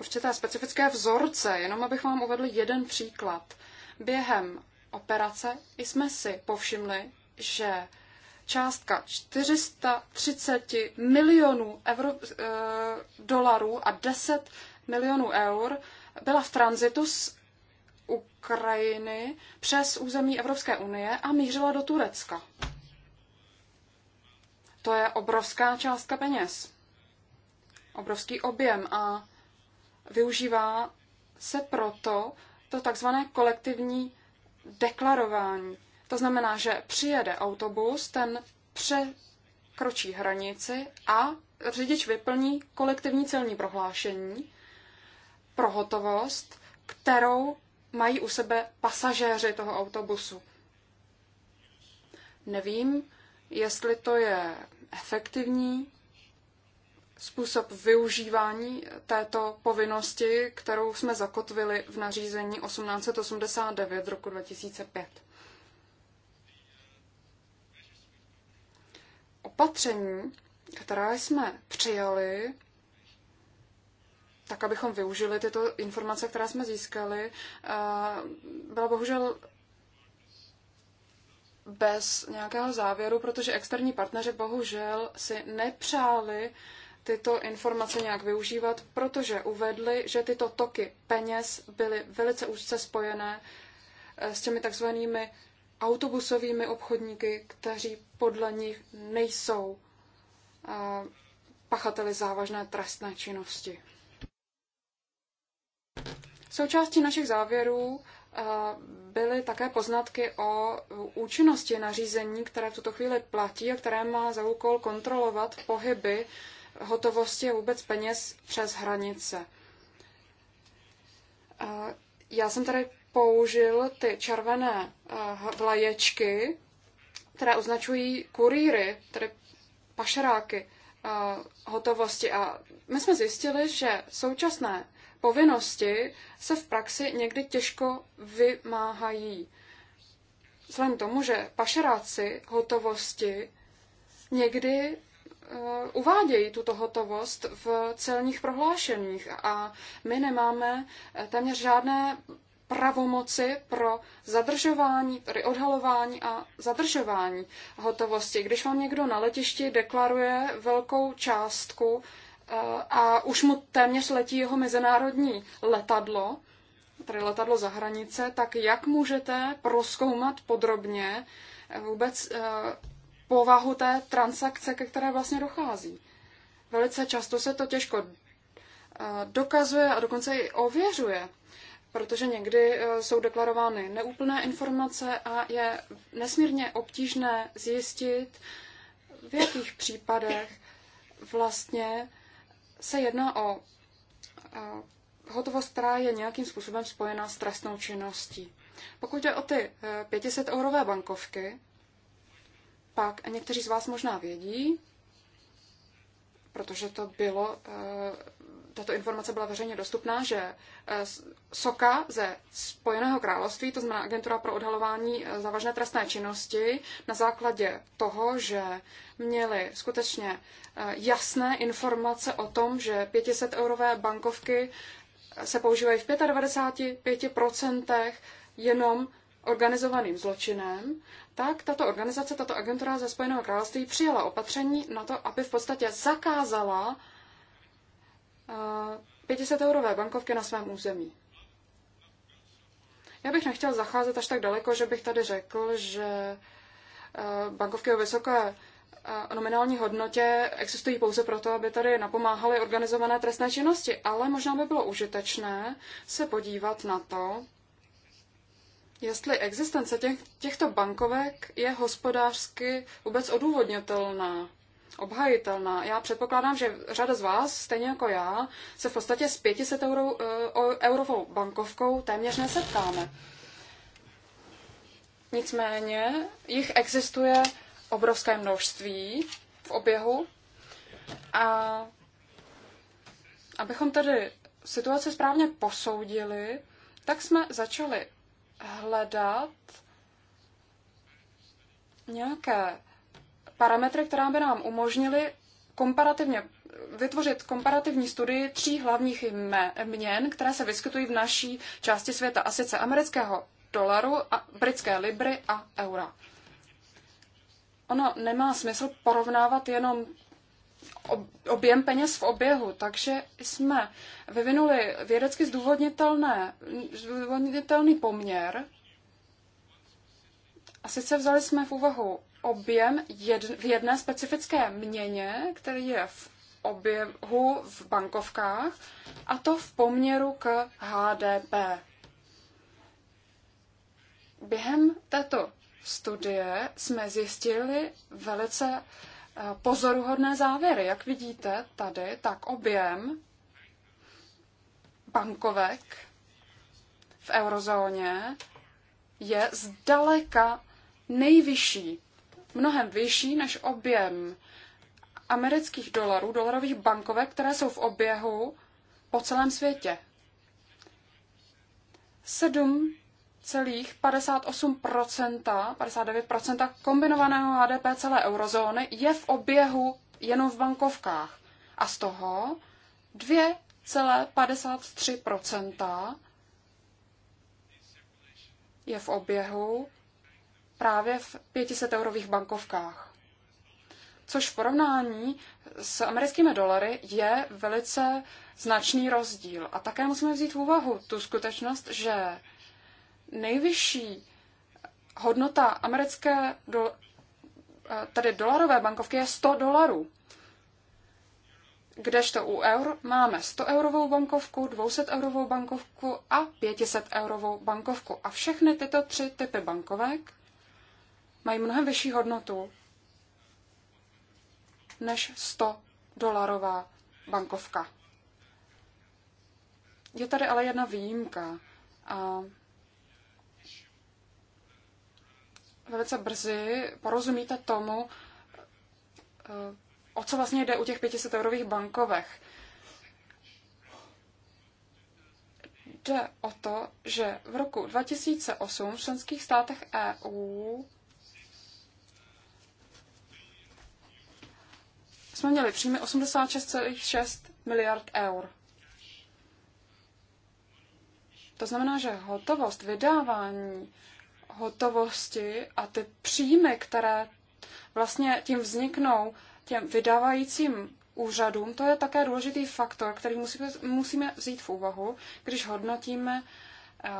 určité specifické vzorce. Jenom abych vám uvedl jeden příklad. Během operace jsme si povšimli, že částka 430 milionů euro, e, dolarů a 10 milionů eur byla v tranzitu z Ukrajiny přes území Evropské unie a mířila do Turecka. To je obrovská částka peněz. Obrovský objem a využívá se proto to takzvané kolektivní deklarování. To znamená, že přijede autobus, ten překročí hranici a řidič vyplní kolektivní celní prohlášení pro hotovost, kterou mají u sebe pasažéři toho autobusu. Nevím, jestli to je efektivní, způsob využívání této povinnosti, kterou jsme zakotvili v nařízení 1889 roku 2005. Opatření, která jsme přijali, tak abychom využili tyto informace, které jsme získali, eh, byla bohužel bez nějakého závěru, protože externí partneři bohužel si nepřáli uh, tyto informace nějak využívat, protože uvedli, že tyto toky peněz byly velice úzce spojené eh, s těmi takzvanými autobusovými obchodníky, kteří podle nich nejsou eh, pachateli závažné trestné činnosti. Součástí našich závěrů eh, byly také poznatky o účinnosti nařízení, které v tuto chvíli platí a které má za úkol kontrolovat pohyby hotovosti a vůbec peněz přes hranice. Já jsem tady použil ty červené vlaječky, které označují kurýry, tedy pašeráky hotovosti. A my jsme zjistili, že současné povinnosti se v praxi někdy těžko vymáhají. Vzhledem tomu, že pašeráci hotovosti někdy Eh, uvádějí tuto hotovost v celních prohlášeních a my nemáme eh, téměř žádné pravomoci pro zadržování, tedy odhalování a zadržování hotovosti. Když vám někdo na letišti deklaruje velkou částku eh, a už mu téměř letí jeho mezinárodní letadlo, tedy letadlo za hranice, tak jak můžete proskoumat podrobně vůbec povahu té transakce, ke které vlastně dochází. Velice často se to těžko eh, dokazuje a dokonce i ověřuje, protože někdy eh, jsou deklarovány neúplné informace a je nesmírně obtížné zjistit, v jakých případech vlastně se jedná o eh, hotovost, která je nějakým způsobem spojená s trestnou činností. Pokud jde o ty 500 eurové bankovky, pak, a někteří z vás možná vědí, protože to bylo, eh, tato informace byla veřejně dostupná, že eh, SOKA ze Spojeného království, to znamená Agentura pro odhalování eh, závažné trestné činnosti, na základě toho, že měli skutečně jasné informace o tom, že 500-eurové bankovky se používají v 95% jenom organizovaným zločinem tak tato organizace, tato agentura ze Spojeného království přijala opatření na to, aby v podstatě zakázala 50 eh, eurové bankovky na svém území. Já bych nechtěl zacházet až tak daleko, že bych tady řekl, že eh, bankovky o vysoké eh, nominální hodnotě existují pouze proto, aby tady napomáhaly organizované trestné činnosti, ale možná by bylo užitečné se podívat na to, jestli existence těch, těchto bankovek je hospodářsky vůbec odůvodnitelná, obhajitelná. Já předpokládám, že řada z vás, stejně jako já, se v podstatě s 500 euro, eh, eurovou bankovkou téměř nesetkáme. Nicméně jich existuje obrovské množství v oběhu a abychom tedy situaci správně posoudili, tak jsme začali hledat nějaké parametry, které by nám umožnily komparativně vytvořit komparativní studii tří hlavních měn, které se vyskytují v naší části světa, a sice amerického dolaru, a britské libry a eura. Ono nemá smysl porovnávat jenom objem peněz v oběhu, takže jsme vyvinuli vědecky zdůvodnitelné, zdůvodnitelný poměr a sice vzali jsme v úvahu objem jedn, v jedné specifické měně, který je v oběhu v bankovkách, a to v poměru k HDP. Během této studie jsme zjistili velice Eh, pozoruhodné závěry. Jak vidíte tady, tak objem bankovek v eurozóně je zdaleka nejvyšší, mnohem vyšší než objem amerických dolarů, dolarových bankovek, které jsou v oběhu po celém světě. 7 58%, 59% kombinovaného HDP celé eurozóny je v oběhu jenom v bankovkách. A z toho 2,53% je v oběhu právě v 500 eurových bankovkách. Což v porovnání s americkými dolary je velice značný rozdíl. A také musíme vzít v úvahu tu skutečnost, že nejvyšší hodnota americké do, eh, tady dolarové bankovky je 100 dolarů. Kdežto u eur máme 100 eurovou bankovku, 200 eurovou bankovku a 500 eurovou bankovku. A všechny tyto tři typy bankovek mají mnohem vyšší hodnotu než 100 dolarová bankovka. Je tady ale jedna výjimka. A velice brzy porozumíte tomu, eh, o co vlastně jde u těch 500 eurových bankovech. Jde o to, že v roku 2008 v členských státech EU jsme měli příjmy 86,6 miliard eur. To znamená, že hotovost vydávání hotovosti a ty příjmy, které vlastně tím vzniknou, těm vydávajícím úřadům, to je také důležitý faktor, který musíme, musíme vzít v úvahu, když hodnotíme uh,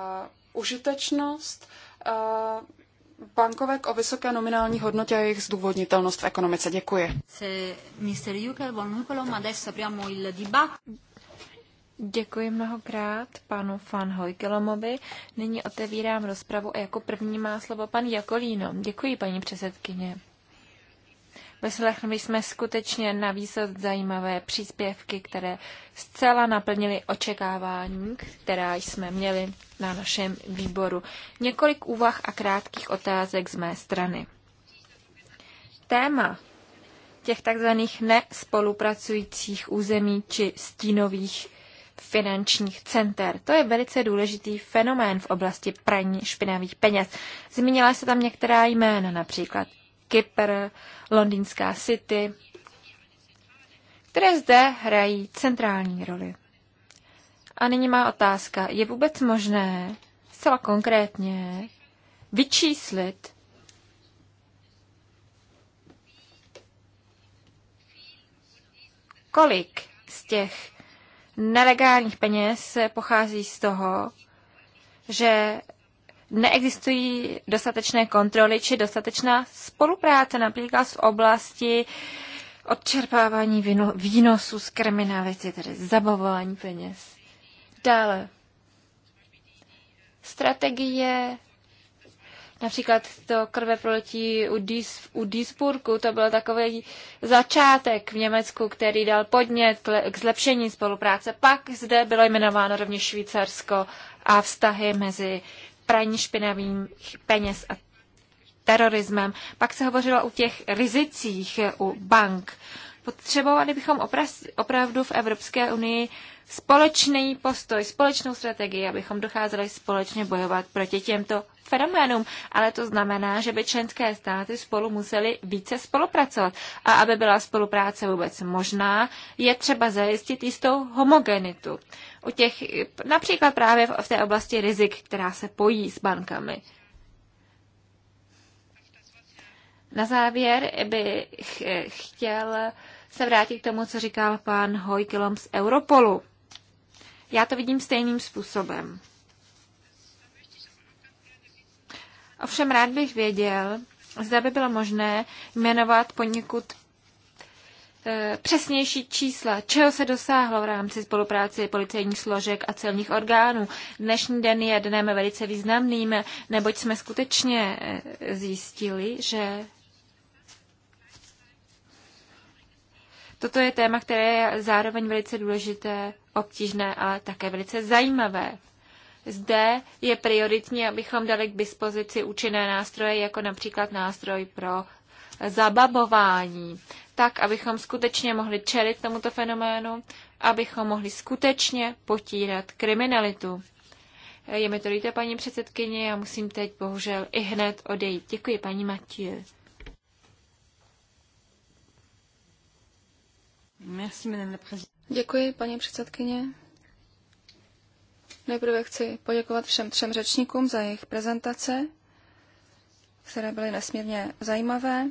užitečnost uh, bankovek o vysoké nominální hodnotě a jejich zdůvodnitelnost v ekonomice. Děkuji. Děkuji mnohokrát panu Fan Hojkelomovi. Nyní otevírám rozpravu a jako první má slovo pan Jakolíno. Děkuji, paní předsedkyně. Vyslechli jsme skutečně na výsost zajímavé příspěvky, které zcela naplnily očekávání, která jsme měli na našem výboru. Několik úvah a krátkých otázek z mé strany. Téma těch takzvaných nespolupracujících území či stínových finančních center. To je velice důležitý fenomén v oblasti praní špinavých peněz. Zmínila se tam některá jména, například Kypr, Londýnská City, které zde hrají centrální roli. A nyní má otázka, je vůbec možné zcela konkrétně vyčíslit, kolik z těch nelegálních peněz pochází z toho, že neexistují dostatečné kontroly či dostatečná spolupráce například v oblasti odčerpávání výnosů z kriminality, tedy zabavování peněz. Dále. Strategie Například to krve proletí u, Dies, u Duisburgu, to byl takový začátek v Německu, který dal podnět k zlepšení spolupráce. Pak zde bylo jmenováno rovněž Švýcarsko a vztahy mezi praní špinavým peněz a terorismem. Pak se hovořilo o těch rizicích u bank. Potřebovali bychom opravdu v Evropské unii společný postoj, společnou strategii, abychom docházeli společně bojovat proti těmto fenoménům, ale to znamená, že by členské státy spolu museli více spolupracovat. A aby byla spolupráce vůbec možná, je třeba zajistit jistou homogenitu. U těch, například právě v té oblasti rizik, která se pojí s bankami. Na závěr bych eh, chtěl se vrátit k tomu, co říkal pan Hojkilom z Europolu. Já to vidím stejným způsobem. Ovšem rád bych věděl, zda by bylo možné jmenovat poněkud eh, přesnější čísla, čeho se dosáhlo v rámci spolupráce policejních složek a celních orgánů. Dnešní den je dnem velice významným, neboť jsme skutečně eh, zjistili, že toto je téma, které je zároveň velice důležité obtížné, ale také velice zajímavé. Zde je prioritní, abychom dali k dispozici účinné nástroje, jako například nástroj pro zabavování, tak, abychom skutečně mohli čelit tomuto fenoménu, abychom mohli skutečně potírat kriminalitu. Je mi to líto, paní předsedkyně, já musím teď bohužel i hned odejít. Děkuji, paní Matěj. Merci, madame la présidente. Děkuji, paní předsedkyně. Nejprve chci poděkovat všem třem řečníkům za jejich prezentace, které byly nesmírně zajímavé.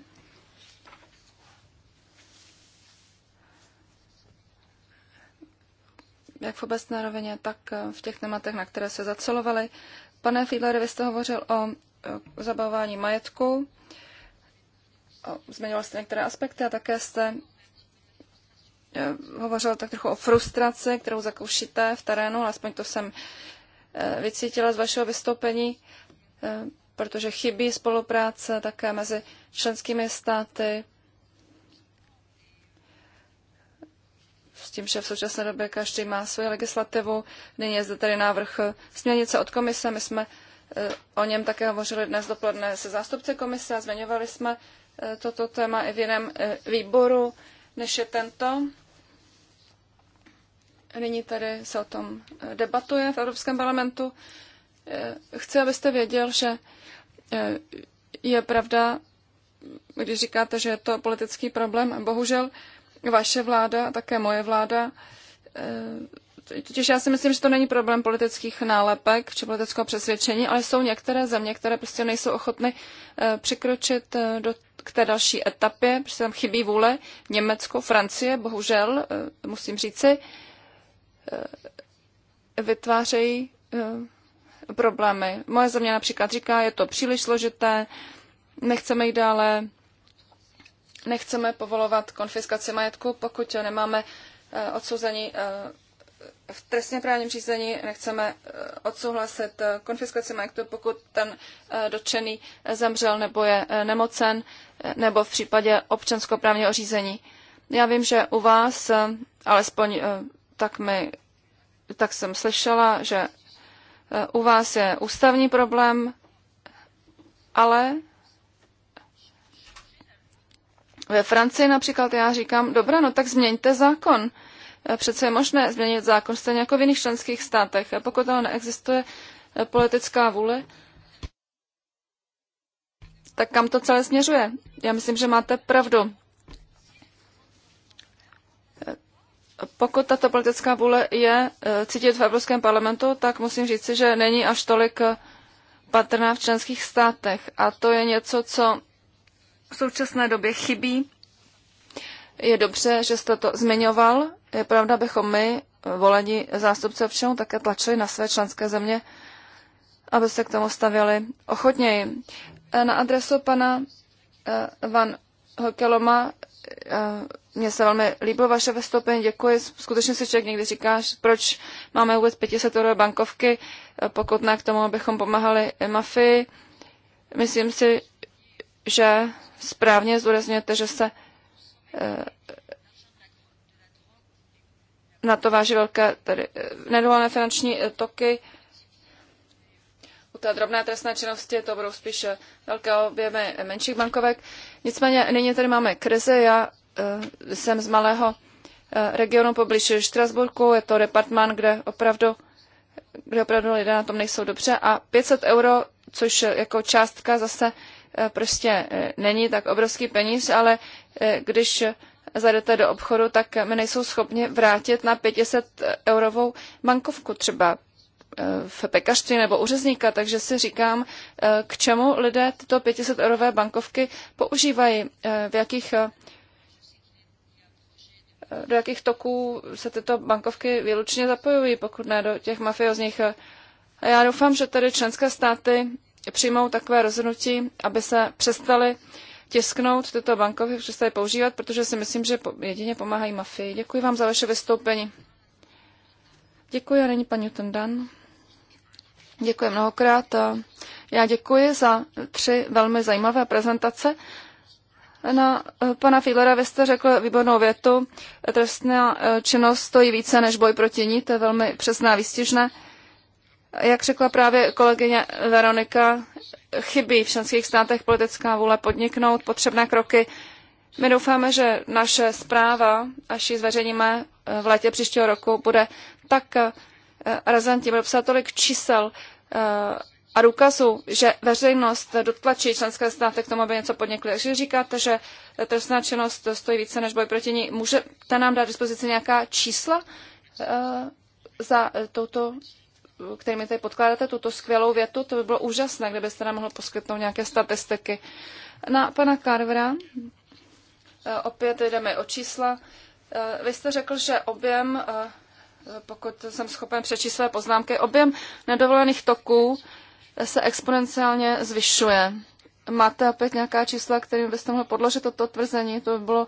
Jak v obecné rovině, tak v těch tématech, na které se zacelovali. Pane Fiedler, vy jste hovořil o zabavování majetku, zmiňoval jste některé aspekty a také jste Eh, hovořil tak trochu o frustraci, kterou zakoušíte v terénu, alespoň to jsem eh, vycítila z vašeho vystoupení, eh, protože chybí spolupráce také mezi členskými státy, s tím, že v současné době každý má svoji legislativu. Nyní je zde tady návrh směrnice od komise. My jsme o něm také hovořili dnes dopoledne se zástupci komise a zmiňovali jsme toto téma i v jiném výboru než je tento. Nyní tady se o tom eh, debatuje v Evropském parlamentu. Eh, chci, abyste věděl, že eh, je pravda, když říkáte, že je to politický problém. Bohužel vaše vláda, také moje vláda, Totiž já si myslím, že to není problém politických nálepek či politického přesvědčení, ale jsou některé země, které prostě nejsou ochotny eh, překročit eh, do, k té další etapě, protože tam chybí vůle. Německo, Francie, bohužel, eh, musím říci, vytvářejí problémy. Moje země například říká, je to příliš složité, nechceme jít dále, nechceme povolovat konfiskaci majetku, pokud nemáme odsouzení v trestně právním řízení nechceme eh, odsouhlasit eh, konfiskaci majetku, pokud ten eh, dotčený zemřel nebo je nemocen, nebo v případě občanskoprávního řízení. Já vím, že u vás, alespoň tak, mi, tak jsem slyšela, že u vás je ústavní problém, ale ve Francii například já říkám, dobré, no tak změňte zákon Eh, přece je možné změnit zákon stejně jako v jiných členských státech. A eh, pokud ale neexistuje eh, politická vůle, tak kam to celé směřuje? Já myslím, že máte pravdu. Pokud tato politická vůle je cítit v Evropském parlamentu, tak musím říci, že není až tolik patrná v členských státech. A to je něco, co v současné době chybí. Je dobře, že jste to zmiňoval, je pravda, abychom my, volení zástupce občanů, také tlačili na své členské země, aby se k tomu stavěli ochotněji. E, na adresu pana e, Van Hokeloma e, mně se velmi líbilo vaše vystoupení, děkuji. Skutečně si člověk někdy říká, proč máme vůbec 500 euro bankovky, pokud ne k tomu, abychom pomáhali mafii. Myslím si, že správně zdůrazňujete, že se na to váží velké tedy eh, nedovolené finanční eh, toky. U té drobné trestné činnosti to budou spíše velké objemy menších bankovek. Nicméně nyní tady máme krizi. Já eh, jsem z malého regionu poblíž Štrasburku. Je to departman, kde opravdu, kde opravdu lidé na tom nejsou dobře. A 500 euro, což jako částka zase prostě není tak obrovský peníz, ale když zajdete do obchodu, tak mi nejsou schopni vrátit na 500 eurovou bankovku třeba eh, v pekařství nebo u řezníka, takže si říkám, eh, k čemu lidé tyto 500 eurové bankovky používají, eh, v jakých do jakých toků se tyto bankovky výlučně zapojují, pokud ne do těch mafiozních. A já doufám, že tady členské státy přijmou takové rozhodnutí, aby se přestaly. uh, tisknout tyto bankovky, přestat používat, protože si myslím, že jedině pomáhají mafii. Děkuji vám za vaše vystoupení. Děkuji a není paní Newton Dan. Děkuji mnohokrát. Já děkuji za tři velmi zajímavé prezentace. Na eh, pana Fiedlera vy jste řekl výbornou větu. Trestná eh, činnost stojí více než boj proti ní, to je velmi přesné a výstižné. Jak řekla právě kolegyně Veronika, chybí v členských státech politická vůle podniknout potřebné kroky. My doufáme, že naše zpráva, až ji zveřejníme eh, v létě příštího roku, bude tak eh, razantní, bude psát tolik čísel eh, a důkazů, že veřejnost dotlačí členské státy k tomu, aby něco podnikly. Takže říkáte, že trestná činnost stojí více než boj proti ní. Můžete nám dát dispozici nějaká čísla za touto kterými tady podkládáte tuto skvělou větu. To by bylo úžasné, kdybyste nám mohl poskytnout nějaké statistiky. Na pana Carvera eh, opět jdeme o čísla. Eh, vy jste řekl, že objem, eh, pokud jsem schopen přečíst své poznámky, objem nedovolených toků se exponenciálně zvyšuje. Máte opět nějaká čísla, kterým byste mohl podložit toto tvrzení? To by bylo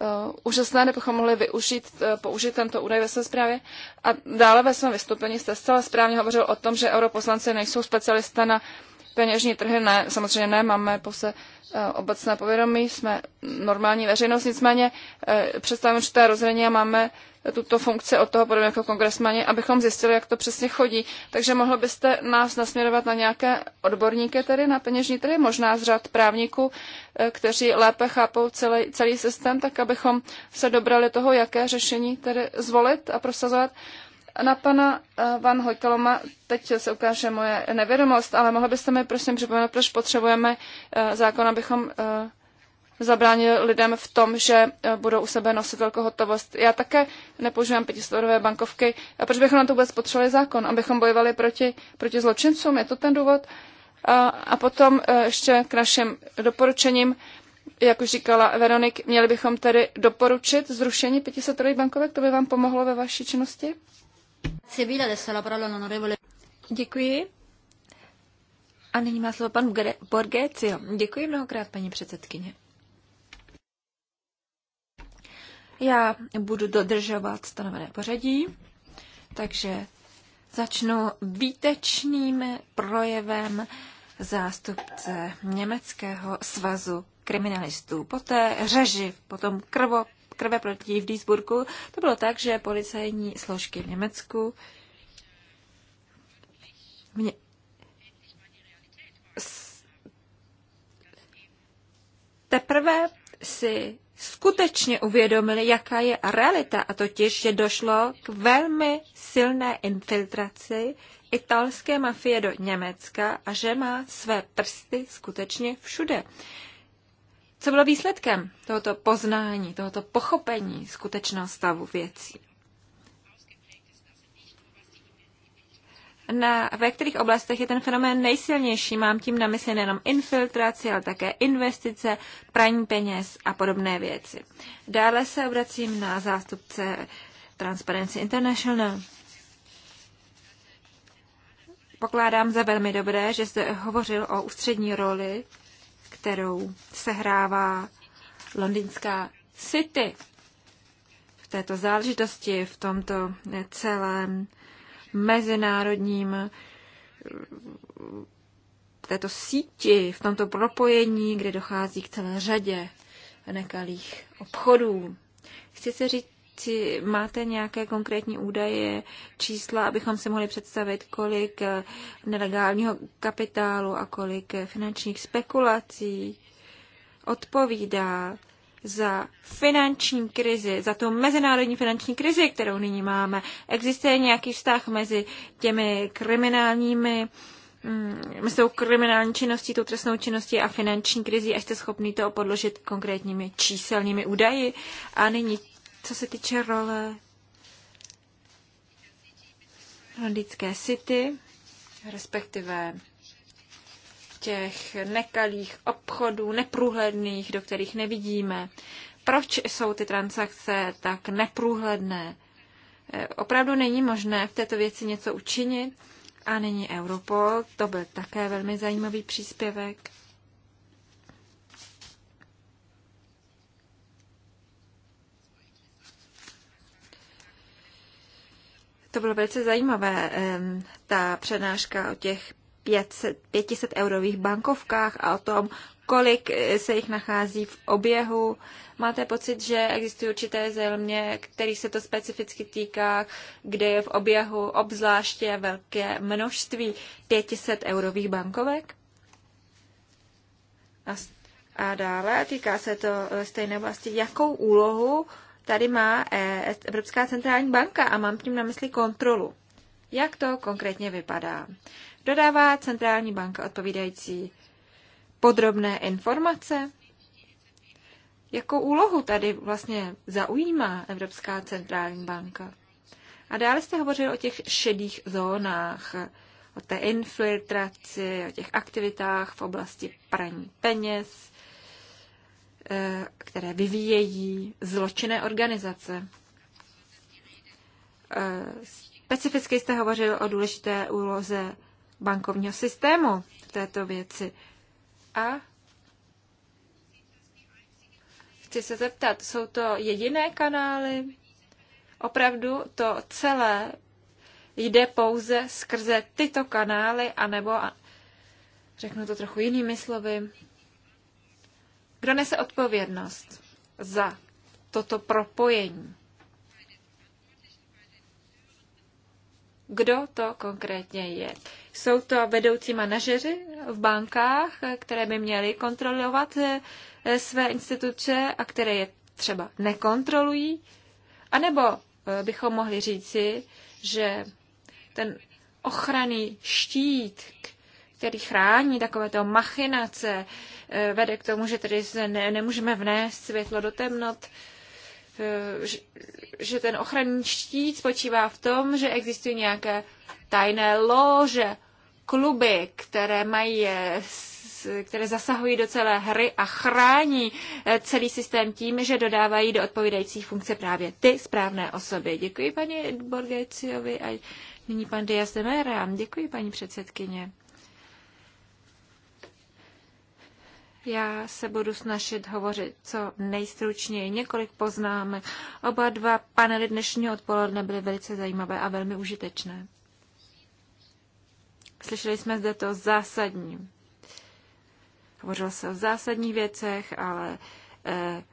uh, úžasné, kdybychom mohli využít, uh, použít tento údaj ve své zprávě. A dále ve svém vystoupení jste zcela správně hovořil o tom, že europoslanci nejsou specialisté na peněžní trhy ne, samozřejmě ne, máme pouze e, obecné povědomí, jsme normální veřejnost, nicméně e, představujeme určité rozhraní a máme tuto funkci od toho podobně jako kongresmani, abychom zjistili, jak to přesně chodí. Takže mohl byste nás nasměrovat na nějaké odborníky tedy na peněžní trhy, možná z řad právníků, e, kteří lépe chápou celý, celý systém, tak abychom se dobrali toho, jaké řešení tedy zvolit a prosazovat na pana eh, Van Hojkaloma teď se ukáže moje nevědomost, ale mohla byste mi prosím připomenout, proč potřebujeme eh, zákon, abychom eh, zabránil lidem v tom, že budou u sebe nosit velkou hotovost. Já také nepoužívám pětistorové bankovky. A proč bychom na to vůbec potřebovali zákon? Abychom bojovali proti, proti zločincům? Je to ten důvod? A, a potom ještě k našim doporučením, jak už říkala Veronik, měli bychom tedy doporučit zrušení pětistorových bankovek. To by vám pomohlo ve vaší činnosti? Děkuji. A nyní má slovo pan Borgecio. Děkuji mnohokrát, paní předsedkyně. Já budu dodržovat stanovené pořadí, takže začnu výtečným projevem zástupce Německého svazu kriminalistů, poté řeži, potom krvop, krve proti v Duisburgu, to bylo tak, že policejní složky v Německu mě... teprve si skutečně uvědomili, jaká je realita, a totiž, že došlo k velmi silné infiltraci italské mafie do Německa a že má své prsty skutečně všude co bylo výsledkem tohoto poznání, tohoto pochopení skutečného stavu věcí? na, ve kterých oblastech je ten fenomén nejsilnější. Mám tím na mysli nejenom infiltraci, ale také investice, praní peněz a podobné věci. Dále se obracím na zástupce Transparency International. Pokládám za velmi dobré, že jste hovořil o ústřední roli kterou sehrává londýnská City v této záležitosti, v tomto celém mezinárodním eh, této síti, v tomto propojení, kde dochází k celé řadě nekalých obchodů. Chci se říct, chci, máte nějaké konkrétní údaje, čísla, abychom si mohli představit, kolik eh, nelegálního kapitálu a kolik eh, finančních spekulací odpovídá za finanční krizi, za tu mezinárodní finanční krizi, kterou nyní máme. Existuje nějaký vztah mezi těmi kriminálními s mm, tou kriminální činností, tou trestnou činností a finanční krizi, a jste schopný to podložit konkrétními číselnými údaji. A nyní co se týče role londýnské city, respektive těch nekalých obchodů, neprůhledných, do kterých nevidíme. Proč jsou ty transakce tak neprůhledné? Eh, opravdu není možné v této věci něco učinit a není Europol. To byl také velmi zajímavý příspěvek. to bylo velice zajímavé, ta přednáška o těch 500, 500 eurových bankovkách a o tom, kolik eh, se jich nachází v oběhu. Máte pocit, že existují určité země, který se to specificky týká, kde je v oběhu obzvláště velké množství 500 eurových bankovek? A, a dále týká se to eh, stejné vlasti, jakou úlohu tady má eh, Evropská centrální banka a mám tím na mysli kontrolu. Jak to konkrétně vypadá? Dodává centrální banka odpovídající podrobné informace? Jakou úlohu tady vlastně zaujímá Evropská centrální banka? A dále jste hovořil o těch šedých zónách, o té infiltraci, o těch aktivitách v oblasti praní peněz, Eh, které vyvíjejí zločinné organizace. Eh, specificky jste hovořil o důležité úloze bankovního systému v této věci. A chci se zeptat, jsou to jediné kanály? Opravdu to celé jde pouze skrze tyto kanály, anebo, řeknu to trochu jinými slovy, kdo nese odpovědnost za toto propojení? Kdo to konkrétně je? Jsou to vedoucí manažeři v bankách, které by měly kontrolovat eh, své instituce a které je třeba nekontrolují? A nebo eh, bychom mohli říci, že ten ochranný štít, který chrání takovéto machinace, eh, vede k tomu, že tedy ne, nemůžeme vnést světlo do temnot, eh, že ten ochranný štít spočívá v tom, že existují nějaké tajné lože, kluby, které mají eh, které zasahují do celé hry a chrání celý systém tím, že dodávají do odpovídajících funkce právě ty správné osoby. Děkuji paní Borgeciovi a nyní pan Dias de Děkuji paní předsedkyně. Já se budu snažit hovořit co nejstručněji. Několik poznámek. Oba dva panely dnešního odpoledne byly velice zajímavé a velmi užitečné. Slyšeli jsme zde to zásadní. Hovořilo se o zásadních věcech, ale eh,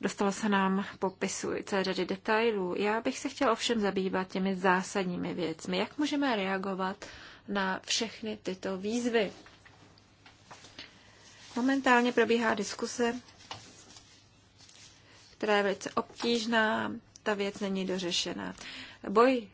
dostalo se nám popisu celé řady detailů. Já bych se chtěl ovšem zabývat těmi zásadními věcmi. Jak můžeme reagovat na všechny tyto výzvy? Momentálně probíhá diskuse, která je velice obtížná, ta věc není dořešená. Boj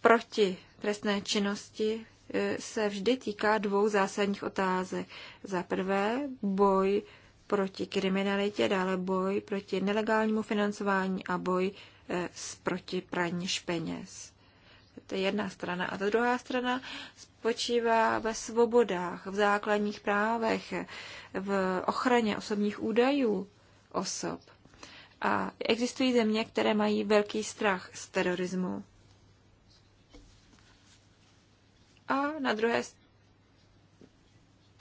proti trestné činnosti e, se vždy týká dvou zásadních otázek. Za prvé boj proti kriminalitě, dále boj proti nelegálnímu financování a boj e, s proti praní peněz. To je jedna strana. A ta druhá strana spočívá ve svobodách, v základních právech, v ochraně osobních údajů osob. A existují země, které mají velký strach z terorismu. A na druhé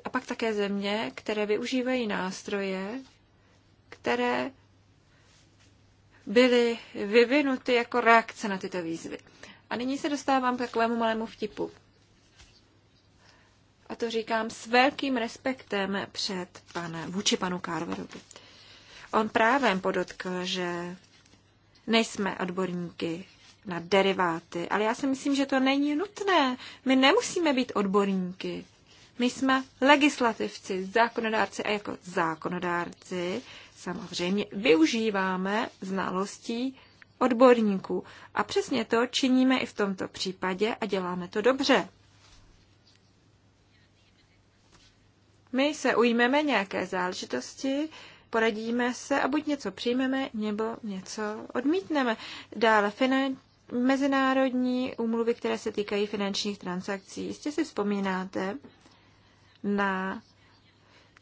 a pak také země, které využívají nástroje, které byly vyvinuty jako reakce na tyto výzvy. A nyní se dostávám k takovému malému vtipu. A to říkám s velkým respektem před pane, vůči panu Carverovi. On právem podotkl, že nejsme odborníky na deriváty, ale já si myslím, že to není nutné. My nemusíme být odborníky. My jsme legislativci, zákonodárci a jako zákonodárci samozřejmě využíváme znalostí odborníků. A přesně to činíme i v tomto případě a děláme to dobře. My se ujmeme nějaké záležitosti, poradíme se a buď něco přijmeme, nebo něco odmítneme. Dále finan- mezinárodní úmluvy, které se týkají finančních transakcí. Jistě si vzpomínáte na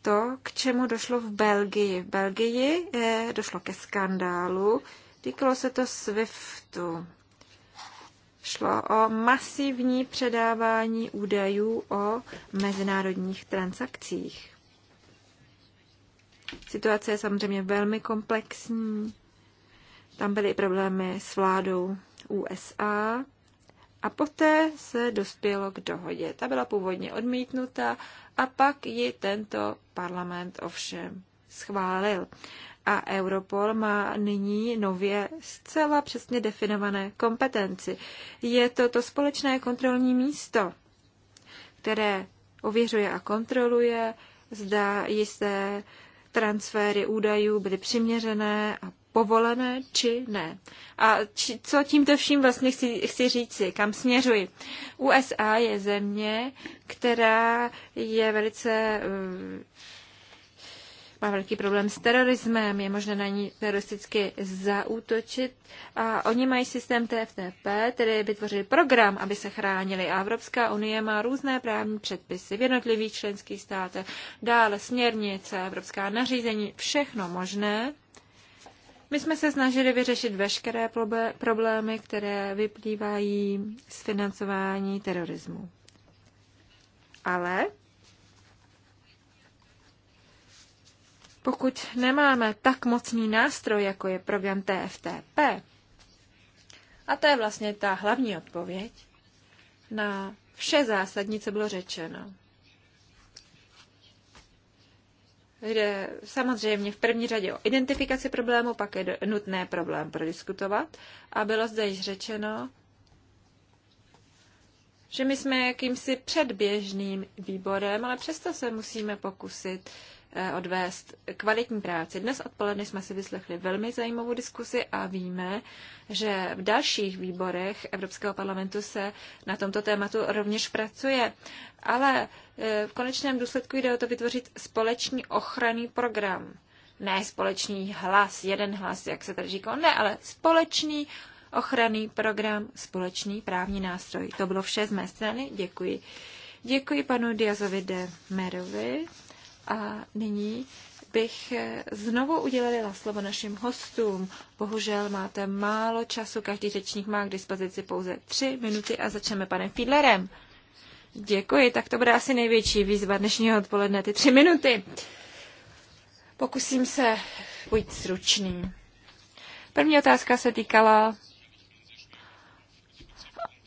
to, k čemu došlo v Belgii. V Belgii eh, došlo ke skandálu, týkalo se to SWIFTu šlo o masivní předávání údajů o mezinárodních transakcích. Situace je samozřejmě velmi komplexní. Tam byly i problémy s vládou USA. A poté se dospělo k dohodě. Ta byla původně odmítnuta a pak ji tento parlament ovšem schválil a Europol má nyní nově zcela přesně definované kompetenci. Je to to společné kontrolní místo, které ověřuje a kontroluje, zda jisté transfery údajů byly přiměřené a povolené či ne. A či, co tímto vším vlastně chci, chci říci, kam směřuji. USA je země, která je velice má velký problém s terorismem, je možné na ní teroristicky zaútočit a oni mají systém TFTP, tedy vytvořili program, aby se chránili a Evropská unie má různé právní předpisy v jednotlivých členských státech, dále směrnice, evropská nařízení, všechno možné. My jsme se snažili vyřešit veškeré problémy, které vyplývají z financování terorismu. Ale Pokud nemáme tak mocný nástroj, jako je program TFTP, a to je vlastně ta hlavní odpověď na vše zásadní, co bylo řečeno. Jde samozřejmě v první řadě o identifikaci problému, pak je nutné problém prodiskutovat. A bylo zde již řečeno, že my jsme jakýmsi předběžným výborem, ale přesto se musíme pokusit uh, Eh, odvést kvalitní práci. Dnes odpoledne jsme si vyslechli velmi zajímavou diskusi a víme, že v dalších výborech Evropského parlamentu se na tomto tématu rovněž pracuje. Ale eh, v konečném důsledku jde o to vytvořit společný ochranný program. Ne společný hlas, jeden hlas, jak se tady říkalo, ne, ale společný ochranný program, společný právní nástroj. To bylo vše z mé strany. Děkuji. Děkuji panu Diazovi de Merovi. A nyní bych znovu udělila slovo našim hostům. Bohužel máte málo času, každý řečník má k dispozici pouze tři minuty a začneme panem Fiedlerem. Děkuji, tak to bude asi největší výzva dnešního odpoledne, ty tři minuty. Pokusím se být stručný. První otázka se týkala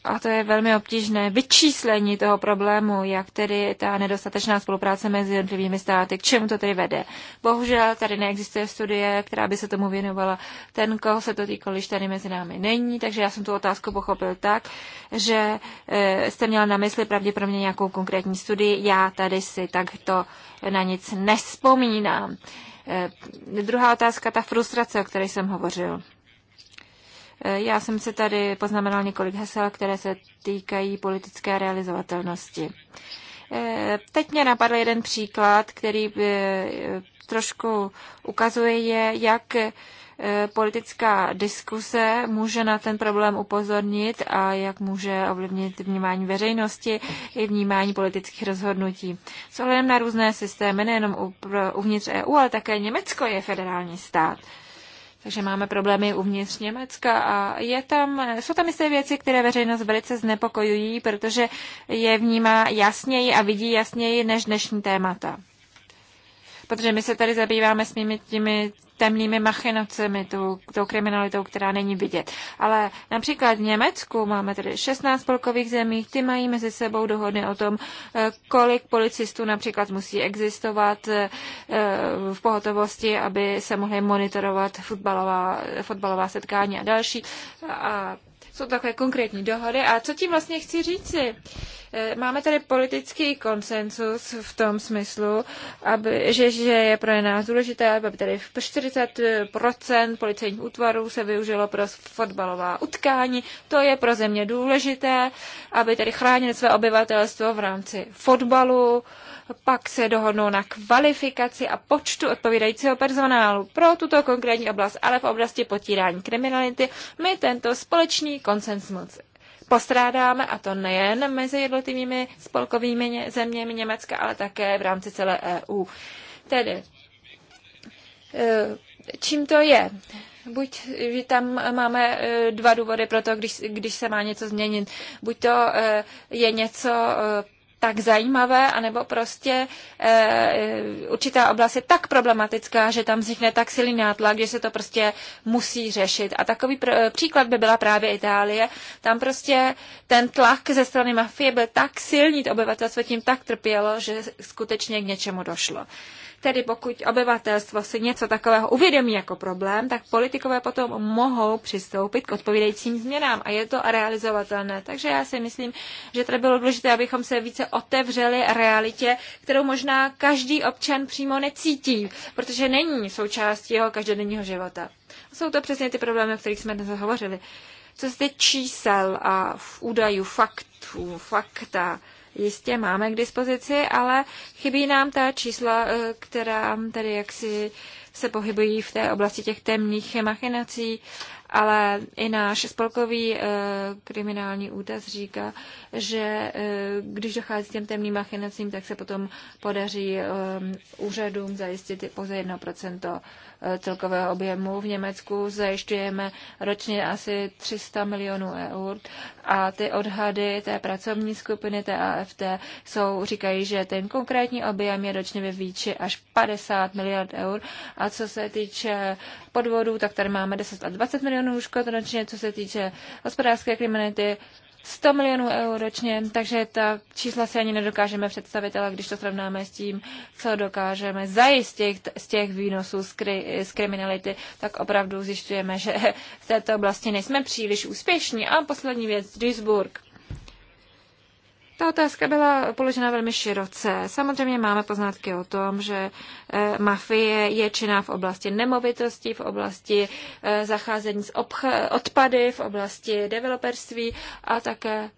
a to je velmi obtížné, vyčíslení toho problému, jak tedy ta nedostatečná spolupráce mezi jednotlivými státy, k čemu to tedy vede. Bohužel tady neexistuje studie, která by se tomu věnovala. Ten, koho se to týkalo, když tady mezi námi není, takže já jsem tu otázku pochopil tak, že eh, jste měl na mysli pravděpodobně nějakou konkrétní studii. Já tady si takto na nic nespomínám. Eh, druhá otázka, ta frustrace, o které jsem hovořil. Já jsem se tady poznamenal několik hesel, které se týkají politické realizovatelnosti. Eh, teď mě napadl jeden příklad, který eh, trošku ukazuje, jak eh, politická diskuse může na ten problém upozornit a jak může ovlivnit vnímání veřejnosti i vnímání politických rozhodnutí. S ohledem na různé systémy, nejenom uvnitř EU, ale také Německo je federální stát. Takže máme problémy uvnitř Německa a je tam, jsou tam jisté věci, které veřejnost velice znepokojují, protože je vnímá jasněji a vidí jasněji než dnešní témata. Protože my se tady zabýváme s těmi, temnými machinacemi, tou, tou kriminalitou, která není vidět. Ale například v Německu máme tedy 16 spolkových zemí, ty mají mezi sebou dohody o tom, eh, kolik policistů například musí existovat eh, v pohotovosti, aby se mohly monitorovat fotbalová, fotbalová setkání a další. A jsou takové konkrétní dohody. A co tím vlastně chci říci? Eh, máme tady politický konsensus v tom smyslu, aby, že, že je pro nás důležité, aby tady 40% policejních útvarů se využilo pro fotbalová utkání. To je pro země důležité, aby tady chránili své obyvatelstvo v rámci fotbalu pak se dohodnou na kvalifikaci a počtu odpovídajícího personálu pro tuto konkrétní oblast, ale v oblasti potírání kriminality my tento společný konsens moc postrádáme, a to nejen mezi jednotlivými spolkovými zeměmi Německa, ale také v rámci celé EU. Tedy, e, čím to je? Buď že tam máme e, dva důvody pro to, když, když se má něco změnit. Buď to e, je něco tak zajímavé, anebo prostě e, určitá oblast je tak problematická, že tam vznikne tak silný nátlak, že se to prostě musí řešit. A takový pr- eh, příklad by byla právě Itálie. Tam prostě ten tlak ze strany mafie byl tak silný, to obyvatelstvo tím tak trpělo, že skutečně k něčemu došlo. Tedy pokud obyvatelstvo si něco takového uvědomí jako problém, tak politikové potom mohou přistoupit k odpovídajícím změnám a je to realizovatelné. Takže já si myslím, že to bylo důležité, abychom se více otevřeli realitě, kterou možná každý občan přímo necítí, protože není součástí jeho každodenního života. Jsou to přesně ty problémy, o kterých jsme dnes hovořili. Co se čísel a údajů, faktů, fakta, jistě máme k dispozici, ale chybí nám ta čísla, eh, která tady jaksi se pohybují v té oblasti těch temných machinací, ale i náš spolkový eh, kriminální útaz říká, že eh, když dochází k těm temným machinacím, tak se potom podaří e, úřadům zajistit pouze 1% Eh, celkového objemu. V Německu zajišťujeme ročně asi 300 milionů eur a ty odhady té pracovní skupiny, té AFT, jsou, říkají, že ten konkrétní objem je ročně ve výči až 50 miliard eur a co se týče podvodů, tak tady máme 10 a 20 milionů škod ročně, co se týče hospodářské kriminality, 100 milionů eur ročně, takže ta čísla si ani nedokážeme představit, ale když to srovnáme s tím, co dokážeme zajistit z těch výnosů z, kri, z kriminality, tak opravdu zjišťujeme, že [laughs] v této oblasti nejsme příliš úspěšní. A poslední věc, Duisburg. Ta otázka byla položena velmi široce. Samozřejmě máme poznatky o tom, že eh, mafie je činná v oblasti nemovitostí, v oblasti eh, zacházení s odpady, v oblasti developerství a také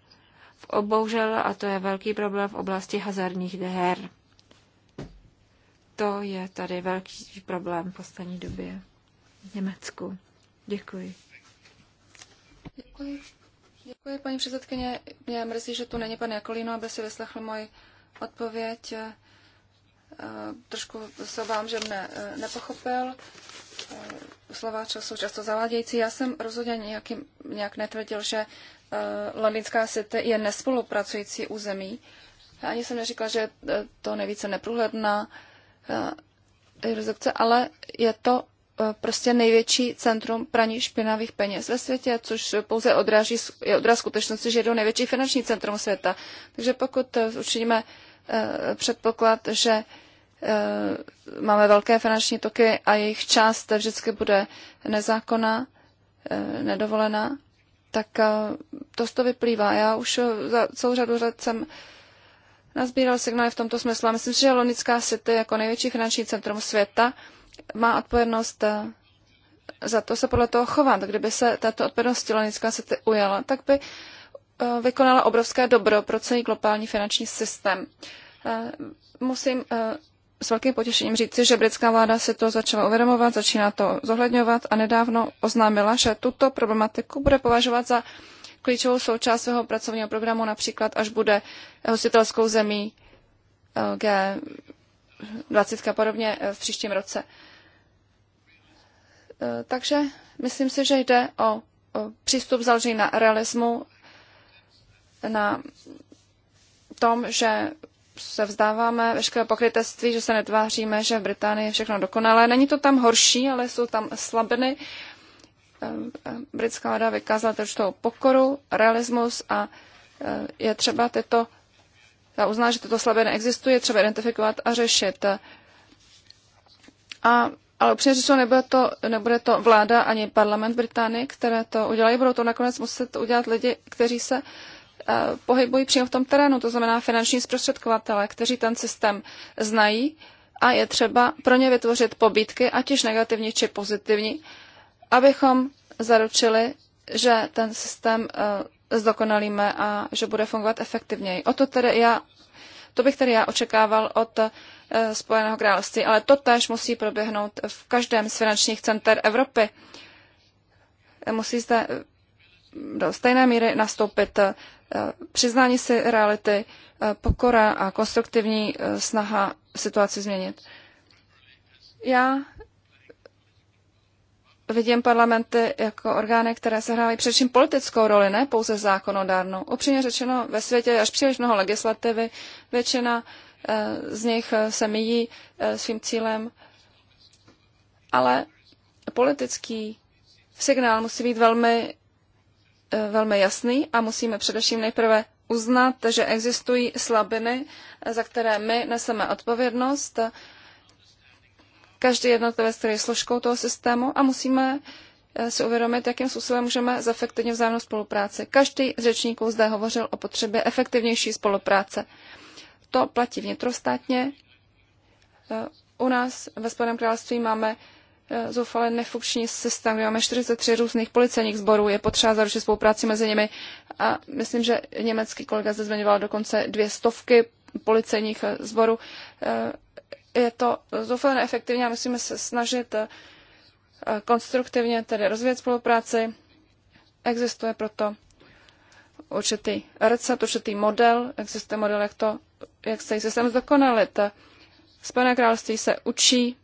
v oboužel. a to je velký problém, v oblasti hazardních her. To je tady velký problém v poslední době v Německu. Děkuji. Děkuji. Děkuji, paní předsedkyně. Mě mrzí, že tu není pan Jakolino, aby si vyslechl moji odpověď. Eh, trošku se obávám, že mne eh, nepochopil. Eh, slova jsou často zavádějící. Já jsem rozhodně nějaký, nějak netvrdil, že Londýnská city je nespolupracující území. Já ani jsem neříkala, že to nejvíce neprůhledná jurisdikce, ale je to Eh, prostě největší centrum praní špinavých peněz ve světě, což pouze odráží, je odraz skutečnosti, že je to největší finanční centrum světa. Takže pokud eh, učiníme eh, předpoklad, že máme velké finanční toky a jejich část vždycky bude nezákonná, nedovolená, tak to z toho vyplývá. Já už za celou řadu let jsem nazbíral signály v tomto smyslu a myslím si, že Lonická City jako největší finanční centrum světa má odpovědnost eh, za to se podle toho chovat. Kdyby se tato odpovědnost tělenická se ujala, tak by eh, vykonala obrovské dobro pro celý globální finanční systém. Eh, musím s velkým potěšením říci, že britská vláda si to začala uvědomovat, začíná to zohledňovat a nedávno oznámila, že tuto problematiku bude považovat za klíčovou součást svého pracovního programu, například až bude hostitelskou zemí G20 a podobně v příštím roce. Eh, takže myslím si, že jde o přístup založený na realismu, na tom, že se vzdáváme veškeré pokrytectví, že se netváříme, že v Británii je všechno dokonalé. Není to tam horší, ale jsou tam slabiny. Eh, eh, britská vláda vykázala určitou pokoru, realismus a je třeba tyto, já uznám, že tyto slabiny existují, je třeba identifikovat a řešit. A ale upřímně řečeno, nebude to, nebude to vláda ani parlament Británie, které to udělají. Budou to nakonec muset udělat lidi, kteří se eh, pohybují přímo v tom terénu, to znamená finanční zprostředkovatele, kteří ten systém znají a je třeba pro ně vytvořit pobídky, ať už negativní či pozitivní, abychom zaručili, že ten systém eh, zdokonalíme a že bude fungovat efektivněji. O to tedy já to bych tedy já očekával od eh, Spojeného království, ale to též musí proběhnout v každém z finančních center Evropy. Musí zde eh, do stejné míry nastoupit eh, přiznání si reality, pokora a konstruktivní snaha situaci změnit. Já vidím parlamenty jako orgány, které hrály především politickou roli, ne pouze zákonodárnou. Upřímně řečeno, ve světě je až příliš mnoho legislativy, většina eh, z nich eh, se míjí eh, svým cílem, ale politický signál musí být velmi, velmi jasný a musíme především nejprve uznat, že existují slabiny, za které my neseme odpovědnost každý jednotlivec, který je složkou toho systému a musíme eh, si uvědomit, jakým způsobem můžeme zefektivně vzájemnou spolupráci. Každý z řečníků zde hovořil o potřebě efektivnější spolupráce. To platí vnitrostátně. Eh, u nás ve Spojeném království máme eh, zoufale nefunkční systém, kde máme 43 různých policejních sborů, je potřeba zaručit spolupráci mezi nimi a myslím, že německý kolega zde zmiňoval dokonce dvě stovky policejních sborů je to zoufale neefektivní a musíme se snažit eh, konstruktivně tedy rozvíjet spolupráci. Existuje proto určitý recept, určitý model, existuje model, jak, to, jak se systém zdokonalit. Spojené království se učí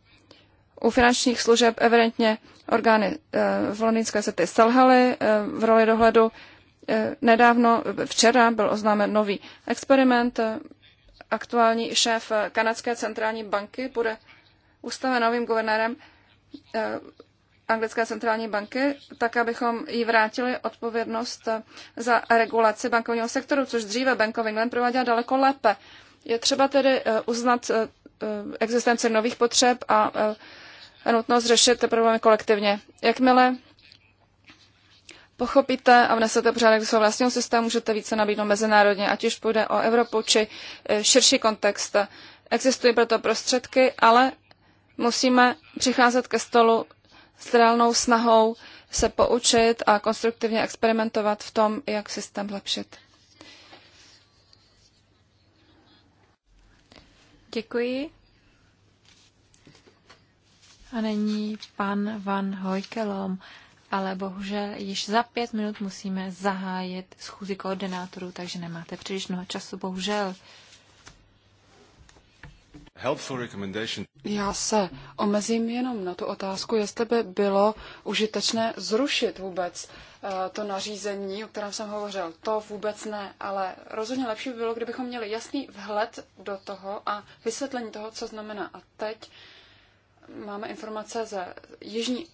u finančních služeb evidentně orgány eh, v Londýnské sety selhaly eh, v roli dohledu. Nedávno, včera, byl oznámen nový experiment, aktuální šéf eh, kanadské centrální banky bude ustaven novým guvernérem eh, anglické centrální banky, tak abychom jí vrátili odpovědnost eh, za regulaci bankovního sektoru, což dříve Bank of England prováděla daleko lépe. Je třeba tedy uznat existenci nových potřeb a nutnost řešit problémy kolektivně. Jakmile pochopíte a vnesete pořádek do svého vlastního systému, můžete více nabídnout mezinárodně, ať už půjde o Evropu či e, širší kontext. Existují proto prostředky, ale musíme přicházet ke stolu s reálnou snahou se poučit a konstruktivně experimentovat v tom, jak systém zlepšit. Děkuji. A není pan Van Hojkelom ale bohužel již za pět minut musíme zahájit schůzi koordinátorů, takže nemáte příliš mnoho času, bohužel. Já se omezím jenom na tu otázku, jestli by bylo užitečné zrušit vůbec eh, to nařízení, o kterém jsem hovořil. To vůbec ne, ale rozhodně lepší by bylo, kdybychom měli jasný vhled do toho a vysvětlení toho, co znamená. A teď máme informace ze Jižní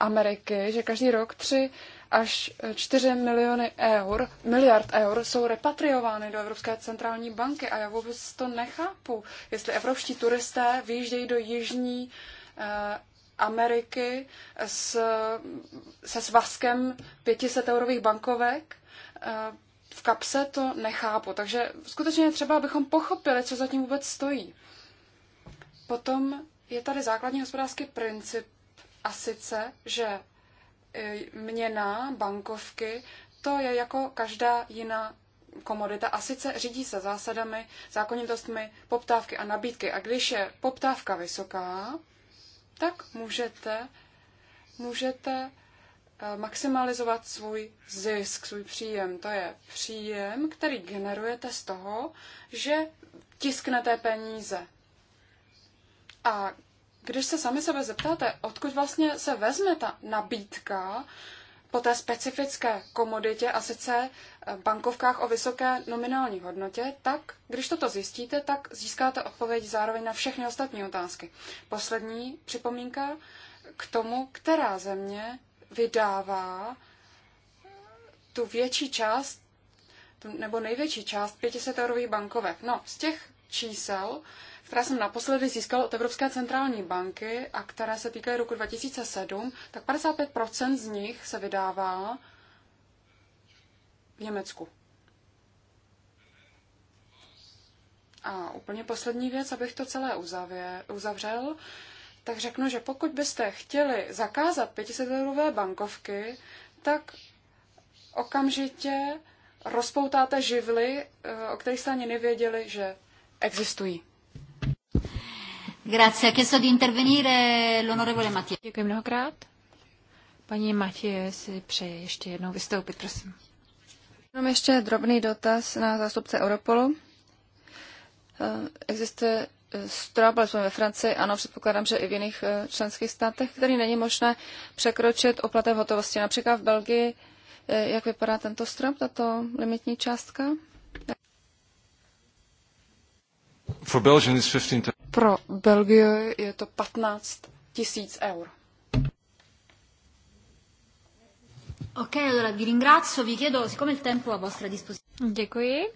Ameriky, že každý rok 3 až 4 miliony eur, miliard eur jsou repatriovány do Evropské centrální banky a já vůbec to nechápu. Jestli evropští turisté vyjíždějí do Jižní eh, Ameriky s, se svazkem 500 eurových bankovek, eh, v kapse to nechápu. Takže skutečně je třeba, abychom pochopili, co za tím vůbec stojí. Potom je tady základní hospodářský princip, a sice, že e, měna, bankovky, to je jako každá jiná komodita a sice řídí se zásadami, zákonitostmi poptávky a nabídky. A když je poptávka vysoká, tak můžete, můžete e, maximalizovat svůj zisk, svůj příjem. To je příjem, který generujete z toho, že tisknete peníze. A když se sami sebe zeptáte, odkud vlastně se vezme ta nabídka po té specifické komoditě a sice eh, bankovkách o vysoké nominální hodnotě, tak když toto zjistíte, tak získáte odpověď zároveň na všechny ostatní otázky. Poslední připomínka k tomu, která země vydává eh, tu větší část, nebo největší část 500 eurových bankovek. No, z těch čísel která jsem naposledy získal od Evropské centrální banky a které se týkají roku 2007, tak 55% z nich se vydává v Německu. A úplně poslední věc, abych to celé uzavě, uzavřel, tak řeknu, že pokud byste chtěli zakázat 500 eurové bankovky, tak okamžitě rozpoutáte živly, eh, o kterých jste ani nevěděli, že existují. Grazie. Ha chiesto di intervenire l'onorevole Mattia. Děkuji mnohokrát. Paní Matěje si přeje ještě jednou vystoupit, prosím. Mám ještě drobný dotaz na zástupce Europolu. Eh, existuje eh, strop, ale jsme ve Francii, ano, předpokládám, že i v jiných eh, členských státech, který není možné překročit oplatem hotovosti. Například v Belgii, jak vypadá tento strop, tato limitní částka? For Belgium is 15... Pro Belgii je to 15 tisíc eur. Ok, allora vi ringrazio, vi chiedo, siccome il tempo a vostra disposizione. Děkuji.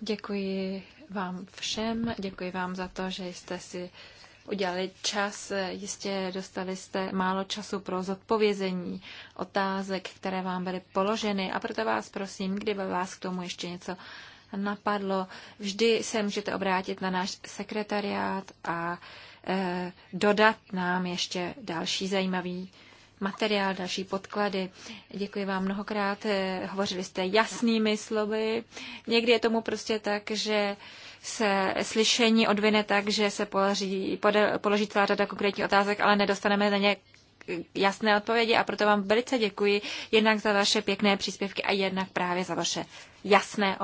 Děkuji vám všem, děkuji vám za to, že jste si udělali čas. Jistě dostali jste málo času pro zodpovězení otázek, které vám byly položeny a proto vás prosím, kdyby vás k tomu ještě něco napadlo, vždy se můžete obrátit na náš sekretariát a e, dodat nám ještě další zajímavý materiál, další podklady. Děkuji vám mnohokrát. Eh, hovořili jste jasnými slovy. Někdy je tomu prostě tak, že se slyšení odvine tak, že se položí, pode, položí celá řada konkrétních otázek, ale nedostaneme na ně jasné odpovědi a proto vám velice děkuji jednak za vaše pěkné příspěvky a jednak právě za vaše jasné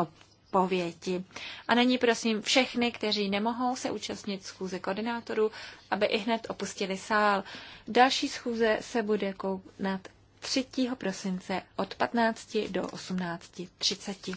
odpovědi. A není prosím všechny, kteří nemohou se účastnit schůze koordinátorů, aby i hned opustili sál. Další schůze se bude konat 3. prosince od 15 do 18.30.